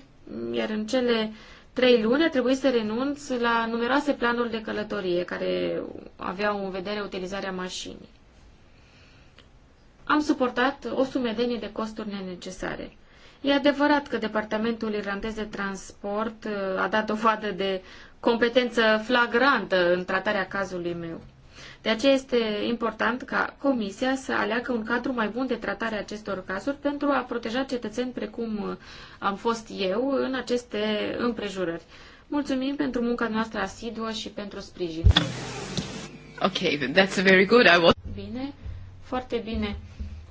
iar în cele trei luni a trebuit să renunț la numeroase planuri de călătorie care aveau în vedere utilizarea mașinii am suportat o sumedenie de costuri nenecesare. E adevărat că Departamentul Irlandez de Transport uh, a dat dovadă de competență flagrantă în tratarea cazului meu. De aceea este important ca Comisia să aleagă un cadru mai bun de tratare a acestor cazuri pentru a proteja cetățeni precum uh, am fost eu în aceste împrejurări. Mulțumim pentru munca noastră asiduă și pentru sprijin. Okay, that's very good. I was... Bine, foarte bine.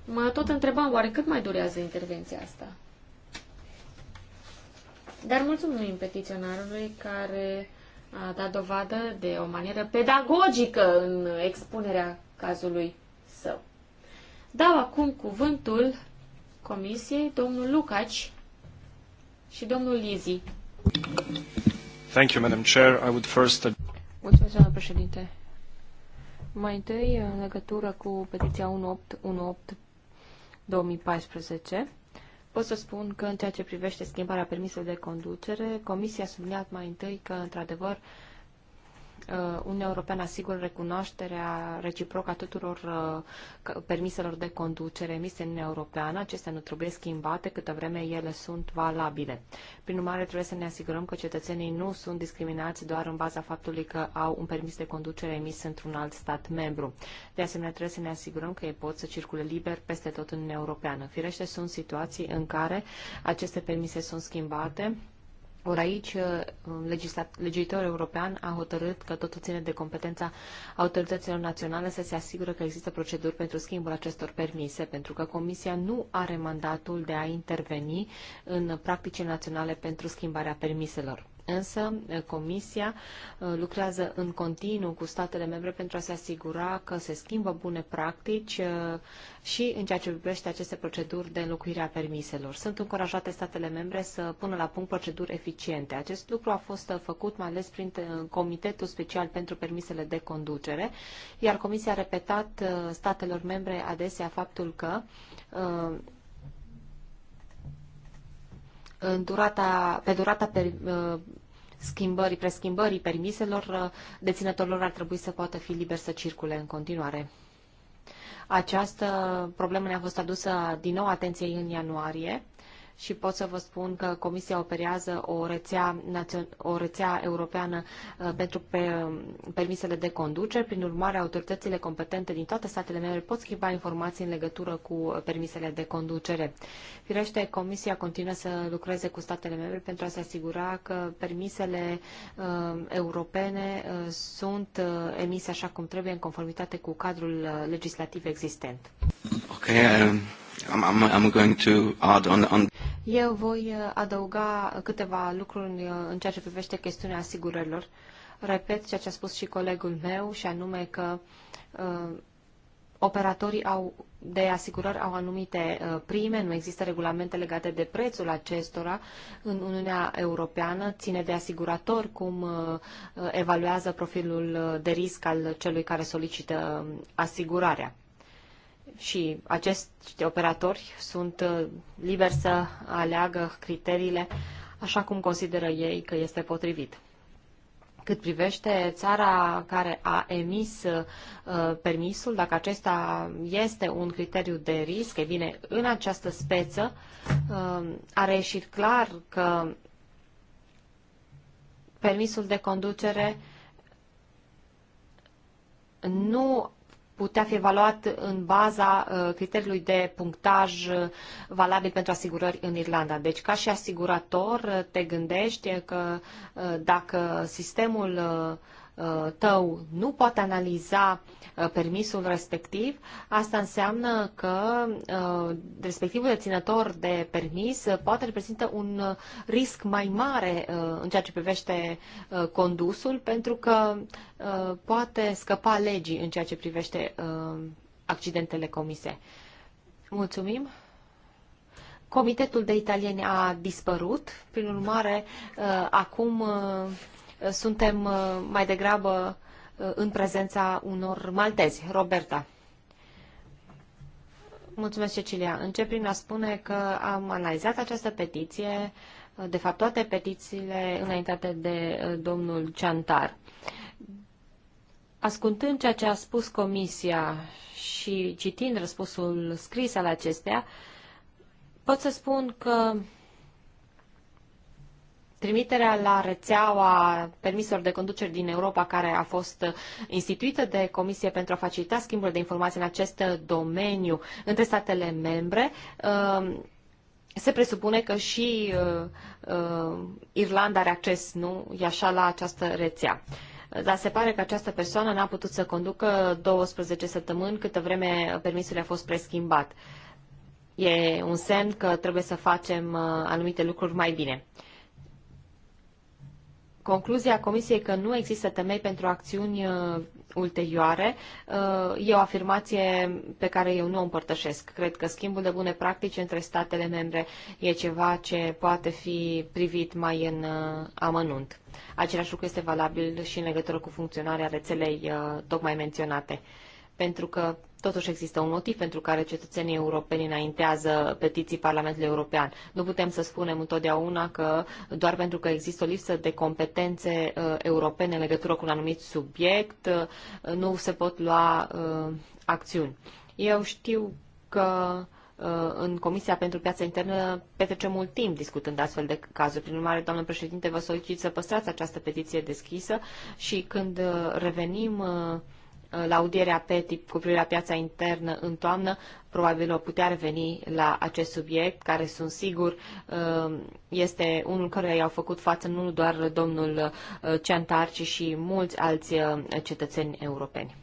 Mă tot întrebam, oare cât mai durează intervenția asta? Dar mulțumim petiționarului care a dat dovadă de o manieră pedagogică în expunerea cazului său. Dau acum cuvântul comisiei domnul Lucaci și domnul Lizi. Thank you, Madam Chair. I would first... Mulțumesc, doamnă președinte. Mai întâi, în legătură cu petiția 1818 2014, pot să spun că în ceea ce privește schimbarea permisului de conducere, Comisia a subliniat mai întâi că, într-adevăr, Uh, Uniunea Europeană asigură recunoașterea reciprocă a tuturor uh, permiselor de conducere emise în Uniunea Europeană. Acestea nu trebuie schimbate câtă vreme ele sunt valabile. Prin urmare, trebuie să ne asigurăm că cetățenii nu sunt discriminați doar în baza faptului că au un permis de conducere emis într-un alt stat membru. De asemenea, trebuie să ne asigurăm că ei pot să circule liber peste tot în Uniunea Europeană. Firește, sunt situații în care aceste permise sunt schimbate ori aici, uh, legislatorul european a hotărât că totul ține de competența autorităților naționale să se asigură că există proceduri pentru schimbul acestor permise, pentru că Comisia nu are mandatul de a interveni în practicile naționale pentru schimbarea permiselor. Însă, eh, Comisia eh, lucrează în continuu cu statele membre pentru a se asigura că se schimbă bune practici eh, și în ceea ce privește aceste proceduri de înlocuire a permiselor. Sunt încurajate statele membre să pună la punct proceduri eficiente. Acest lucru a fost făcut mai ales prin Comitetul Special pentru Permisele de Conducere, iar Comisia a repetat statelor membre adesea faptul că în durata, pe durata per, schimbării, preschimbării permiselor, uh, deținătorilor ar trebui să poată fi liber să circule în continuare. Această problemă ne-a fost adusă din nou atenției în ianuarie și pot să vă spun că Comisia operează o rețea, o rețea europeană uh, pentru pe, um, permisele de conducere. Prin urmare, autoritățile competente din toate statele membre pot schimba informații în legătură cu uh, permisele de conducere. Firește, Comisia continuă să lucreze cu statele membre pentru a se asigura că permisele uh, europene uh, sunt uh, emise așa cum trebuie în conformitate cu cadrul uh, legislativ existent. Okay, um... I'm, I'm, I'm going to add on, on... Eu voi uh, adăuga câteva lucruri uh, în ceea ce privește chestiunea asigurărilor. Repet ceea ce a spus și colegul meu, și anume că uh, operatorii au, de asigurări au anumite uh, prime, nu există regulamente legate de prețul acestora în Uniunea Europeană, ține de asigurator cum evaluează profilul de risc al celui care solicită um, asigurarea și acești operatori sunt uh, liberi să aleagă criteriile așa cum consideră ei că este potrivit. Cât privește țara care a emis uh, permisul, dacă acesta este un criteriu de risc, e bine, în această speță uh, a reieșit clar că permisul de conducere nu putea fi evaluat în baza uh, criteriului de punctaj uh, valabil pentru asigurări în Irlanda. Deci, ca și asigurator, uh, te gândești că dacă sistemul Uh, tău nu poate analiza uh, permisul respectiv, asta înseamnă că uh, respectivul deținător de permis poate reprezintă un risc mai mare în ceea ce privește condusul, pentru că poate scăpa legii în ceea ce privește accidentele comise. Mulțumim! Comitetul de italieni a dispărut, prin urmare, acum suntem uh, mai degrabă uh, în prezența unor maltezi. Roberta. Mulțumesc, Cecilia. Încep prin a spune că am analizat această petiție, uh, de fapt toate petițiile înaintate de domnul Ciantar. Ascultând ceea ce a spus comisia și citind răspunsul scris al acestea, pot să spun că Trimiterea la rețeaua permiselor de conducere din Europa, care a fost instituită de Comisie pentru a facilita schimbul de informații în acest domeniu între statele membre, uh, se presupune că și uh, uh, Irlanda are acces, nu? E așa la această rețea dar se pare că această persoană n-a putut să conducă 12 săptămâni câtă vreme permisul a fost preschimbat. E un semn că trebuie să facem anumite lucruri mai bine concluzia Comisiei că nu există temei pentru acțiuni uh, ulterioare uh, e o afirmație pe care eu nu o împărtășesc. Cred că schimbul de bune practici între statele membre e ceva ce poate fi privit mai în uh, amănunt. Același lucru este valabil și în legătură cu funcționarea rețelei tocmai menționate. Pentru că Totuși există un motiv pentru care cetățenii europeni înaintează petiții Parlamentului European. Nu putem să spunem întotdeauna că doar pentru că există o lipsă de competențe uh, europene în legătură cu un anumit subiect, uh, nu se pot lua uh, acțiuni. Eu știu că în Comisia pentru Piața Internă petrecem mult timp discutând astfel de cazuri. Prin urmare, doamnă președinte, vă solicit să păstrați această petiție deschisă și când revenim Uh, la audierea pe tip cu privire la piața internă în toamnă, probabil o putea reveni la acest subiect, care sunt sigur uh, este unul care i-au făcut față nu doar domnul uh, Ceantar, ci și mulți alți cetățeni europeni.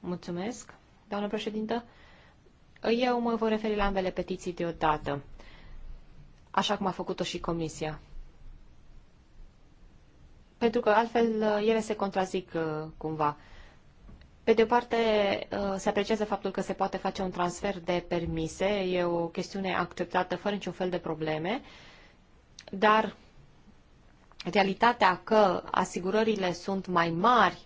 Mulțumesc, doamnă președintă. Eu mă voi referi la ambele petiții deodată, așa cum a făcut-o și Comisia pentru că altfel uh, ele se contrazic uh, cumva. Pe de o parte, uh, se apreciază faptul că se poate face un transfer de permise, e o chestiune acceptată fără niciun fel de probleme, dar realitatea că asigurările sunt mai mari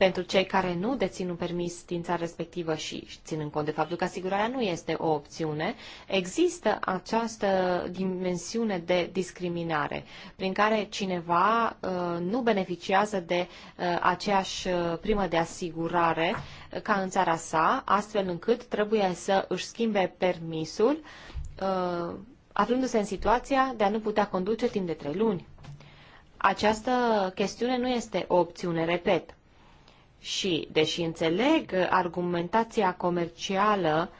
pentru cei care nu dețin un permis din țara respectivă și ținând cont de faptul că asigurarea nu este o opțiune, există această dimensiune de discriminare prin care cineva uh, nu beneficiază de uh, aceeași uh, primă de asigurare ca în țara sa, astfel încât trebuie să își schimbe permisul aflându-se în situația de a nu putea conduce timp de trei luni. Această chestiune nu este o opțiune, repet, și, deși înțeleg argumentația comercială,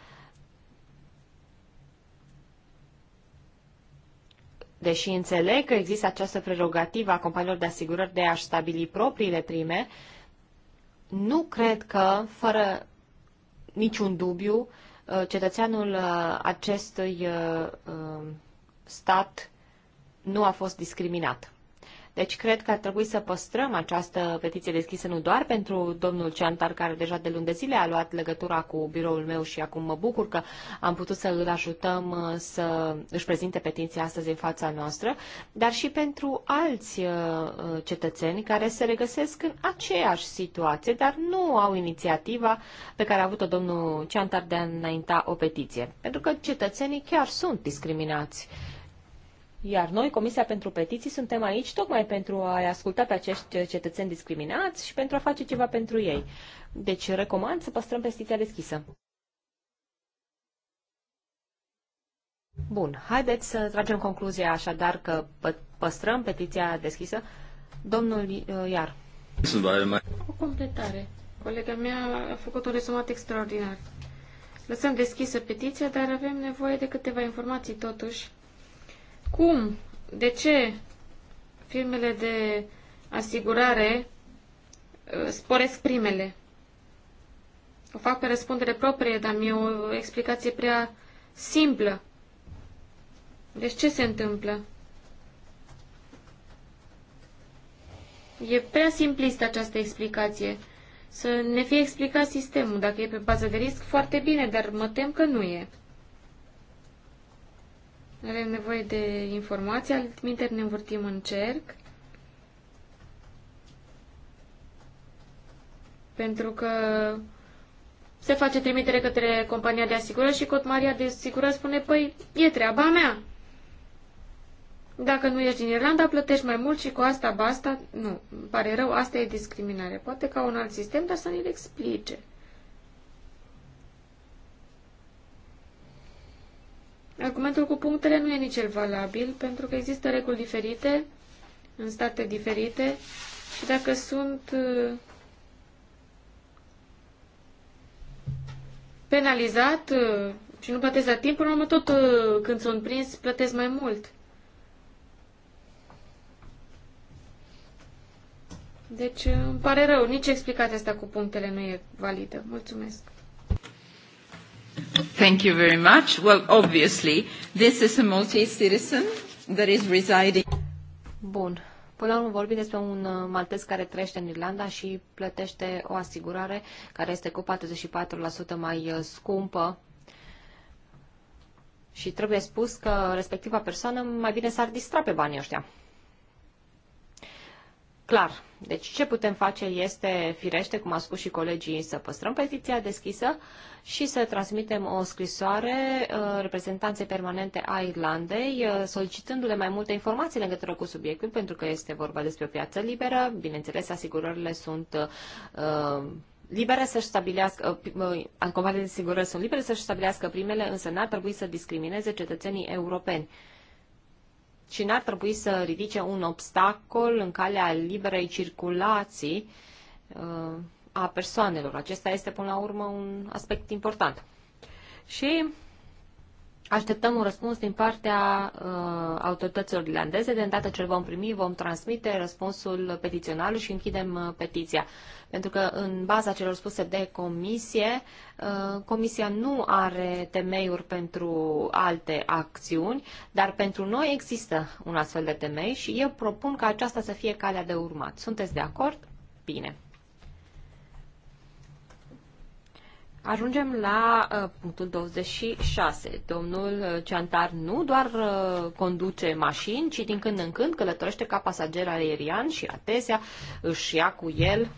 deși înțeleg că există această prerogativă a companiilor de asigurări de a-și stabili propriile prime, nu cred că, fără niciun dubiu, uh, cetățeanul uh, acestui uh, stat nu a fost discriminat. Deci cred că ar trebui să păstrăm această petiție deschisă nu doar pentru domnul Ceantar, care deja de luni de zile a luat legătura cu biroul meu și acum mă bucur că am putut să îl ajutăm uh, să își prezinte petiția astăzi în fața noastră, dar și pentru alți uh, cetățeni care se regăsesc în aceeași situație, dar nu au inițiativa pe care a avut-o domnul Ceantar de a înainta o petiție. Pentru că cetățenii chiar sunt discriminați iar noi, Comisia pentru Petiții, suntem aici tocmai pentru a asculta pe acești cetățeni discriminați și pentru a face ceva pentru ei. Deci recomand să păstrăm petiția deschisă. Bun, haideți să tragem concluzia așadar că păstrăm petiția deschisă. Domnul uh, Iar. O completare. Colega mea a făcut un rezumat extraordinar. Lăsăm deschisă petiția, dar avem nevoie de câteva informații totuși cum, de ce firmele de asigurare uh, sporesc primele? O fac pe răspundere proprie, dar mi-e o explicație prea simplă. Deci ce se întâmplă? E prea simplistă această explicație. Să ne fie explicat sistemul. Dacă e pe bază de risc, foarte bine, dar mă tem că nu e. Avem nevoie de informații, altminteri ne învârtim în cerc. Pentru că se face trimitere către compania de asigurări și Maria de asigurări spune, păi, e treaba mea. Dacă nu ești din Irlanda, plătești mai mult și cu asta, basta, nu, îmi pare rău, asta e discriminare. Poate ca un alt sistem, dar să ne-l explice. Argumentul cu punctele nu e nici el valabil, pentru că există reguli diferite în state diferite și dacă sunt uh, penalizat uh, și nu plătesc la timp, până la urmă tot uh, când sunt prins plătesc mai mult. Deci îmi pare rău, nici explicația asta cu punctele nu e validă. Mulțumesc. Thank you very much. Well, obviously, this is a Maltese citizen that is residing. Bun. Până la urmă vorbim despre un uh, maltez care trăiește în Irlanda și plătește o asigurare care este cu 44% mai uh, scumpă. Și trebuie spus că respectiva persoană mai bine s-ar distra pe banii ăștia clar. Deci ce putem face este, firește, cum a spus și colegii, să păstrăm petiția deschisă și să transmitem o scrisoare uh, reprezentanței permanente a Irlandei, uh, solicitându-le mai multe informații legătură cu subiectul, pentru că este vorba despre o piață liberă. Bineînțeles, asigurările sunt uh, libere să-și stabilească, companiile de sigurări sunt libere să-și stabilească primele, însă n-ar trebui să discrimineze cetățenii europeni și n-ar trebui să ridice un obstacol în calea liberei circulații uh, a persoanelor. Acesta este, până la urmă, un aspect important. Și Așteptăm un răspuns din partea uh, autorităților irlandeze. De îndată ce îl vom primi, vom transmite răspunsul petițional și închidem uh, petiția. Pentru că în baza celor spuse de comisie, uh, comisia nu are temeiuri pentru alte acțiuni, dar pentru noi există un astfel de temei și eu propun ca aceasta să fie calea de urmat. Sunteți de acord? Bine. Ajungem la uh, punctul 26. Domnul uh, Ceantar nu doar uh, conduce mașini, ci din când în când călătorește ca pasager aerian și atesea își ia cu el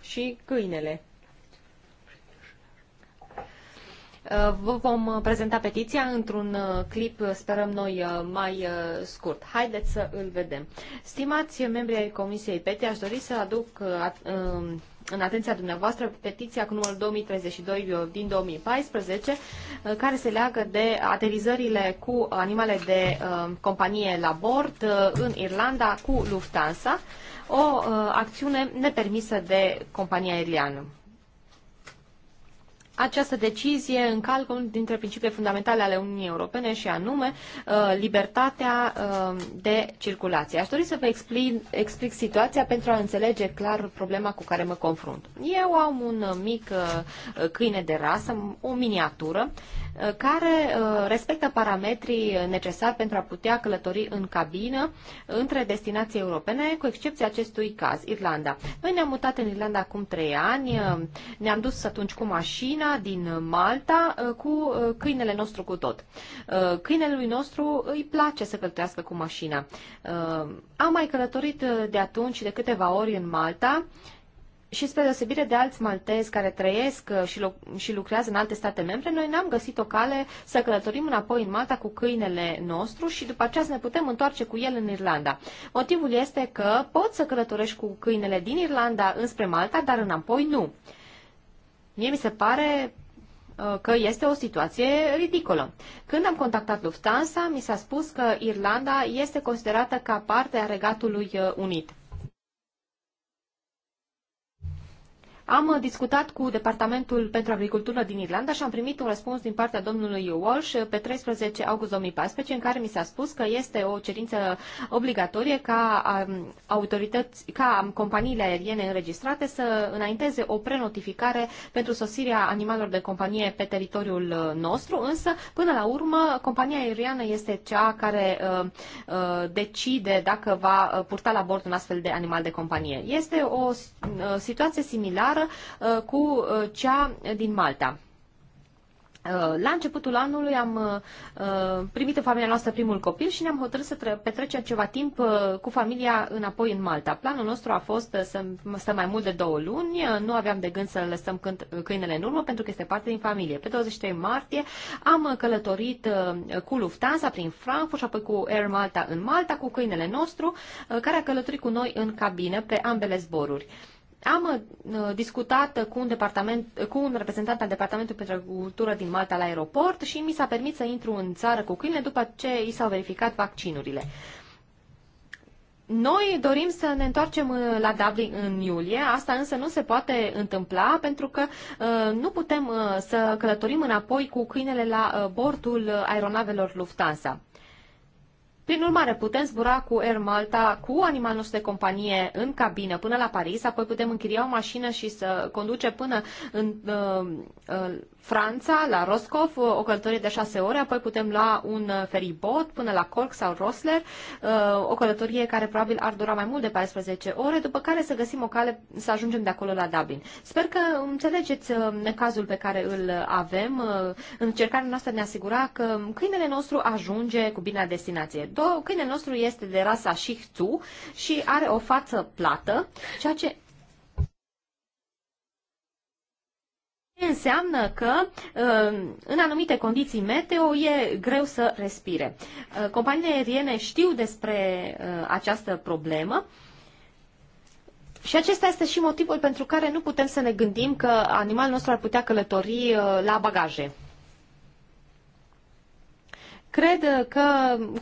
și câinele. Uh, vă vom prezenta petiția într-un uh, clip, uh, sperăm noi, mai scurt. Haideți să îl vedem. Stimați membri ai Comisiei PETI, aș dori să aduc um, în atenția dumneavoastră petiția cu numărul 2032 din 2014, care se leagă de aterizările cu animale de companie la bord în Irlanda cu Lufthansa, o acțiune nepermisă de compania aeriană. Această decizie încalcă unul dintre principiile fundamentale ale Uniunii Europene și anume uh, libertatea uh, de circulație. Aș dori să vă explic, explic situația pentru a înțelege clar problema cu care mă confrunt. Eu am un mic uh, câine de rasă, o miniatură, Uh, care uh, respectă parametrii necesari pentru a putea călători în cabină între destinații europene, cu excepția acestui caz, Irlanda. Noi ne-am mutat în Irlanda acum trei ani, uh, ne-am dus atunci cu mașina din Malta, cu câinele nostru cu tot. Câinelui nostru îi place să călătorească cu mașina. Am mai călătorit de atunci de câteva ori în Malta și spre deosebire de alți maltezi care trăiesc uh, și, lu- și lucrează în alte state membre, noi n-am găsit o cale să călătorim înapoi în Malta cu câinele nostru și după aceea să ne putem întoarce cu el în Irlanda. Motivul este că poți să călătorești cu câinele din Irlanda înspre Malta, dar înapoi nu. Mie mi se pare uh, că este o situație ridicolă. Când am contactat Lufthansa, mi s-a spus că Irlanda este considerată ca parte a Regatului uh, Unit. Am discutat cu Departamentul pentru Agricultură din Irlanda și am primit un răspuns din partea domnului Walsh pe 13 august 2014, în care mi s-a spus că este o cerință obligatorie ca um, autorități, ca companiile aeriene înregistrate să înainteze o prenotificare pentru sosirea animalelor de companie pe teritoriul uh, nostru, însă, până la urmă, compania aeriană este cea care uh, uh, decide dacă va uh, purta la bord un astfel de animal de companie. Este o uh, situație similară diferită uh, cu uh, cea din Malta. Uh, la începutul anului am primit în familia noastră primul copil și ne-am hotărât să petrecem ceva timp cu familia înapoi în Malta. Planul nostru a fost să stăm mai mult de două luni, nu aveam de gând să lăsăm câinele în urmă pentru că este parte din familie. Pe 23 martie am călătorit cu Lufthansa prin Frankfurt și apoi cu Air Malta în Malta cu câinele nostru care a călătorit cu noi în cabină pe ambele zboruri. Am uh, discutat cu un, departament, cu un reprezentant al Departamentului pentru Agricultură din Malta la aeroport și mi s-a permis să intru în țară cu câinele după ce i s-au verificat vaccinurile. Noi dorim să ne întoarcem uh, la Dublin în iulie, asta însă nu se poate întâmpla pentru că uh, nu putem să călătorim înapoi cu câinele la bordul aeronavelor Lufthansa. Prin urmare, putem zbura cu Air Malta, cu animalul nostru de companie în cabină până la Paris, apoi putem închiria o mașină și să conduce până în uh, uh, Franța, la Roscoff, o călătorie de șase ore, apoi putem lua un uh, feribot până la Cork sau Rosler, uh, o călătorie care probabil ar dura mai mult de 14 ore, după care să găsim o cale să ajungem de acolo la Dublin. Sper că înțelegeți uh, cazul pe care îl avem, încercarea noastră de a ne asigura că câinele nostru ajunge cu bine la destinație. Câinele nostru este de rasa Shih Tzu și are o față plată, ceea ce înseamnă că uh, în anumite condiții meteo e greu să respire. Uh, companiile aeriene știu despre uh, această problemă și acesta este și motivul pentru care nu putem să ne gândim că animalul nostru ar putea călători la bagaje. Cred că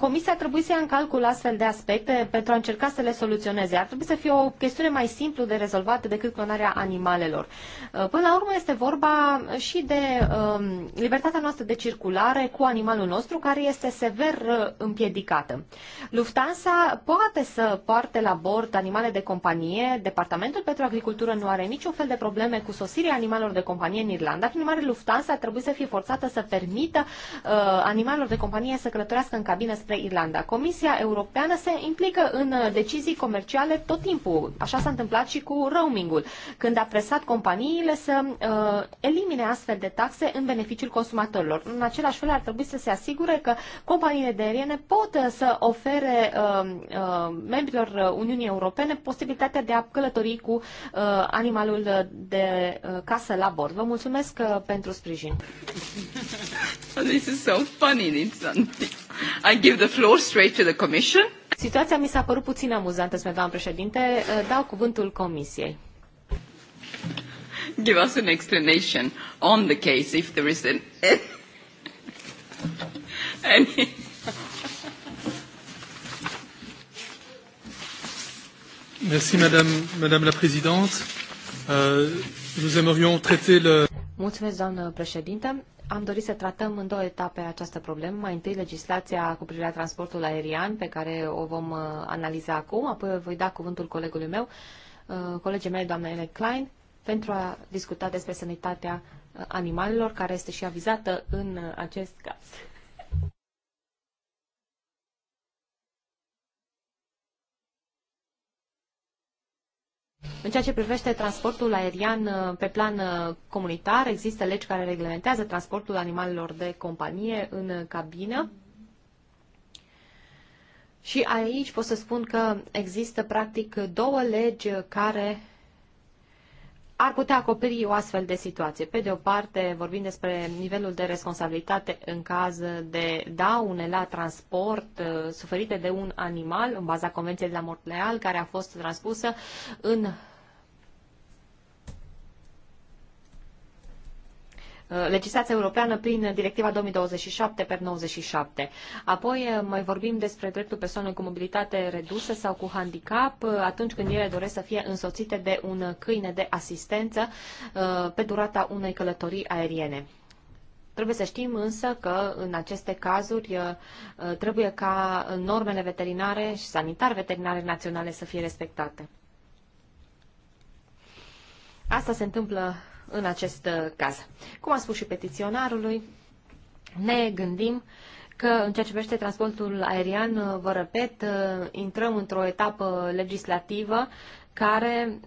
Comisia ar trebui să ia în calcul astfel de aspecte pentru a încerca să le soluționeze. Ar trebui să fie o chestiune mai simplu de rezolvat decât clonarea animalelor. Uh, până la urmă este vorba și de um, libertatea noastră de circulare cu animalul nostru, care este sever uh, împiedicată. Lufthansa poate să poarte la bord animale de companie. Departamentul pentru Agricultură nu are niciun fel de probleme cu sosirea animalelor de companie în Irlanda. Prin urmare, Lufthansa ar trebui să fie forțată să permită uh, animalelor de companie compania să călătorească în cabină spre Irlanda. Comisia Europeană se implică în uh, decizii comerciale tot timpul. Așa s-a întâmplat și cu roamingul, când a presat companiile să uh, elimine astfel de taxe în beneficiul consumatorilor. În același fel ar trebui să se asigure că companiile de aeriene pot uh, să ofere uh, uh, membrilor uh, Uniunii Europene posibilitatea de a călători cu uh, animalul de uh, casă la bord. Vă mulțumesc uh, pentru sprijin. This is so funny in amusant. I give the floor straight to the Commission. Situația mi s-a părut puțin amuzantă, spune doamnă președinte. Eh, dau cuvântul Comisiei. Give us an explanation on the case if there is an... any... Merci, Madame, Madame la Présidente. Euh, nous aimerions traiter le... Mulțumesc, doamnă președinte. Am dorit să tratăm în două etape această problemă. Mai întâi legislația cu privire la transportul aerian, pe care o vom uh, analiza acum, apoi voi da cuvântul colegului meu, uh, colegii mei, doamna Ele Klein, pentru a discuta despre sănătatea uh, animalelor, care este și avizată în acest caz. În ceea ce privește transportul aerian uh, pe plan uh, comunitar, există legi care reglementează transportul animalelor de companie în uh, cabină. Și aici pot să spun că există practic două legi care ar putea acoperi o astfel de situație. Pe de o parte, vorbim despre nivelul de responsabilitate în caz de daune la transport suferite de un animal, în baza Convenției de la mortleal care a fost transpusă în Uh, legislația europeană prin directiva 2027 per 97. Apoi uh, mai vorbim despre dreptul persoanelor cu mobilitate redusă sau cu handicap uh, atunci când ele doresc să fie însoțite de un câine de asistență pe durata unei călătorii aeriene. Trebuie să știm însă că în aceste cazuri trebuie ca normele veterinare și sanitar-veterinare naționale să fie respectate. Asta se întâmplă în acest uh, caz. Cum a spus și petiționarului, ne gândim că în ceea ce privește transportul aerian, uh, vă repet, uh, intrăm într-o etapă legislativă care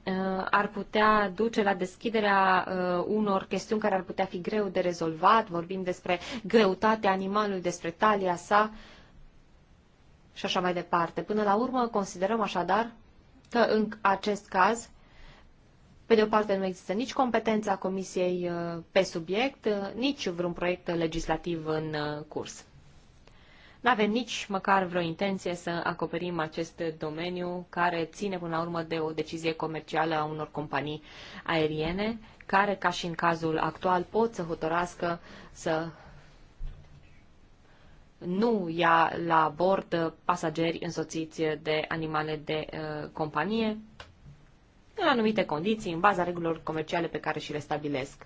ar putea duce la deschiderea unor chestiuni care ar putea fi greu de rezolvat. Vorbim despre greutatea animalului, despre talia sa și așa mai departe. Până la urmă, considerăm așadar că în acest caz pe de o parte, nu există nici competența Comisiei uh, pe subiect, uh, nici vreun proiect legislativ în uh, curs. Nu avem nici măcar vreo intenție să acoperim acest domeniu care ține până la urmă de o decizie comercială a unor companii aeriene, care, ca și în cazul actual, pot să hotărască să nu ia la bord pasageri însoțiți de animale de uh, companie, în anumite condiții, în baza regulilor comerciale pe care și le stabilesc.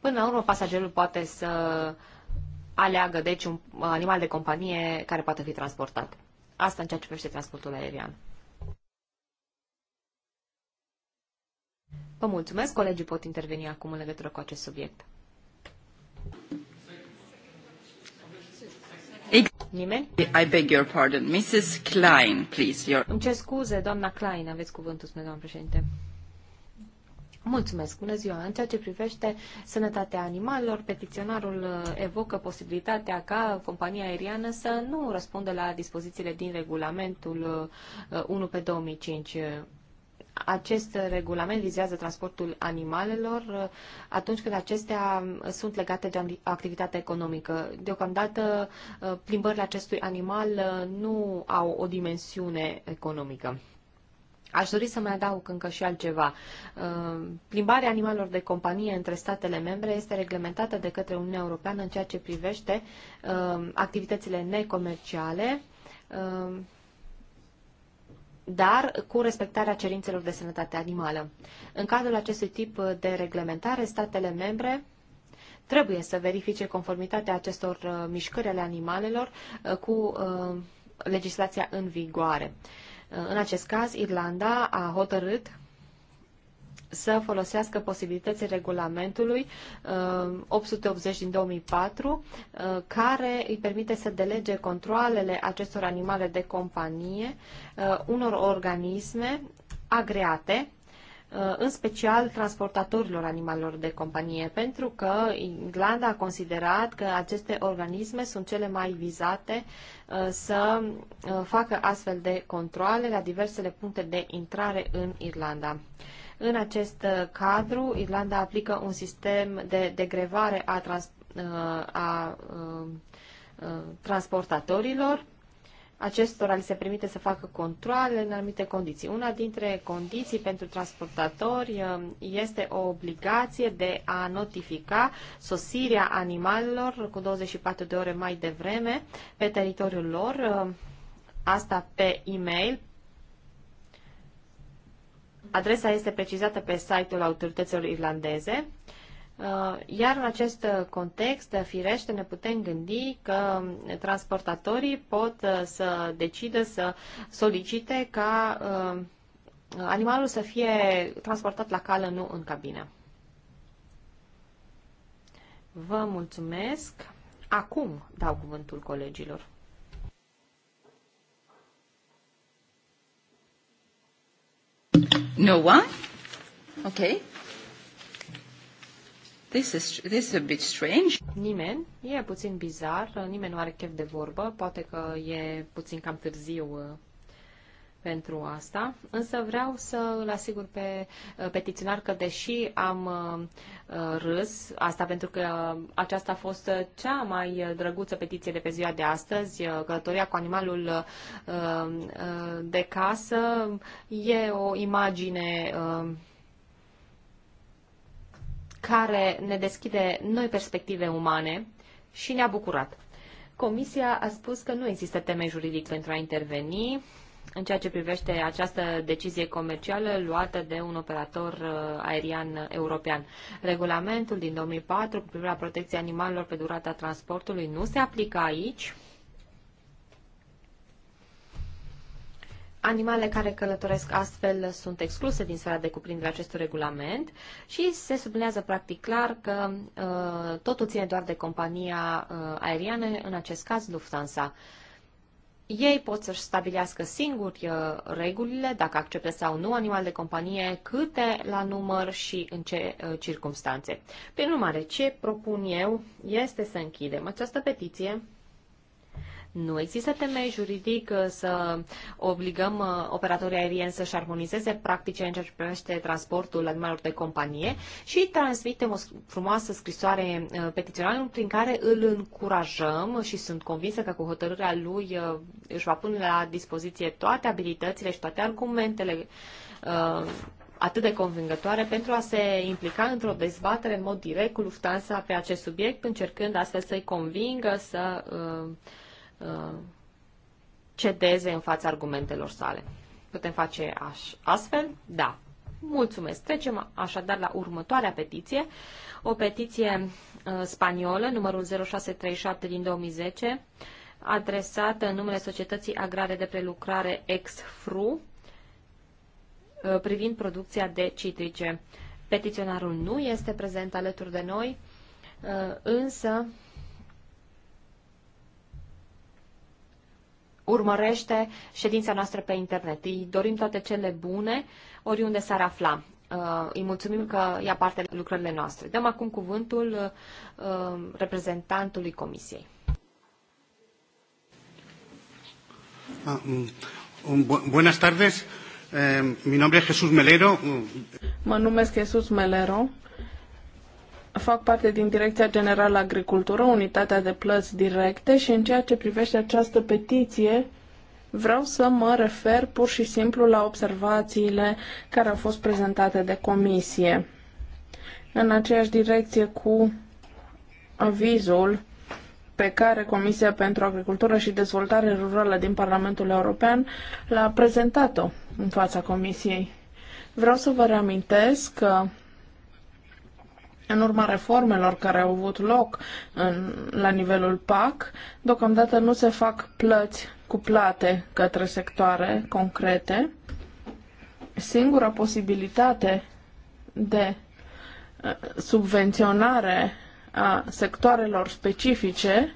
Până la urmă, pasagerul poate să aleagă, deci, un animal de companie care poate fi transportat. Asta în ceea ce privește transportul aerian. Vă mulțumesc, colegii pot interveni acum în legătură cu acest subiect. Nimeni? I beg your pardon. Mrs. Klein, please. Your... Îmi cer scuze, doamna Klein, aveți cuvântul, spune doamna președinte. Mulțumesc, bună ziua. În ceea ce privește sănătatea animalelor, petiționarul uh, evocă posibilitatea ca compania aeriană să nu răspundă la dispozițiile din regulamentul 1 uh, pe 2005 acest regulament vizează transportul animalelor uh, atunci când acestea sunt legate de activitate economică. Deocamdată, uh, plimbările acestui animal uh, nu au o dimensiune economică. Aș dori să mai adaug încă și altceva. Plimbarea animalelor de companie între statele membre este reglementată de către Uniunea Europeană în ceea ce privește activitățile necomerciale dar cu respectarea cerințelor de sănătate animală. În cadrul acestui tip de reglementare, statele membre trebuie să verifice conformitatea acestor uh, mișcări ale animalelor uh, cu uh, legislația în vigoare. În acest caz, Irlanda a hotărât să folosească posibilității regulamentului 880 uh, din 2004, uh, care îi permite să delege controlele acestor animale de companie uh, unor organisme agreate, în special transportatorilor animalelor de companie, pentru că Irlanda a considerat că aceste organisme sunt cele mai vizate să facă astfel de controle la diversele puncte de intrare în Irlanda. În acest uh, cadru, Irlanda aplică un sistem de degrevare a, trans, uh, a, a, uh, a transportatorilor. Acestora li se permite să facă controle în anumite condiții. Una dintre condiții pentru transportatori este o obligație de a notifica sosirea animalelor cu 24 de ore mai devreme pe teritoriul lor, asta pe e-mail, Adresa este precizată pe site-ul autorităților irlandeze, uh, iar în acest context, firește, ne putem gândi că transportatorii pot uh, să decidă să solicite ca uh, animalul să fie transportat la cală, nu în cabină. Vă mulțumesc. Acum dau cuvântul colegilor. No one? Okay. This is, this is a bit strange. Nimeni? E puțin bizar, nimeni nu are chef de vorbă, poate că e puțin cam târziu uh, pentru asta, însă vreau să îl asigur pe uh, petiționar că deși am uh, râs, asta pentru că aceasta a fost cea mai drăguță petiție de pe ziua de astăzi, uh, călătoria cu animalul de casă, e o imagine care ne deschide noi perspective umane și ne-a bucurat. Comisia a spus că nu există teme juridic pentru a interveni, în ceea ce privește această decizie comercială luată de un operator uh, aerian european. Regulamentul din 2004 cu privire la protecția animalelor pe durata transportului nu se aplică aici. Animalele care călătoresc astfel sunt excluse din sfera de cuprindere acestui regulament și se sublinează practic clar că uh, totul ține doar de compania uh, aeriană, în acest caz Lufthansa. Uh, ei pot să-și stabilească singuri uh, regulile, dacă acceptă sau nu animal de companie, câte la număr și în ce uh, circunstanțe. Prin urmare, ce propun eu este să închidem această petiție nu există temei juridic uh, să obligăm uh, operatorii aerieni să-și armonizeze practicile în ceea ce privește transportul animalelor de companie și transmitem o frumoasă scrisoare uh, petiționarului prin care îl încurajăm și sunt convinsă că cu hotărârea lui își va pune la dispoziție toate abilitățile și toate argumentele atât de convingătoare pentru a se implica într-o dezbatere în mod direct cu Lufthansa pe acest subiect, încercând astfel să-i convingă să uh, Uh, cedeze în fața argumentelor sale. Putem face aș, astfel? Da. Mulțumesc. Trecem așadar la următoarea petiție. O petiție uh, spaniolă, numărul 0637 din 2010, adresată în numele Societății Agrare de Prelucrare Ex-Fru, uh, privind producția de citrice. Petiționarul nu este prezent alături de noi, uh, însă urmărește ședința noastră pe internet. Îi dorim toate cele bune oriunde s-ar afla. Uh, îi mulțumim că ia parte la lucrările noastre. Dăm acum cuvântul uh, reprezentantului Comisiei. Ah, mm, buenas tardes. Eh, mi nombre es Jesús Melero. Mă numesc Jesús Melero fac parte din Direcția Generală Agricultură, Unitatea de Plăți Directe și în ceea ce privește această petiție, vreau să mă refer pur și simplu la observațiile care au fost prezentate de comisie. În aceeași direcție cu avizul pe care Comisia pentru Agricultură și Dezvoltare Rurală din Parlamentul European l-a prezentat-o în fața Comisiei. Vreau să vă reamintesc că în urma reformelor care au avut loc în, la nivelul PAC, deocamdată nu se fac plăți cu plate către sectoare concrete. Singura posibilitate de uh, subvenționare a sectoarelor specifice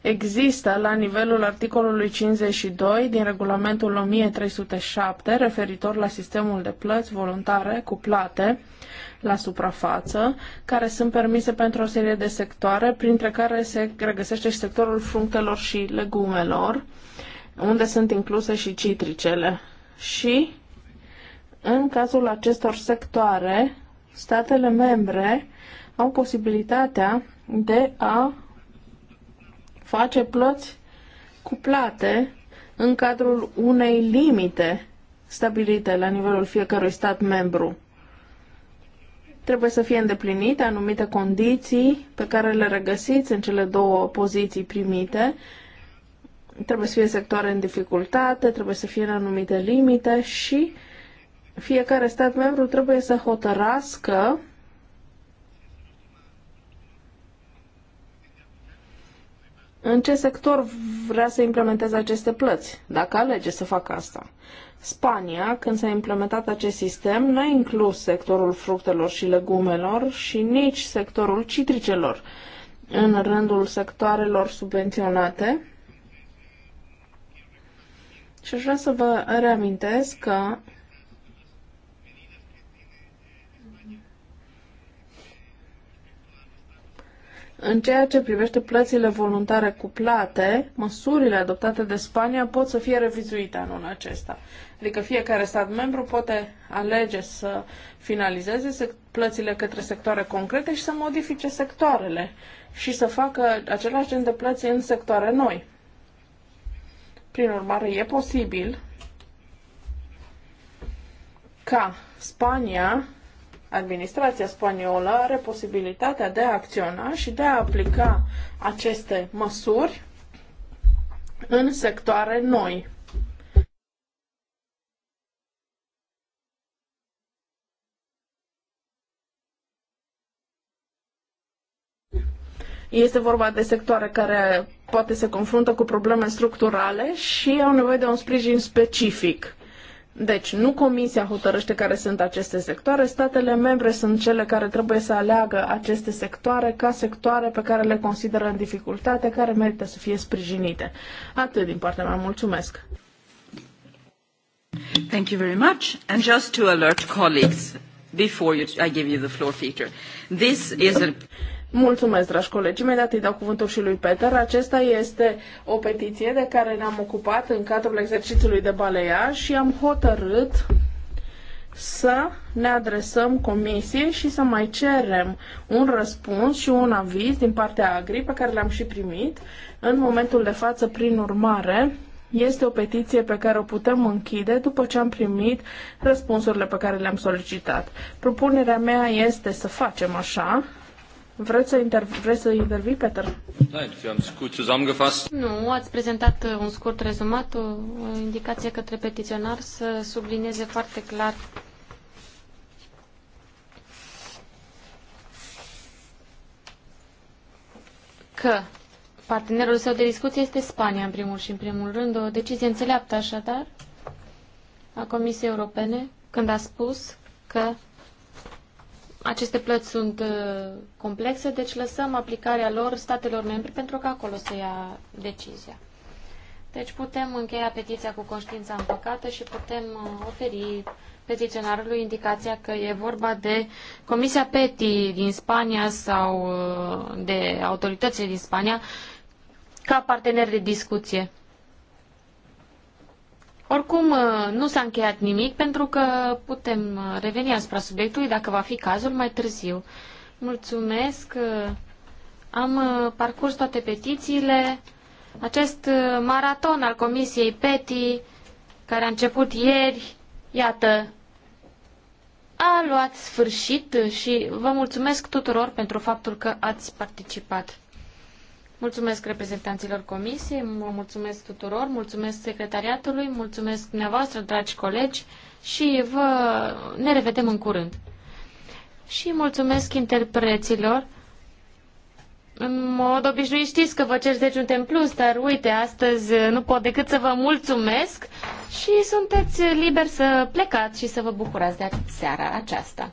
există la nivelul articolului 52 din regulamentul 1307 referitor la sistemul de plăți voluntare cu plate la suprafață, care sunt permise pentru o serie de sectoare, printre care se regăsește și sectorul fructelor și legumelor, unde sunt incluse și citricele. Și în cazul acestor sectoare, statele membre au posibilitatea de a face plăți cuplate în cadrul unei limite stabilite la nivelul fiecărui stat membru. Trebuie să fie îndeplinite anumite condiții pe care le regăsiți în cele două poziții primite. Trebuie să fie sectoare în dificultate, trebuie să fie în anumite limite și fiecare stat membru trebuie să hotărască în ce sector vrea să implementeze aceste plăți, dacă alege să facă asta. Spania, când s-a implementat acest sistem, n-a inclus sectorul fructelor și legumelor și nici sectorul citricelor în rândul sectoarelor subvenționate. Și aș vrea să vă reamintesc că În ceea ce privește plățile voluntare cuplate, măsurile adoptate de Spania pot să fie revizuite anul acesta. Adică fiecare stat membru poate alege să finalizeze plățile către sectoare concrete și să modifice sectoarele și să facă același gen de plăți în sectoare noi. Prin urmare, e posibil ca Spania administrația spaniolă are posibilitatea de a acționa și de a aplica aceste măsuri în sectoare noi. Este vorba de sectoare care poate se confruntă cu probleme structurale și au nevoie de un sprijin specific. Deci, nu Comisia hotărăște care sunt aceste sectoare, statele membre sunt cele care trebuie să aleagă aceste sectoare ca sectoare pe care le consideră în dificultate, care merită să fie sprijinite. Atât din partea mea. Mulțumesc! Thank you very much. And just to alert colleagues, before you, I give you the floor, Peter, this is a... Mulțumesc, dragi colegi. Imediat îi dau cuvântul și lui Peter. Acesta este o petiție de care ne-am ocupat în cadrul exercițiului de balea și am hotărât să ne adresăm comisiei și să mai cerem un răspuns și un aviz din partea Agri pe care l-am și primit în momentul de față, prin urmare, este o petiție pe care o putem închide după ce am primit răspunsurile pe care le-am solicitat. Propunerea mea este să facem așa, Vreți să, inter- vreți să intervii, Peter? Da, nu, ați prezentat uh, un scurt rezumat, o indicație către petiționar să sublinieze foarte clar că partenerul său de discuție este Spania, în primul și în primul rând, o decizie înțeleaptă așadar a Comisiei Europene, când a spus că aceste plăți sunt uh, complexe, deci lăsăm aplicarea lor statelor membre pentru că acolo se ia decizia. Deci putem încheia petiția cu conștiința împăcată și putem uh, oferi petiționarului indicația că e vorba de Comisia PETI din Spania sau uh, de autoritățile din Spania ca parteneri de discuție. Oricum, uh, nu s-a încheiat nimic pentru că putem uh, reveni asupra subiectului dacă va fi cazul mai târziu. Mulțumesc! Uh, am parcurs toate petițiile. Acest maraton al Comisiei PETI, care a început ieri, iată, a luat sfârșit și vă mulțumesc tuturor pentru faptul că ați participat. Mulțumesc reprezentanților comisiei, mulțumesc tuturor, mulțumesc secretariatului, mulțumesc dumneavoastră, dragi colegi și vă... ne revedem în curând. Și mulțumesc interpreților. În mod obișnuit știți că vă cer 10 minute în plus, dar uite, astăzi nu pot decât să vă mulțumesc și sunteți liberi să plecați și să vă bucurați de seara aceasta.